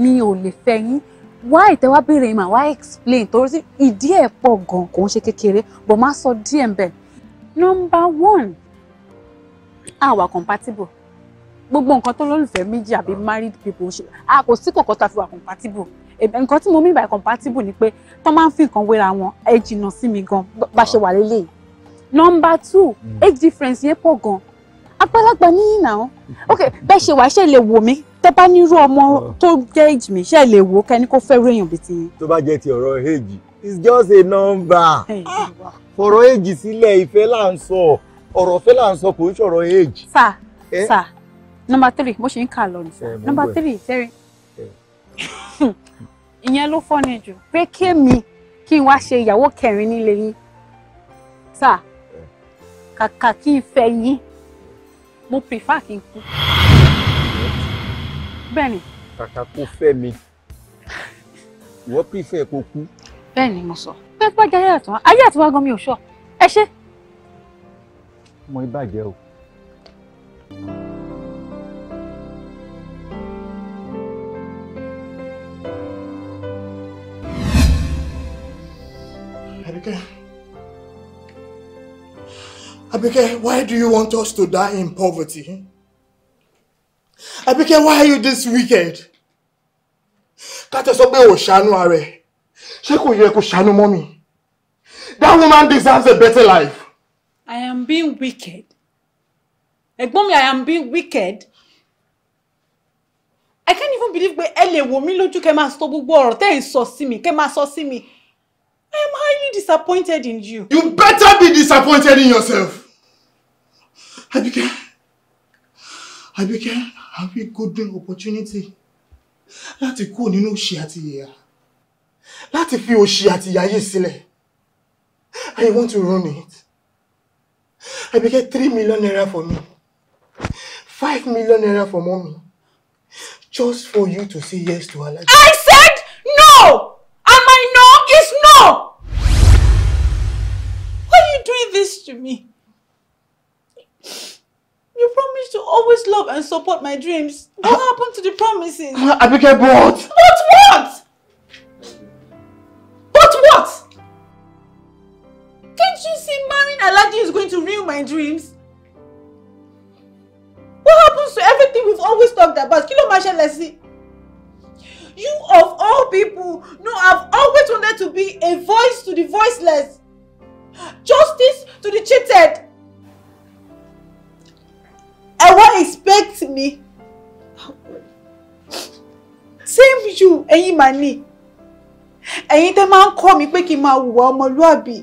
mi ò lè fẹ́ yín why tẹ wá béèrè mà wá explain torí ìdí ẹ̀ pọ̀ gan kò ń ṣe kékeré but má sọ díẹ̀ ń bẹ̀. number one àwa compatible gbogbo nǹkan tó lólùfẹ́ méjì àbí married people ṣe a kò sí kòkó tá a fi wà compatible nǹkan tí mo mean by compatible ni pé tó máa ń fi nǹkan wéra wọn ẹ jìnnà sí mi gan bá ṣe wà lélẹ̀ number two mm. age difference yẹn pọ̀ gan àgbàlagbà níyìn náà ok bẹ́ẹ̀ ṣe wà ṣe lè wò mí tẹ bá nírú ọmọ tó jẹ́ èjì mi ṣe lè wò kẹ́ni kó fẹ́ réyàn bí ti yín. tó bá jẹ́ ti ọ̀rọ̀ èjì it's just a number fọ̀rọ̀ èjì sílẹ̀ ìfẹ́ là ń sọ ọ̀rọ̀ ìfẹ́ là ń sọ kò ń ṣọ̀rọ̀ èjì. sà eh? sà nọmba three mo ṣe ń kà lọ nìyẹn eh, nọmba three tẹ́rẹ̀ eh. ìyẹn ló fọ́ni jù pé kémi kí n wá ṣe ìyàwó kẹrin nílé yín sà kàkà kí n fẹ́ yín mo prefer kí n kú bẹ́ẹ̀ni. kàkà kó fẹ́ mi ìwọ pífẹ́ kó kú. bẹ́ẹ̀ni mo sọ pé tó bá jẹ ayé àtúwá ayé àtúwá gan mi ò sọ ẹ ṣe. ọmọ ìbàjẹ́ o. Abike. Abike, why do you want us to die in poverty? Abike, why are you this wicked? Kátẹ́ sọ pé ò ṣàánú ara She Ṣé kò yẹ kó mommy. That woman deserves a better life. I am being wicked. Ẹ̀gbọ́n mi, I am being wicked. I can't even believe pé ẹ lè wò mí lójú kẹ́ máa sọ gbogbo ọ̀rọ̀ tẹ́ ẹ̀ ń mi kẹ́ máa sọ sí mi. I am highly disappointed in you. You better be disappointed in yourself. Abike. Àbíkẹ́ àbí golden opportunity láti kúrò nínú òṣì àti ìyà láti fi òṣì àti ìyà yìí sílẹ̀ I want to run it Àbíkẹ́ three million naira for me five million naira for mommy just for you to say yes to her life. I said no and my no is no why are you doing this to me. just love and support my dreams. What happened to the promises? Abike, what? But what? But what? Can't you see marrying Aladdin is going to ruin my dreams? What happens to everything we've always talked about? Kí ló máa You of all people know I've always wanted to be a voice to the voiceless. Justice to the cheated. I won't expect me. same you Any money? Any ẹ̀yin tẹ́ máa ń kọ́ mi pé kí n máa hùwà ọmọlúàbí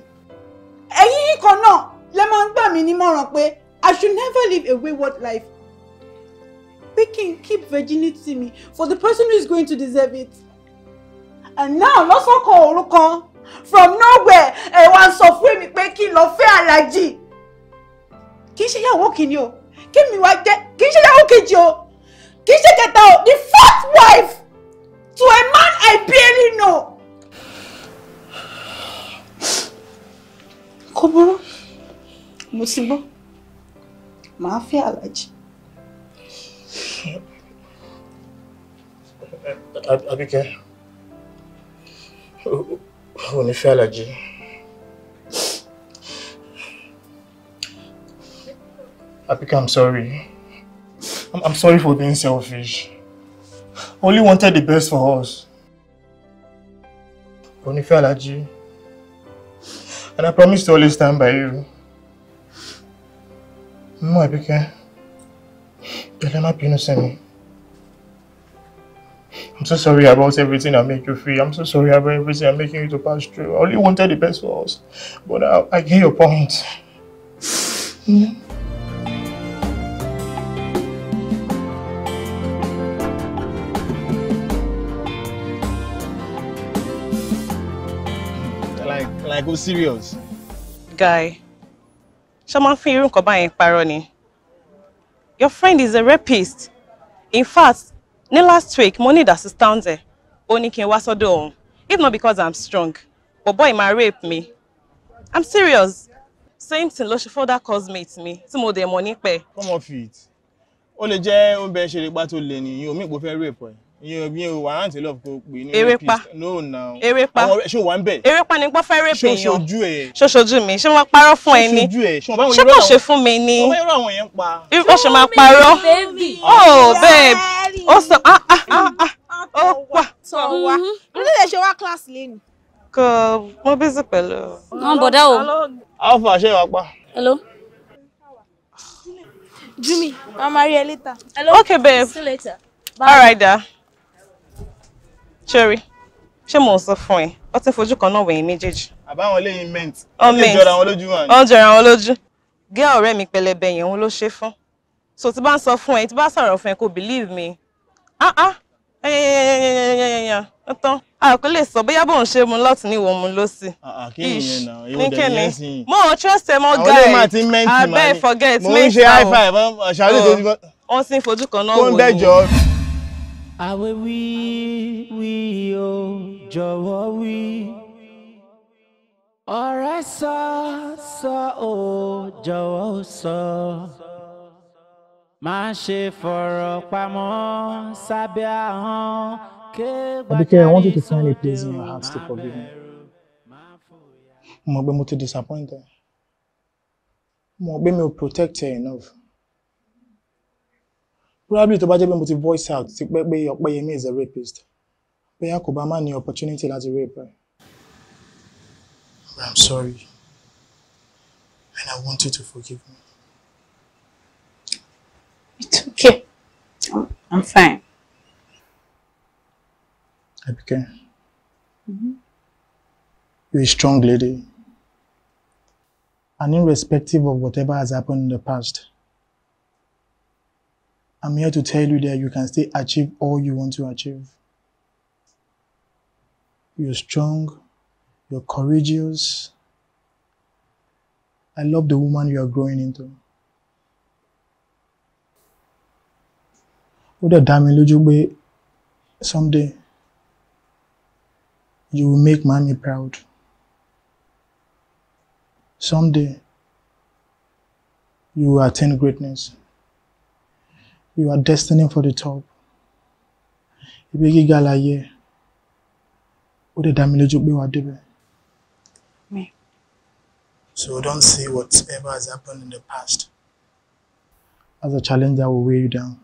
ẹ̀yin yìí kan náà I should never live a wayward life We can keep virginity mi for the person who is going to deserve it and now lọ́sọ̀kan òru kan from nowhere ẹ want sọ fún mi pé kí n lọ fẹ́ alájì kì í ṣe ìyàwó kémi wá jẹ́ kì í ṣe ìyàwó kejì o kì í ṣe kẹta o the fourth wife to a man I barely know. kò burú mo ti gbọ́ màá fẹ́ alájì. Abíkẹ́ ò ní fẹ́ alájì. I think I'm sorry. I'm, I'm sorry for being selfish. I only wanted the best for us. Bonife you, And I promise to always stand by you. No, I you I'm so sorry about everything I make you feel. I'm so sorry about everything I'm making you to pass through. I only wanted the best for us. But I, I get your point. Mm -hmm. like o serious. guy ṣé máa ń fi irú nǹkan báyẹn parọ́ your friend is a rapist in fact ne last week money need assistance ẹ ó ní kí n wá if not because i'm strong but boy my rape me i'm serious same thing ló ṣe further cosmate me tí mo dẹ̀ money nípẹ́. come off it ó lè jẹ́ oúnjẹ ṣèrèpá tó lè nìyí go ìpò fẹ́ rape ẹ̀ yẹn yẹn o wàhán tí love kò pè ní erépa no na erépa ṣé o wà ń bẹ erépa ni gbọ́ fẹ́ rèpè yàn ṣoṣojú ẹ ṣoṣojú mi ṣé wọ́n parọ́ fún ẹ ni ṣé kò ṣe fún mi ni ó ṣe máa parọ́ oh babe ó sọ ah ah ah ah, ah. ó wà tó wà nítorí ẹ ṣe wá kíláàsì lẹ́nu. kò mo bísí pẹ̀lú. wọn bọ̀dá o. alpha ṣe wàá pa. hello. Jimmy, I'm marry you later. Hello. Okay, babe. See you later. Bye. All right, da. Cherry, ṣé mò ń sọ fún ẹ ó ti fojú kan náà wẹ̀yìn méjèèjì. àbáwọn lẹ́yìn mint ó lè jọra wọn lójú wọn. ó jọra wọn lójú gẹ́ ọ̀rẹ́ mi pẹlẹbẹ yẹn òun ló ṣe fún so tí bá ń sọ fún ẹ tí bá sọ̀rọ̀ fún ẹ kò believe me ah ah ẹyẹyẹyẹyẹyẹyẹyẹyẹ ó tán a kò lè sọ bóyá bóun ṣe mu lọ́tún ní ìwọ mu lọ́sì. ní kíni mo ò trust ẹ mọ guy abẹ́ forget me. mo ń ṣe high five ṣàlùkò. wọ́n sì ń fojú kan náà wò ó. kó ń bẹ́jọ́ àwẹ̀ wí wí o jọ̀wọ́ wí ọ̀rẹ́ sọ sọ o jọ̀wọ́ sọ má ṣe fọ̀rọ̀ pamọ́ sábẹ́ ahọ́n kéègbà I want you to find a place in your heart to forgive me mo mọ̀ pé mo ti disappoint ẹ mo mọ̀ mi ò protect ẹ enough. probably tó bá jẹ́ pé mo ti voice out ti pẹ́ pé Ọpẹ́yẹmí is a rapist bóyá kò bá my ní opportunity as a her. I'm sorry and I want you to forgive me. It's okay. I'm, fine. I'm fine. mm-hmm. you're a strong lady. And irrespective of whatever has happened in the past, I'm here to tell you that you can still achieve all you want to achieve. You're strong, you're courageous. I love the woman you are growing into. ó dẹ̀ dá someday you will make mommy proud someday you will attain greatness. You are destined for the top. Ibi gíga láyé ẹ̀. Ó dẹ̀ dá mi lójú pé wàá Me. So don't see whatever has happened in the past as a challenge that will weigh you down.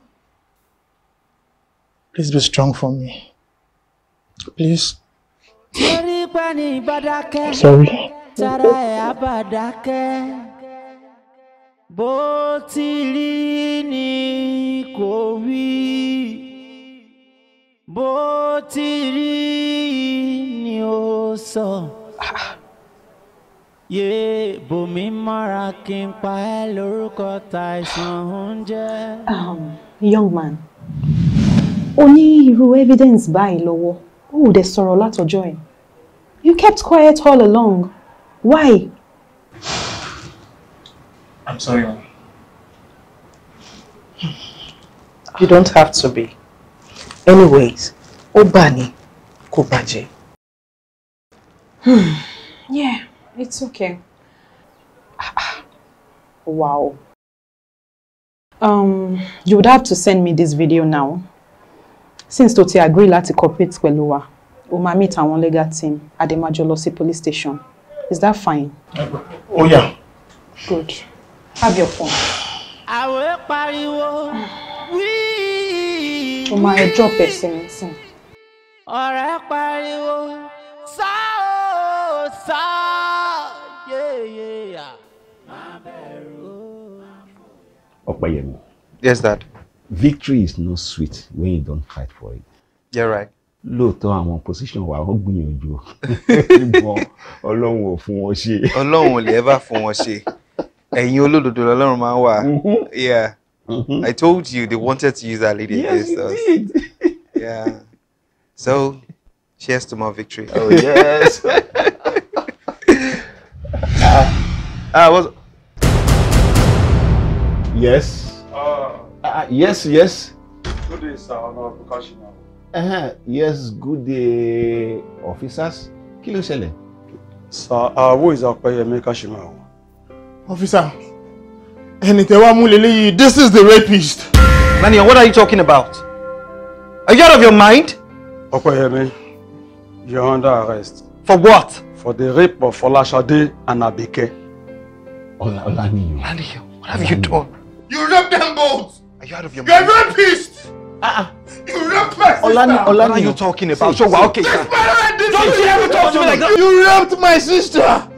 Please be strong for me. Please. Sorry. bó ti rí ni kò wí bó ti rí ni ó sọ yé bòmí mọ́ra kí n pa ẹ́ lórúkọ tàìsàn oúnjẹ. Um, young man o ní irú evidence báyìí lọ́wọ́ o ò dẹ̀ sọ̀rọ̀ látọjọ́ ẹ̀ you kept quiet all along why. I'm sorry, Mommy. You don't have to be. Anyways, Obani. bà Hmm. Yeah, it's okay. Wow. Um, you would have to send me this video now. Since tó agreed agree to cooperate with wa, o máa meet àwọn legal team at the sí police station. Is that fine? Oh yeah. Good. Fábíọ̀kọ́. Àwẹ̀ pariwo wíì. Ó máa ẹjọ́ bẹ̀sẹ̀ mi Ọ̀rẹ́ pariwo sá o sá yéyéyà. Ọ̀pẹ̀yẹmí. Yes, Dad. Victory is not sweet when you don't fight for it. You're right lóòótọ́ àwọn opposition wa wọ́n gbìyànjú ìbọn ọlọ́run ò fún wọn ṣe. ọlọ́run ò lè ẹ́ bá fún wọn ṣe ẹ̀yin olódodo lọ́lọ́run máa ń wà mm-hmm. yeah mm-hmm. i told you they wanted to use that lady yes, against us yeah so cheers to my victory. oh yes. ah ah what's. yes. Uh, uh, yes, yes. Good day, sir, Honorable Kashina. Uh-huh. Yes, good day, officers. Kí ló ṣẹlẹ̀? Sir, uh, who is Opeyemi Kashima? Officer, ẹni tẹ́ wá mú lélẹ́yìí, this is the rapist. Lanyan, what are you talking about? Are you out of your mind? Okoyemi, you're under arrest. For what? For the rape of Folashade and Abike. Ola, Olaniyo. Olaniyo, what have Olaniyo. you done? You raped them both! Are you out of your you're mind? You're a rapist! Uh-uh. You raped my sister! Olani, Olaniyo. What are you talking about? See, so, see. Okay, this man, this Don't you ever talk to me like that! You raped my sister!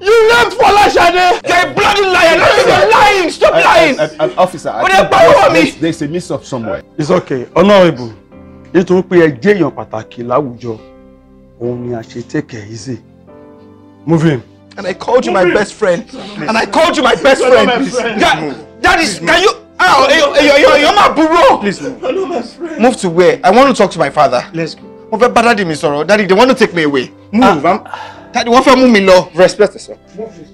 You for Folashade! You're a bloody liar! Not even lying! Stop I, lying! I, I, an officer, I think there's, there's, there's a mix-up somewhere. It's okay, Honorable. You pé ẹ jẹ́ èèyàn pàtàkì láwùjọ, òun ni a ṣe take it easy. Move him. And I called you my best friend. And I called you my best friend. My friend. That, is, can you... Oh, eyo, eyo, eyo, you're my buro. Please move. Hello, my friend. Move to where? I want to talk to my father. Let's go. Move, fẹ́ bá dádì Daddy, they want to take me away. Move. Ah. I'm... Tadi, wọ́n fẹ́ mú mi Respect yourself.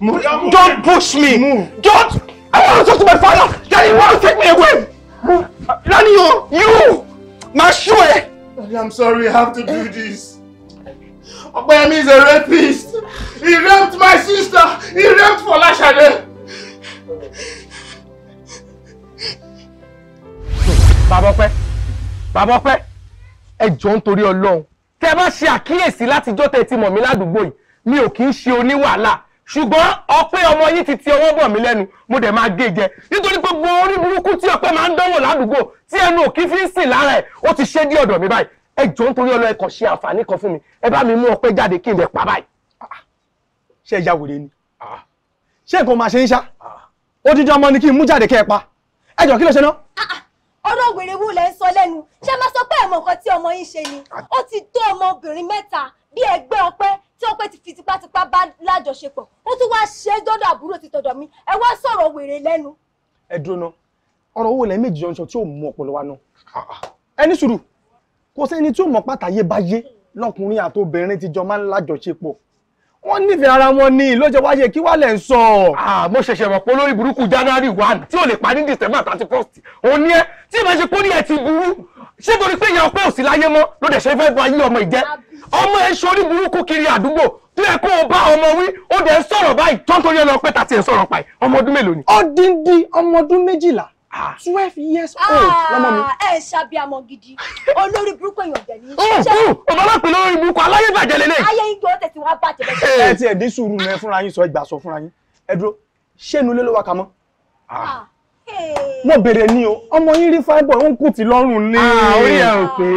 Move. Don't push me. Move. Don't. I want to talk to my father. Daddy, you want to take me away. Lani, you. You. Ma shoe. I'm sorry, I have to do this. Obayemi is a rapist. He raped my sister. He raped Folashade. Bàbá Ọpẹ́, Bàbá Ọpẹ́, ẹ jọ̀ọ́ nítorí Ọlọ́run. Tẹ́ bá ṣe àkíyèsí látijọ́ tẹ́ ti mọ̀ mí ládùúgbò yìí mi ò kì í ṣe oníwàhálà ṣùgbọ́n ọpẹ́ ọmọ yìí ti ti ọwọ́ bọ̀ mí lẹ́nu mo dẹ̀ máa gé jẹ nítorí gbogbo orí burúkú tí ọpẹ́ máa ń dánwò ládùúgbò tí ẹnu òkì fi ń sìn lára ẹ̀ ó ti ṣe dí ọ̀dọ̀ mi báyìí ẹ jọ̀ọ́ nítorí ọlọ́ ẹ kàn ṣe àǹfààní kan fún mi ẹ bá mi mú ọpẹ́ jáde kí n lè pa báyìí. ṣé ẹ ya wèrè ni ṣé nǹkan máa ṣe ń ṣá odidi ọmọ ni kí n mú jáde kẹ́ ẹ pa ẹ jọ̀ọ́ kí ló ṣe ná ọ̀rọ̀ wèrè wo ń sọ lẹ́nu ṣé máa sọ pé ẹ̀mọ̀ tí ọmọ yín ṣe ni ó ti tó ọmọbìnrin mẹ́ta bí ẹgbẹ́ ọpẹ́ tí ó pé ti fi tipátipá bá lájọṣepọ̀ ó tún wá ṣe é dọ́dọ̀ àbúrò ti tọ̀dọ̀ mi ẹ wá sọ̀rọ̀ wèrè lẹ́nu. ẹ dúró ná ọ̀rọ̀ owó ilẹ̀ méjì jọ̀ǹṣọ̀ tí ò mú ọpọlọ wa ná ẹni sùúrù kò sẹ́ni tí ò mọ̀ pàtàyé báyé lọ́kùnrin àtobìnrin ti jọ máa ń lájọṣepọ̀ wọ́n nífẹ̀ẹ́ ara wọn ni lọ́jọ́ wáyé kí wàá lẹ̀ ń sọ. mo ṣẹ̀ṣẹ̀ mọ̀ pé olórí burúkú january one tí ò lè parí december thirty first òní ẹ tí ìbá ní ẹ ti burú ṣé torí pé ìyá ọpẹ́ òsì láyé mọ́ ló dẹ̀ ṣe fẹ́ bu ayé ọmọ ìjẹ́ ọmọ ẹ ṣorí burúkú kiri àdúgbò tó yẹ kó o bá ọmọ wí ó dẹ̀ ń sọ̀rọ̀ báyìí tó ń torí ẹ lọ pé tàti ẹ̀ sọ̀rọ̀ pa ẹ̀ ọmọ ọdún mélòó ni. odindi ọmọ ọdún méjìlá twelve years old lọmọ mi. Ah, ẹ ṣàbí àmọ gidi olórí burúkú èèyàn jẹ ní. ọmọ alápè lórí burúkú aláyé bàjẹ́ lélẹ̀. ayé yín yóò tẹ̀sí wá bàjẹ́ lẹ́sẹ̀. ẹ ti ẹ̀ dín sùúrù mẹ́ fúnra yín sọ ìgbà sọ fúnra yín ẹ dúró ṣé inú ilé ló wà kà mọ́. Ah mo bèrè ni o ọmọ yín rí fáìbọ̀ ń kù tí lọ́rùn ní. Ah, orí ẹ̀ ò pé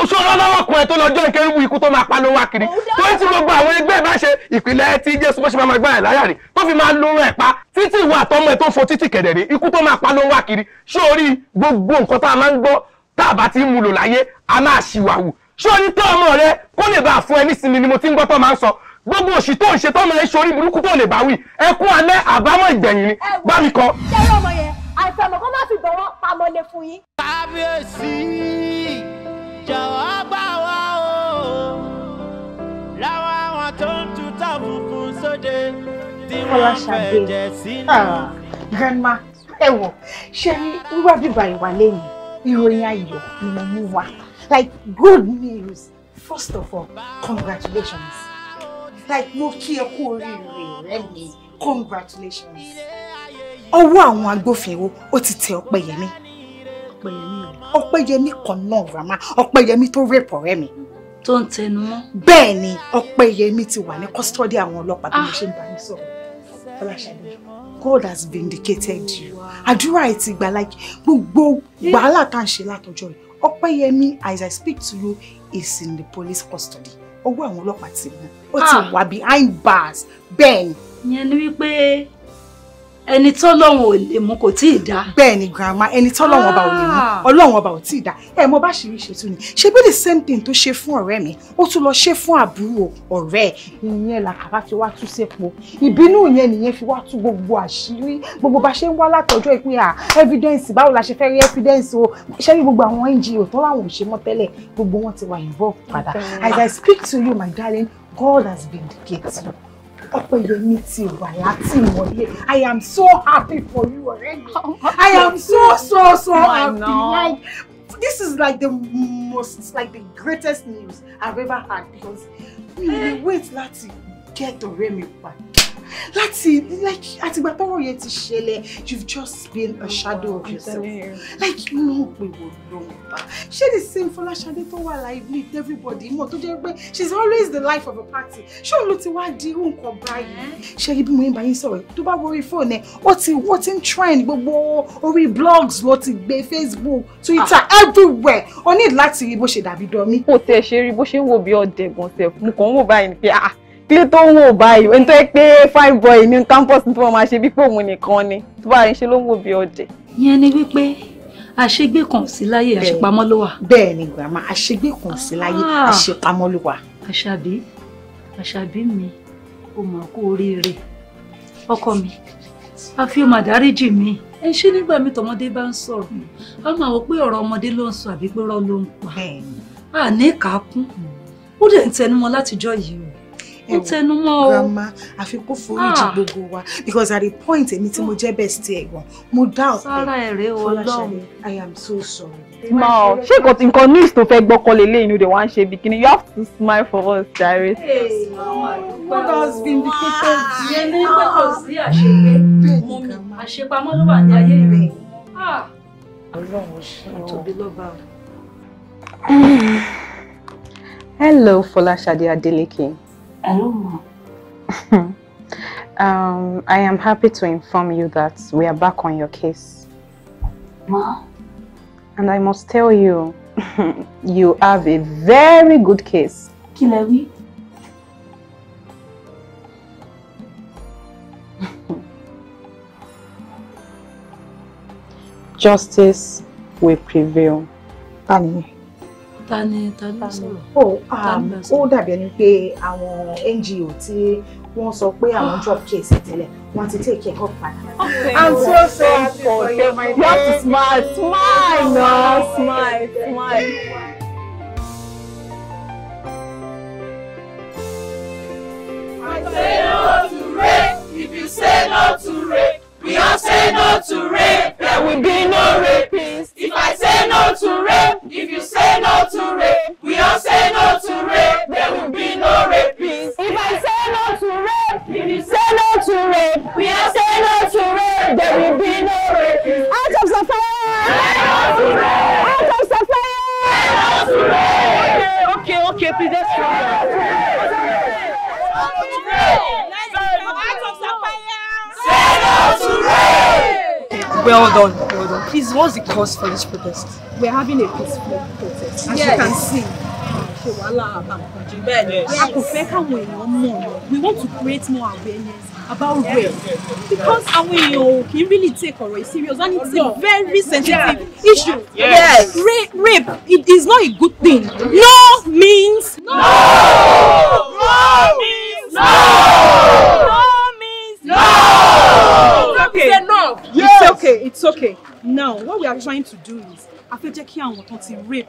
oṣù ah. ọlọ́lọ́wọ́kùn ẹ̀ tó lọ́jọ́ ìkẹ́rùbù ikú tó máa pa ló wá kiri tó ń ti gbogbo àwọn ẹgbẹ́ ẹ̀ bá tí jésù bọ́ṣẹ́ máa gbá láyà rè tó fi máa lóorun ẹ̀ pa títí ìwà àtọmọ ẹ̀ tó ń fo títì kẹ̀dẹ̀ rè ikú tó máa pa ló wá kiri sórí gbogbo nǹkan tá a máa ń gbọ́ tá a bá ti ń mu lò láyé a máa ṣìwàwù sórí tó ọmọ rẹ kó lè bá fún ẹ nísìnyí ni mo ti ń gbọ́ tó máa ń sọ gbogbo òṣì tó ń ṣe tọ́mọ ẹ sórí burúkú tó lè bá wì ẹkún alẹ́ àbámọ̀ ìgbẹ̀yìn ni bá mi kọ. ṣé ọmọ yẹn àìsànmọ̀ kó má fi bọ̀ wọ́n pamọ́ lé fún yín. kábíyèsí jọ̀wọ́ gbà wá o láwọn àwọn tó ń tutà funfun sóde tí wọ́n fẹ̀jẹ̀ sínú. Ah, grandma ẹ wò ṣe wíwá bíbá ìwà lẹ́yìn ìròyìn ayọ̀ ni mo mú wá like good news first of all congratulations like mo kí ẹ kú oríire rẹ mi congratulations ọwọ́ àwọn agbófinró ó ti tẹ ọpẹ́yẹmí ọpẹ́yẹmí kan náà rama ọpẹ́yẹmí tó rèpọ̀ rẹ́ mi. tó ń tẹnu mọ́. bẹ́ẹ̀ ni ọpẹ́yẹmí ti wà ní kọ́sítọ́dì àwọn ọlọ́pàá bí mo ah! ṣe ń bá yín sọ̀rọ̀ ọlọ́ṣadé God has vindicated you àdúrà ẹ ti gbà like gbogbo wàhálà tá à ń ṣe látọjọ́ yìí ọpẹ́yẹmí as I speak to you is in the police custody ọwọ́ àwọn ọlọ́pàá ti mú ó ti ah! wà behind bars bẹ́ẹ̀ ni. ìyẹn ni wípé ẹni tọ́lọ́run ò lè mú kò tí ì dá. bẹ́ẹ̀ ni grandma ẹni tọ́lọ́run ọba ò lè mú ah. ọlọ́run ọba ò tí ì dá ẹ mo bá ṣèrí ṣètò ni ṣé bí the same thing tó ṣe fún ọ̀rẹ́ mi ó tún lọ ṣe fún àbúrò ọ̀rẹ́ ìyẹn làkàrà fi wá tú sépo ìbínú yẹn nìyẹn fi wá tú gbogbo àṣírí gbogbo bá ṣe ń wá látọjọ́ ìpín à evidence báwo la ṣe fẹ́ rí evidence o ṣé rí gbogbo àwọn NGO tó láwọn ò ṣe mọ́ tẹ́lẹ̀ gbogbo wọn ti wà involved padà as I speak to you my darling God has vindicated you. Ọpẹ́yẹmí ti wà látìmọ́lé. I am so happy for you already. Oh, oh, I oh. am so so so happy. this is like the most, like the greatest news I've ever had because we eh. wait Lati, get ọ̀rẹ́ mi padà. Lati, like àtìgbà tọ́rọ̀ yẹn ti ṣẹlẹ̀ you've just been a shadow of yourself like you know we ló know bá ṣé the same Fọláṣadé tó wà láì bleed everybody mọ̀ tó she's always the life of a party She òun ló ti wá di nǹkan báyìí ṣé ibi mo ń bá yín sọ̀rọ̀ tó bá wọrí fóònù ẹ̀ ó ti wọ́n ti ń trend We orí blogs ló ti be Facebook Twitter ah. everywhere o lati láti rí bó ṣe dàbí dọ́mí. mo tẹ ṣe rí bó ṣe ń wo bí ọdẹ gan-an kílé tó ń wò báyìí ẹni tó yẹ pé fine boy ní campus ní tí wọ́n máa ṣe bí pé òun nìkan ni tó bá ń ṣe ló ń wò bí ọdẹ. ìyẹn ni wípé àṣegbé kan sí láyé àṣepamọ́ ló wà. bẹ́ẹ̀ ni grandma àṣegbé kan sí láyé ah! àṣepamọ́ ló wà. àṣàbí àṣàbí mi ò mọ̀ kó oríire ọkọ mi àfi ó máa dáríjì mi ẹ ṣe nígbà mi tọmọdé bá ń sọ̀rọ̀ a máa wọ pé ọ̀rọ̀ ọmọdé ló ń sọ àbí pé ọ̀rọ̀ ló ń pa àní kàákún ó dẹ̀ ń tẹnumọ́ látijọ́ yìí o ó tẹnu mọ́ o. grandma àfikún foríjì ah. gbogbo wa because at the point èmi tí mo jẹ́ best ẹ̀ gan mo dá ọ̀pẹ sára ẹ̀rẹ́ ọlọ́run i am so sorry. Mao, ṣé kò tí nǹkan news tó fẹ́ gbọ́kọ́ lé lẹ́yìn òde wàá ń ṣe bikini you have to smile for us jare. what has been dictated. Ah, ìyẹn ní pé kò sí àṣegbé mú mi àṣepamọ́ ló wà ní ayé rẹ̀. Ah. ọlọ́run ṣe ọ́ tóbi lọ́ba. Hello, Folashade Adeleke. Aloma. um, I am happy to inform you that we are back on your case. Ma? And I must tell you, you have a very good case. Kilewi? Justice will prevail. Amen. ta ni ta ni oh, um, sọ̀rọ̀. ó dàbí ẹni pé àwọn NGO tí wọ́n sọ pé àwọn ah. drop case tẹ́lẹ̀ wọ́n ti take care of padà. I'm so so for you. have to smile smile na smile smile. I say no to rape if you say no to rape we all say no to rape there will be no rapists. If you say no to rape, we all say no to rape. There will be no rapists. If I say no to rape, if you say no to rape, we all say no to rape. There will be no rapists. Out of the fire! Say no to rape! Out of the fire! Say no to rape! Okay, okay, okay, please let's try that. Well done. Please, what's the cause for this protest? We're having a peaceful protest, as yes. you can see. ṣe wàhálà àbàkùnjẹ. bẹ́ẹ̀ni a kò fẹ́ káwọn èèyàn we want to create more awareness about rape because àwọn èèyàn ò kì í really take our yìí serious and it's a very sensitive yes. issue. yes, yes. rape rape it is not a good thing no means no no means no no means no. no. no. no. no. no. no. no. no. it's okay it's okay. now what we are trying to do is a fẹ́ jẹ́ kí àwọn kan ti rape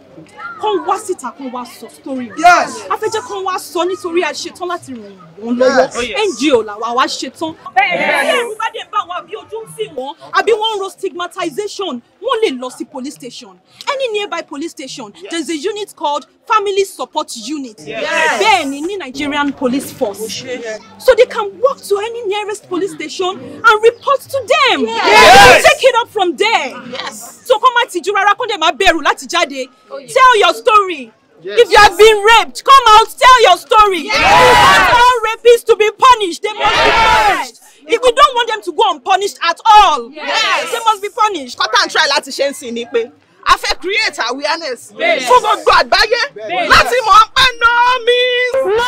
kán wá síta kán wá sọ story wọn a fẹ́ jẹ́ kán wá sọ nítorí a ṣetán láti ràn wọ́n lọ́wọ́ NGO làwa wá ṣetán. bẹ́ẹ̀ ni ẹ̀rù bá dé bá wa bí ojú ń sìn wọ́n àbí ro stigmatization wọ́n lè lọ sí police station any nearby police station yes. there is a unit called family support unit bẹ́ẹ̀ ni ní Nigerian police force yes. so they can walk to any nearest police station and report to them yes. Yes. take it up from there yes. so kọ́ máa tìjú rárá kó dẹ̀ máa bẹ̀rù láti jáde oh, tell your story. Yes. If you have been raped, come out, tell your story. Yes. You want all rapists to be punished. They must yes. be punished if we don't want them to go unpunished at all yes. Yes. they must be punished Cut and try láti ṣe ń sìn ni pé a fẹ́ create awareness fún gbogbo àgbáyé láti mọ̀ ọ́n pé no means no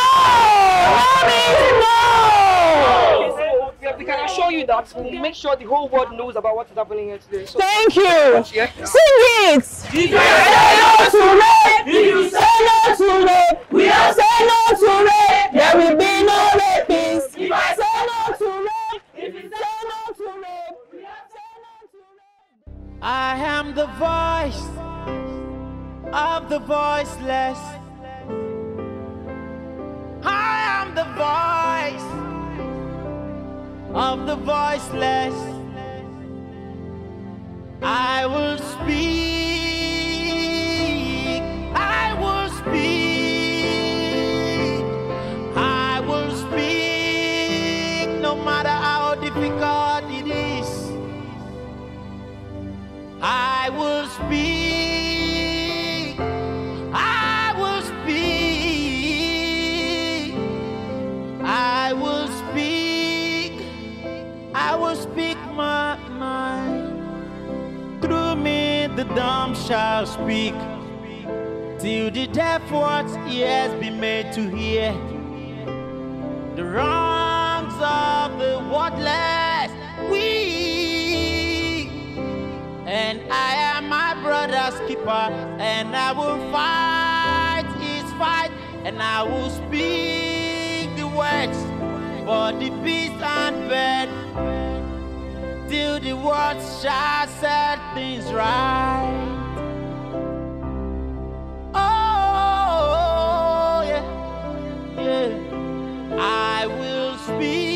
no means no. We can assure you that we'll make sure the whole world knows about what is happening here today. So Thank you. Sing it. If you say no to rape, if you say no to rape, we all say no to rape, there will be no I am the voice of the voiceless. I am the voice of the voiceless. I will speak. I will speak. I will speak. I will speak. I will speak my mind. Through me the dumb shall speak. Till the deaf he ears be made to hear. The wrongs of the worthless. and I am my brother's keeper, and I will fight his fight, and I will speak the words for the peace and bird, till the world shall set things right. Oh, yeah, yeah. I will speak.